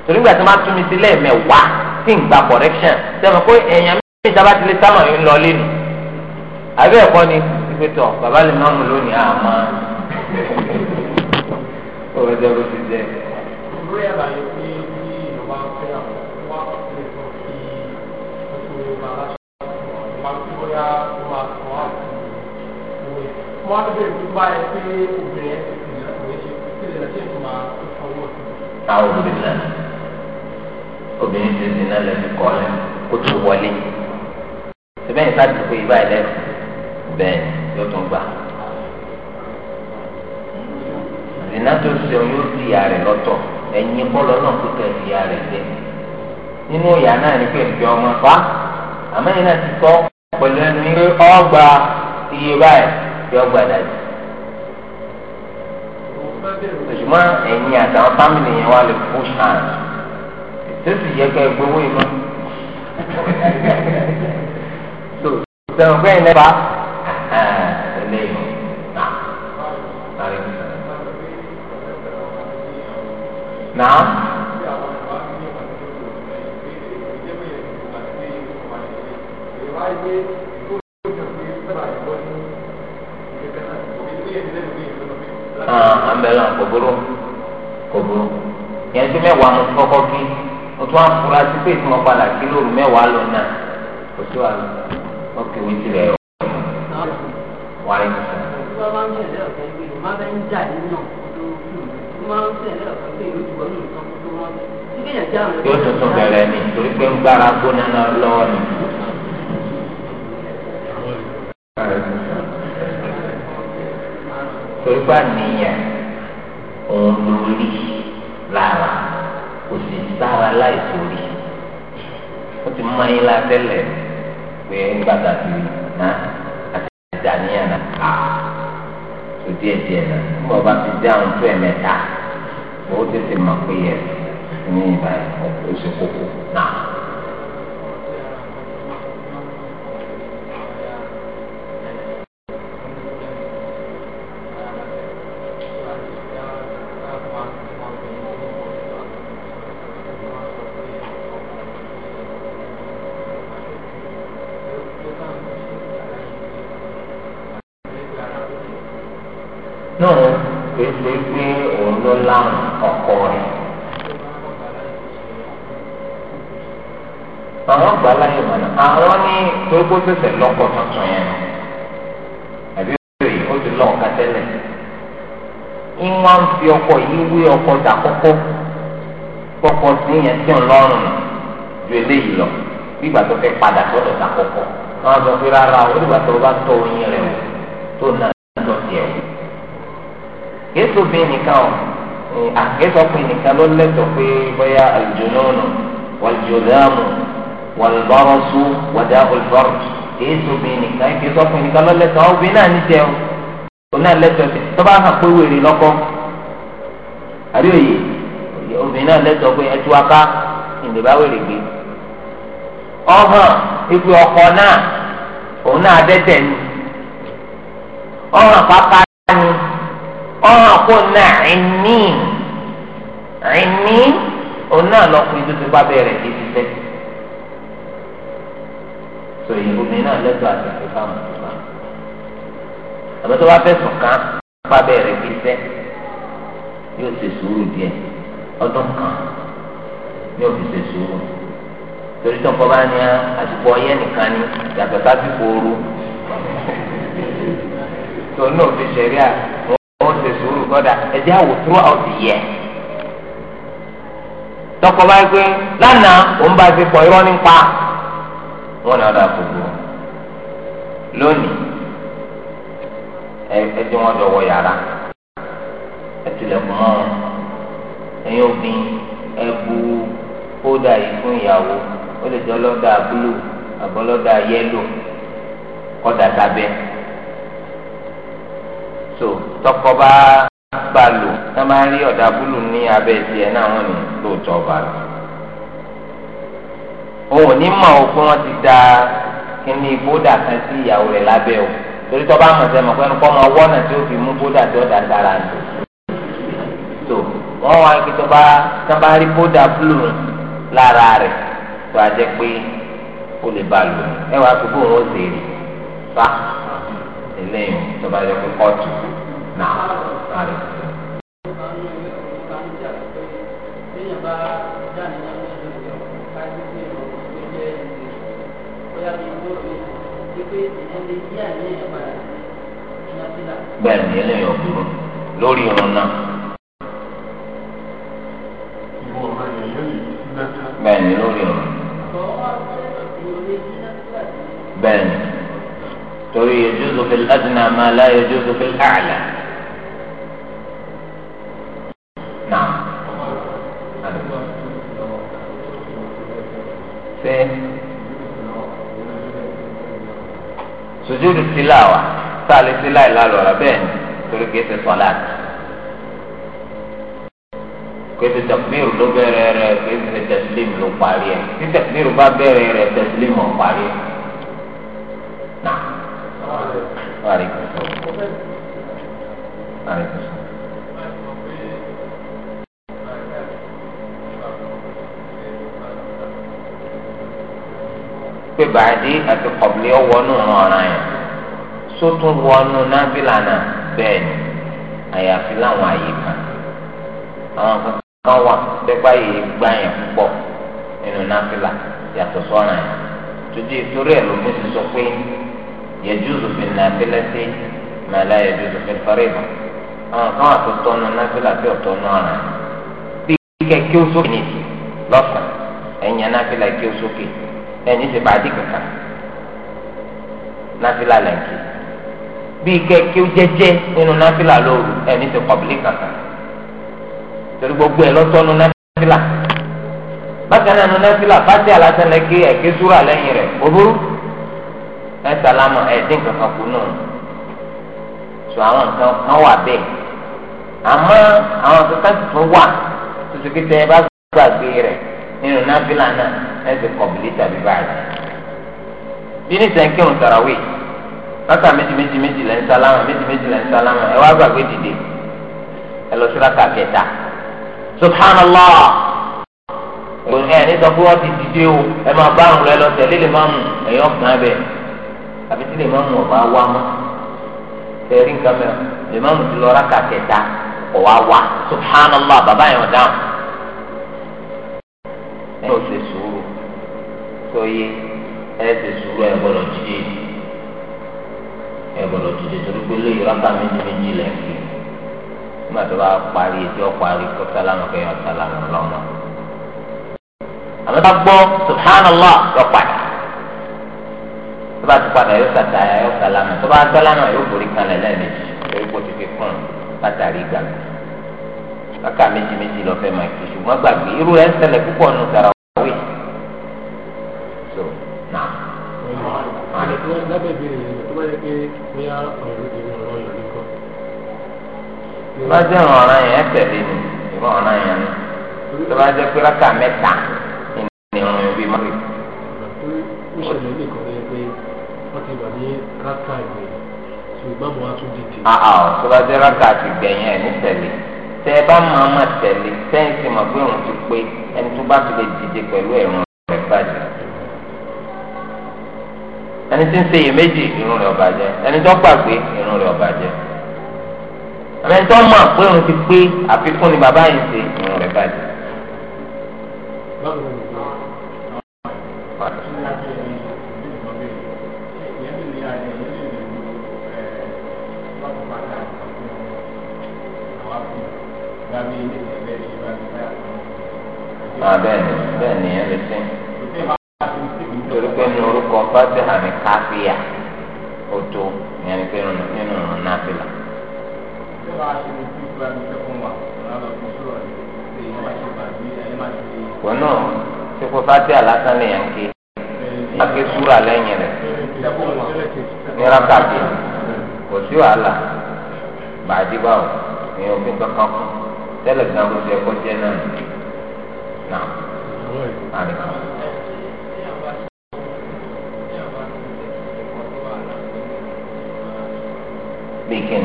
torí gbà tí wọ́n tún mi sílẹ̀ mẹ́wàá tí ń gba correction sẹ́wọ̀n pé èèyàn ṣé ìjọba ti lè sámà yín lọ lẹ́nu àbí ẹ̀kọ́ ni ìgbé tọ̀ bàbá lè má mú lónìí àmọ́ ọ̀rọ̀ jẹ́ bó ti jẹ́. wọ́n á bẹ̀rẹ̀ tó bá yẹ pé obìnrin ẹ̀ ti tìlẹ̀ ọ̀rẹ́ ṣe tìlẹ̀ ṣe tó máa tó fọwọ́ sí. àwọn obìnrin náà obìnrin ti sin náà lẹ́nu kọ́ lẹ́nu kó tó wọlé síbẹ̀ yìí ká dùkú yìí báyìí lẹ́nu bẹ́ẹ̀ yóò tún gbà. zina tó o yóò di ìyá rẹ̀ lọ́tọ̀ ẹ̀yin bọ́lọ̀ náà kó tẹ̀ ìyá rẹ̀ jẹ nínú ìyá náà ní pẹ̀lú ọmọ fa àmọ́ yìí náà ti tọ́ pẹ̀lú ẹnu pé ọgbà iye báyìí yóò gbà dájú. òṣùmọ́ ẹ̀yin àtàwọn fámìlì yẹn wà lè fún ṣáà tó sì yẹ ká ẹgbẹ́ owó ìmọ̀. sọ̀rọ̀ pé ẹ̀lẹ́ bá ẹ̀lẹ́ yìí nà lárí nà. kọ́kọ́ kí o tún afurasí pé tí padà kí lóru mẹ́wàá lọ náà kò sí wàhálà. ọkẹ wí tilẹ̀ ọ̀ wáyé nìkan. tó bá ń tẹ̀lé ọ̀fẹ́ pé ìlú máa bẹ ń jà nínú ọ̀dọ́ tó máa ń tẹ̀lé ọ̀fẹ́ pé ìlú ti wọ́n nìkan tó wọ́n yóò tuntun bẹ̀rẹ̀ ni torí pé ń gbára gbóná náà lọ́wọ́ ni. torí pé àníyàn òun lórí lára kò sì sára láìsórí ó ti mọ ayé la tẹ́lẹ̀ ni pé gbàgbà ti ná àti ìdàníyàn náà á tó díẹ̀ díẹ̀ náà nígbà bá ti dé àwọn tó ẹ̀mẹ́ta ó tètè mọ̀ pé yẹ ní ìbáyìí ó ṣe kókó náà. náà kìí ṣe pé òun ló láwọn ọkọ rẹ̀. àwọn àgbà láyé mọ̀nà àwọn ní tókó tẹ̀sẹ̀ lọ́kọ̀ tuntun yẹn àbí òye ó ti lọ́ọ̀ ká tẹ́lẹ̀ ìwọ̀n ń fi ọkọ̀ yìí wé ọkọ̀ dà kókó kọ́kọ́ sí yẹn tí ń lọ́rùn ju eléyìí lọ gbígbà tó fẹ́ padà sọ́dọ̀ dà kókó wọn sọ pé rárá o nígbà tó o bá tọ oyin rẹ o tó nà kìí sóbi nìkan o eh, ah, kìí sọkùn nìkan ló lẹ́tọ̀ọ́ pé bóyá àlùjọ́nọ́nù wàlùjọ́dáàmù wàlùbárọ́sù wàdà olùbárọ̀ kìí sóbi nìkan kìí sọkùn nìkan ló lẹ́tọ̀ọ́ obì náà ní jẹun òun náà lẹ́tọ̀ọ́ sí tó hàn pé wèrè lọ́kọ́ àbí obì náà lẹ́tọ̀ọ́ pé ẹtú aká ìdìbà wèrè gbé ọ̀hàn ibi ọkọ̀ náà òun náà dẹ́tẹ̀ ni ọ̀hàn pápá ọ̀hún àpò náà ẹ̀ní ẹ̀ní òun náà lọ́kùnrin tó ti bá bẹ̀rẹ̀ kí ṣiṣẹ́ tó yẹ obìnrin náà lẹ́tọ̀ọ́ àti ìfẹ́ fáwọn tó bá àmọ́ tó bá fẹ̀sùn kàn bá bẹ̀rẹ̀ kí ṣiṣẹ́ yóò ṣe sùúrù díẹ̀ ọdún kan ní òfìsè sùúrù torí tó ń kọ́ bá ní àsìkò ọyẹ́ nìkan ni yàtọ̀ sásìkò ooru tó ní òfin ṣẹ̀ríà ó ṣe sùúrù kọ́dà ẹ̀jẹ̀ throughout the year. tọkọ bá gbé lánàá òun bá ti pọ̀ irọ́ nípa wọn náà dà gbogbo lónìí ẹjẹ wọn jọ yàrá ẹtìlẹ̀kùn mọ́ ẹ̀yin obìnrin ẹbu kódà yìí fún ìyàwó ó lè jẹ́ ọlọ́dà búlù àbọ̀lọ́dà so tọkọ bá bá lò wọn máa ń rí ọ̀dà búlù ní abẹ́ tiẹ̀ náà wọ́n ní lóòótọ́ bá lò. òun ò ní mọ̀ o pé wọ́n ti da kíní bódà kan sí ìyàwó rẹ̀ lábẹ́ o torí tọ́ bá mọ̀ sẹ́ mọ̀ pé ẹnu kọ́ ọmọ wọ́nà tí ó fi mú bódà tí ó dà dára lò. so wọ́n wá kí tọ́ bá tọ́ bá rí bódà búlù lára rẹ̀ tó a jẹ́ pé ó lè bá lò ẹ wàá fi bóun ó sèrè fa lẹ́yìn tó bá yẹ kó kóòtù náà parí. bẹ́ẹ̀ ni eléyìí ò burú lórí irun náà. bẹ́ẹ̀ lórí irun. bẹ́ẹ̀ تقول يجوز في الأدنى ما لا يجوز في الأعلى نعم في سجود التلاوة سال التلاء الهلوى بين تقول كيف الصلاة كيف تكبير لبرر كيف تسليم لبارير كيف تكبير بابرر تسليم لبارير نعم Wàlíkùn sọ. Wàlíkùn sọ. pé bàdí àti kọ̀bìlì ọ̀wọ́nù ọ̀ràn yẹn sótún wọnú nábìlà náà bẹ́ẹ̀ ni àyàfi láwọn àyè kan àwọn kankan wà pẹ́pẹ́ àyè gbá yẹn púpọ̀ nínú nábìlà yàtọ̀ sọ́ràn yẹn tó di ìtúrẹ́ lómi ti sọ pé yajuzu fi nafilati ma la yajuzu fi fariida àwọn kan wà tó tọ́nu náfìlà tí ò tọ́nu ọ̀ràn bí kíkẹ́ kí ó sókè nìyí lọ́sàn ẹ̀yìn náfìlà kí ó sókè ẹ̀yìn ti bàdí kankan náfìlà lẹ́ǹkì bí kíkẹ́ kí ó jẹ́jẹ́ nínú náfìlà lóru ẹ̀yìn ti kọ̀bìlì kankan torí gbogbo ẹ̀ lọ́tọ́nu náfìlà bákan náà nínú náfìlà alásán lẹ́kẹ́ ẹ̀kẹ́ súrà lẹ́yìn rẹ̀ òbúrú ẹ sálámà ẹ dín kankan kù nù sọ àwọn nǹkan kan wà bẹ́ẹ̀ àmọ́ àwọn kankan tuntun wà tuntun kìtẹ ẹ bá gbàgbé rẹ nínú náfìlà náà ẹ ti kọbìlì tàbí báyìí bí ní sẹ́ńkìrún tarawih rákà méjì méjì méjì lẹ́ ń sálámà méjì méjì lẹ́ ń sálámà ẹ wá gbàgbé dìde ẹ lọ sí rákà kẹta subhanallah ẹ ní sọ pé wọ́n ti dìde o ẹ máa bá àrùn lọ ẹ lọ tẹ̀lé lè máa mú ẹ̀yọ́ kan bẹ́ẹ̀ àbí tí lè má mú ọba wá mọ́ tẹ̀rí nǹkan mẹ́rin lè má mú ti lọ rákà kẹta kọ̀ wá wá subhanallah bàbá yẹn dáhùn. ẹ ò ṣe sùúrù tó yé ẹ ṣe sùúrù ẹ gbọ́dọ̀ jíjẹ ẹ gbọ́dọ̀ jíjẹ torí pé lóye rákà méjì méjì lẹ̀ fi nígbà tó bá parí etí ọ parí kó sálámù kẹyìn ọ̀sálámù lọ́mọ. àmọ́ gbọ́ subhanallah lọ́pàá tó bá ti padà yóò sàtà yóò sàlámà tó bá sàlámà yóò borí kanlẹ̀ lẹ́ẹ̀mejì lórí kó ti fi kún látàrí gbàgbé kàkà méjì méjì lọ fẹ́ máa kí ṣùgbọ́n gbàgbé irú ẹ̀ ń ṣẹlẹ̀ púpọ̀ nù sàrà wí. so nà. lábẹ́ ìbéèrè yìí tó bá yẹ pé bí a ọ̀rọ̀ ló ti tẹ̀lé ni ìwọ ọ̀ràn yẹn ni tó bá jẹ́ pé rákà mẹ́ta ìnìyàn bíi mọ́rì. ó ṣẹlẹ̀ ah ah, wà ní rákà ìgbẹ̀yìn tí ìmáàmù wa tún dìde. àà ọ̀ tó bá jẹ́ rákà àti ìgbẹ̀yìn ẹ̀ ní tẹ̀lé tẹ́ ẹ bá máa máa tẹ̀lé sẹ́ǹsì mọ̀ pé òun ti pé ẹni tó bá ti lè dìde pẹ̀lú ẹ̀rùn rẹ̀ bàjẹ́. ẹni tí ń ṣe iyèméjì irun rẹ̀ ọ̀bàjẹ́ ẹni tó gbàgbé irun rẹ̀ ọ̀bàjẹ́ ẹni tó mọ̀ pé òun ti pé àfikún ni bàbá yìí ṣe irun rẹ̀ bàjẹ́. máa ah, bẹ́ẹ̀ ni bẹ́ẹ̀ ni ẹ lè ṣe. torí pé ní orúkọ fásitì ní káfíà ó tó ìyẹn ni pé nínú ìrún náà fi là. wọn náà ṣe kó lè yàn ké náà. Bíkìn.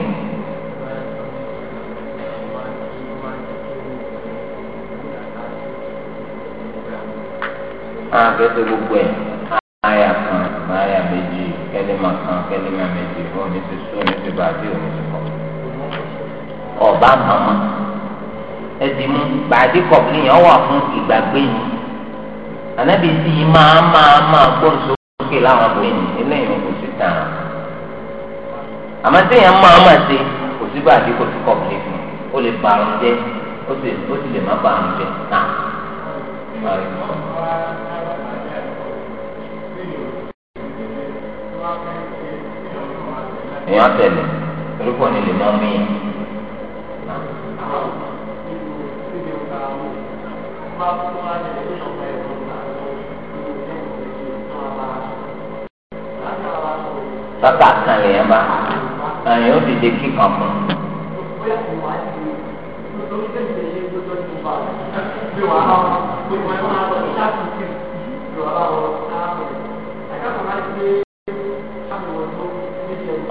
Àgbẹ̀tẹ̀ gbogbo ẹ̀ máyà kan máyà méjì kẹ́lẹ́mà kan kẹ́lẹ́mà méjì fún oníṣẹ́ sóní ṣe bàbí oníṣẹ́ kọ́. Ọ̀bá màmá ti mú gbàdí kọ̀ọ̀kì yẹn wà fún ìgbàgbé yìí ànábì sí i máa máa máa gbóhùn sókè láwọn abòyìn eléyìí kò sí tàn án àmọ́ téèyàn máa máa ṣe kò sí gbàdí kò sí kọ̀ọ̀kì fún ó lè ba àrùn jẹ ó sì ó sì lè má ba àrùn jẹ náà. èèyàn tẹ̀lé orúkọ ni lè mọ́ mí yẹn. Rákà kan lèèyàn bá àyàn ó dìde kíkan mọ́.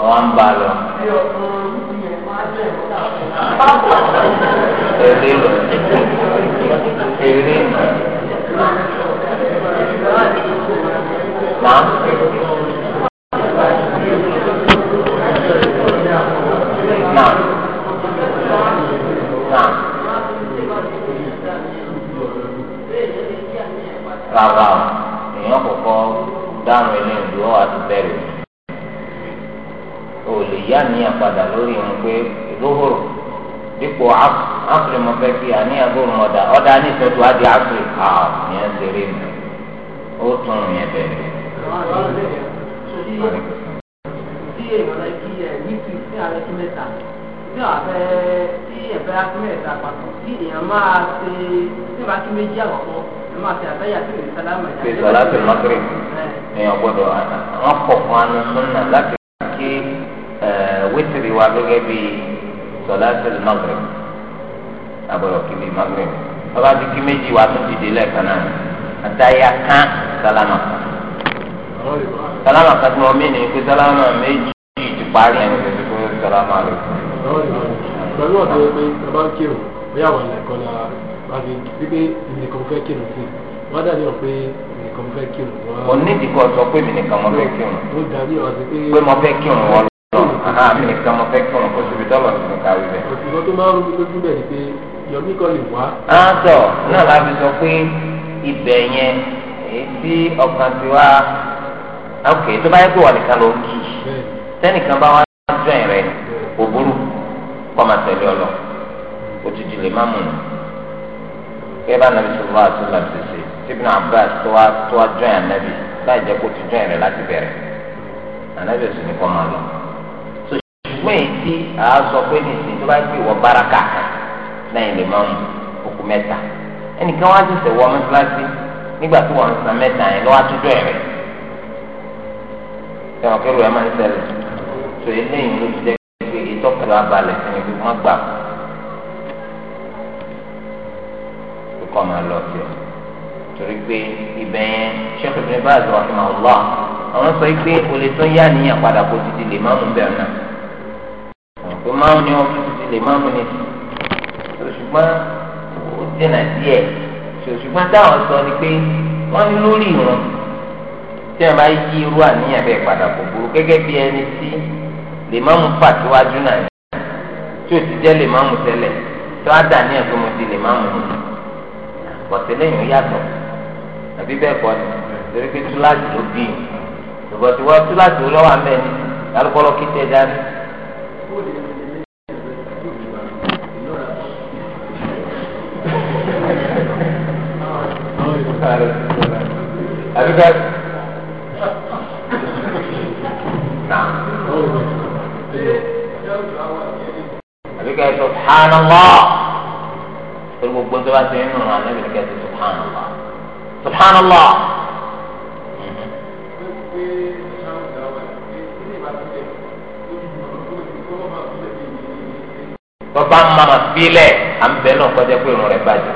Àwọn ń bá a lọ. Èdè lọ. eré náà. Rárá o, èèyàn kọ̀ọ̀kan dáhùn eléyìí ó wà tó bẹ̀rẹ̀. O lè yá ní àpadà lórí irun pé lóhùrù. dípò áfírí mo fẹ́ kí àníyàn tó rùn ọ̀dà ọ̀dà ní ìtọ́jú á di áfírí àwọn ìyẹn ti rí mi ó tún ìyẹn bẹ̀rẹ̀. tí èèyàn lè kí ẹ ní kí sí àlẹ́ kí mẹ́ta tí àfẹ́ tí ẹ̀fẹ́ akí mẹ́ta pàtó tí èèyàn máa ṣe tí ìbá kí méjì àkọ́kọ́ ẹ máa wọn kọ̀ fún anú súnà láti kí wítìrì wa gẹ́gẹ́ bíi sọlá sẹlẹ magre abọlọ kí mi magre bàbá ti kí méjì wà tó dìde lẹ́ẹ̀kan náà àtàyà kán sálámà sálámà kan tí wọn mí ni pé sálámà méjì ti parí ẹni tó ti kó sálámà rẹ. pẹ̀lú ọ̀dọ́ pé bàbá ń kírun bóyá wà lẹ́kọ́ la àti pípé ìnìkan fẹ́ kírun sí wọ́n dàbí ọ̀ pé ìnìkan fẹ́ kírun. onídìí kan sọ pé mi nìkan fẹ́ kírun. pé. pé fẹ́ kírun wọn tọ̀ àmì nìkan mo fẹ́ kọ̀ kó síbi tọ́lọ̀ sí nìkan rí bẹ́ẹ̀. òṣùwọ́n tó máa ń rúbi lójú bẹ̀ ni pé yọmí kan lè wá. á sọ náà la fi sọ pé ibẹ̀ yẹn èyí tí ọkàn ti wá ok tó bá yẹ kó wà nìkan ló ń kì í tẹ́nìkan bá wá jọ̀ìn rẹ̀ òbúrú kọ́ máa tẹ̀lé ọ lọ òtútù lè má mú un kẹ́ẹ́ bá nàbí sọ̀rọ̀ àti làbí ṣe tìbínú Abbas tó wá tó wá jọ̀ìn ànábì láì jẹ́ kó ti jọ̀ìn rẹ̀ láti bẹ̀rẹ̀ ànábì ò sì ní kọ́ máa lọ ṣùgbọ́n èyí tí a sọ pé nìsín tó bá gbé wọ báraka kan lẹ́yìn lè máa mú òkú mẹ́ta ẹnìkan wá ṣẹ̀ṣẹ̀ wọ mọ́ṣáláṣí nígbà tí wọ́n ń san mẹ́ta yẹn lọ́wọ́ àtúndọ̀ ẹ̀rẹ̀ ẹ̀wọ̀n kẹrù ẹ̀ máa ń ṣẹlẹ̀ tó eléyìí ló ti jẹ́ pé ìtọ́kẹ̀lá abalẹ̀ fún mi fún gbà kọ́ máa lọ sí ọ torí pé ibẹ̀ yẹn ṣẹ́kù ní báyìí wọ́n fi máa wọ́ àwọn sọ pé olè tó yá níyàn padà kó ti di lè má mú bẹ́ẹ̀ náà ìmáàmù ni ọ́fíìsì lè máàmù ni ṣùgbọ́n ó dènà díẹ̀ ṣùgbọ́n táwọn sọ ni pé wọ́n ní lórí wọn tí wọ́n bá yí irú àníyàn bẹ́ẹ̀ padà kò burú gẹ́gẹ́ bí ẹni tí lè máàmù pàtíwájú náà tí ò ti jẹ́ lè máàmù tẹ́lẹ̀ tí wọ́n á dà ní ẹ̀fọ́ mo ti lè máàmù ni pọ̀tẹ́lẹ̀yìn yàtọ̀ àbí bẹ́ẹ̀ kọ́ ni torí pé túláàsì ló bí ìbọ̀tí wọ́n túláàsì ló lọ́wọ́ àmẹ́ni alùpùpù kìtẹ́ dání. rẹ̀ àbíkẹ́. àbíkẹ́ subhanallah torí gbogbo tó bá ti nínú rẹ̀ àná ìbíkẹ́ ti subhanallah subhanallah. bàbá mama filẹ̀ à ń bẹ̀ náà kọjá pé irun rẹ̀ bàjẹ́.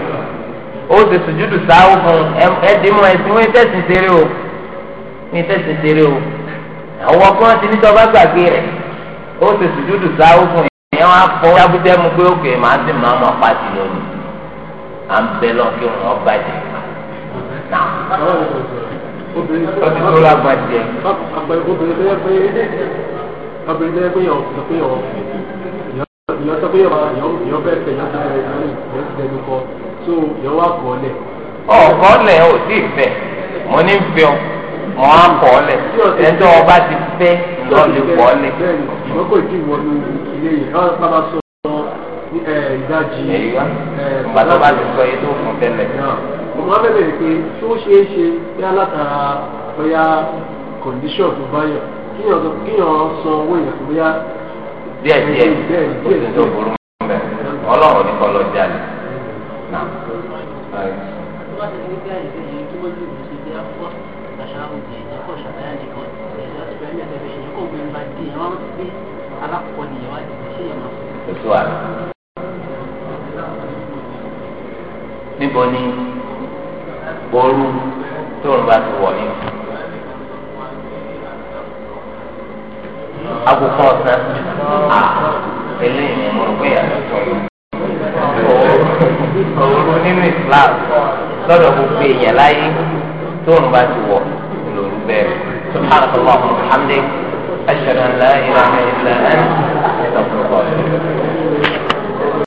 ó ti sùjúdù sáwù fún ẹdínmọ ẹsìn wọn tẹsí ṣeré o wọn tẹsí ṣeré o àwọn kí wọn ti ní tọba gbàgbé rẹ ó ti sùjúdù sáwù fún ìyẹn wọn afọ dábúdẹ mu pé òkè màá ti màá mọ pàtì lónìí à ń bẹ lọ kí wọn bàjẹ́ náà ó ti jẹ. obìnrin tó yẹ tó yẹ pé yọ sọ pé yọ yọ sọ pé bẹ́ẹ̀ tẹ yọ sọ pé yọ tẹnu so yẹn wá kọ́ lẹ̀. ọ̀kọ́ lẹ̀ ò sí ìfẹ́ mo ní fẹ́ ọ mo á kọ́ lẹ̀ ẹjọ́ ọba ti fẹ́ lọ́ọ̀lì kọ́ lẹ̀. bẹ́ẹ̀ni ìwọ kò tí ì wọnú ilé yẹn káwọn bá bá sọ ìdajì bàtà bá ti sọ ètò fún tẹ́lẹ̀. ọmọ abẹ́bẹ̀ rẹ̀ pé tí ó ṣeé ṣe bí alátara bóyá kọ̀ǹdíṣọ̀ tó bá yọ kíyàn san owó ìyàn bóyá. díẹ̀ díẹ̀ díẹ̀ díẹ̀ tó burú mọ́ bẹ́ẹ̀ ọlọ́run ní kọ́ lọ jáde náà báyìí. tó bá ti ní bí àyè pé èyí tó níbo ni ooru tóun bá ti wọ̀ ní. akókò ọ̀sán ah, eléyìí mo rò pé yàtọ̀ tó òru nínú Islam lọ́dọ̀ gbogbo èèyàn láyé tóun bá ti wọ̀ lòru bẹ́ẹ̀ subhanahu wa ta'ala alhamdulilayi ashhadu an la ilaha illa anta astaghfiruka wa atubu ilayk.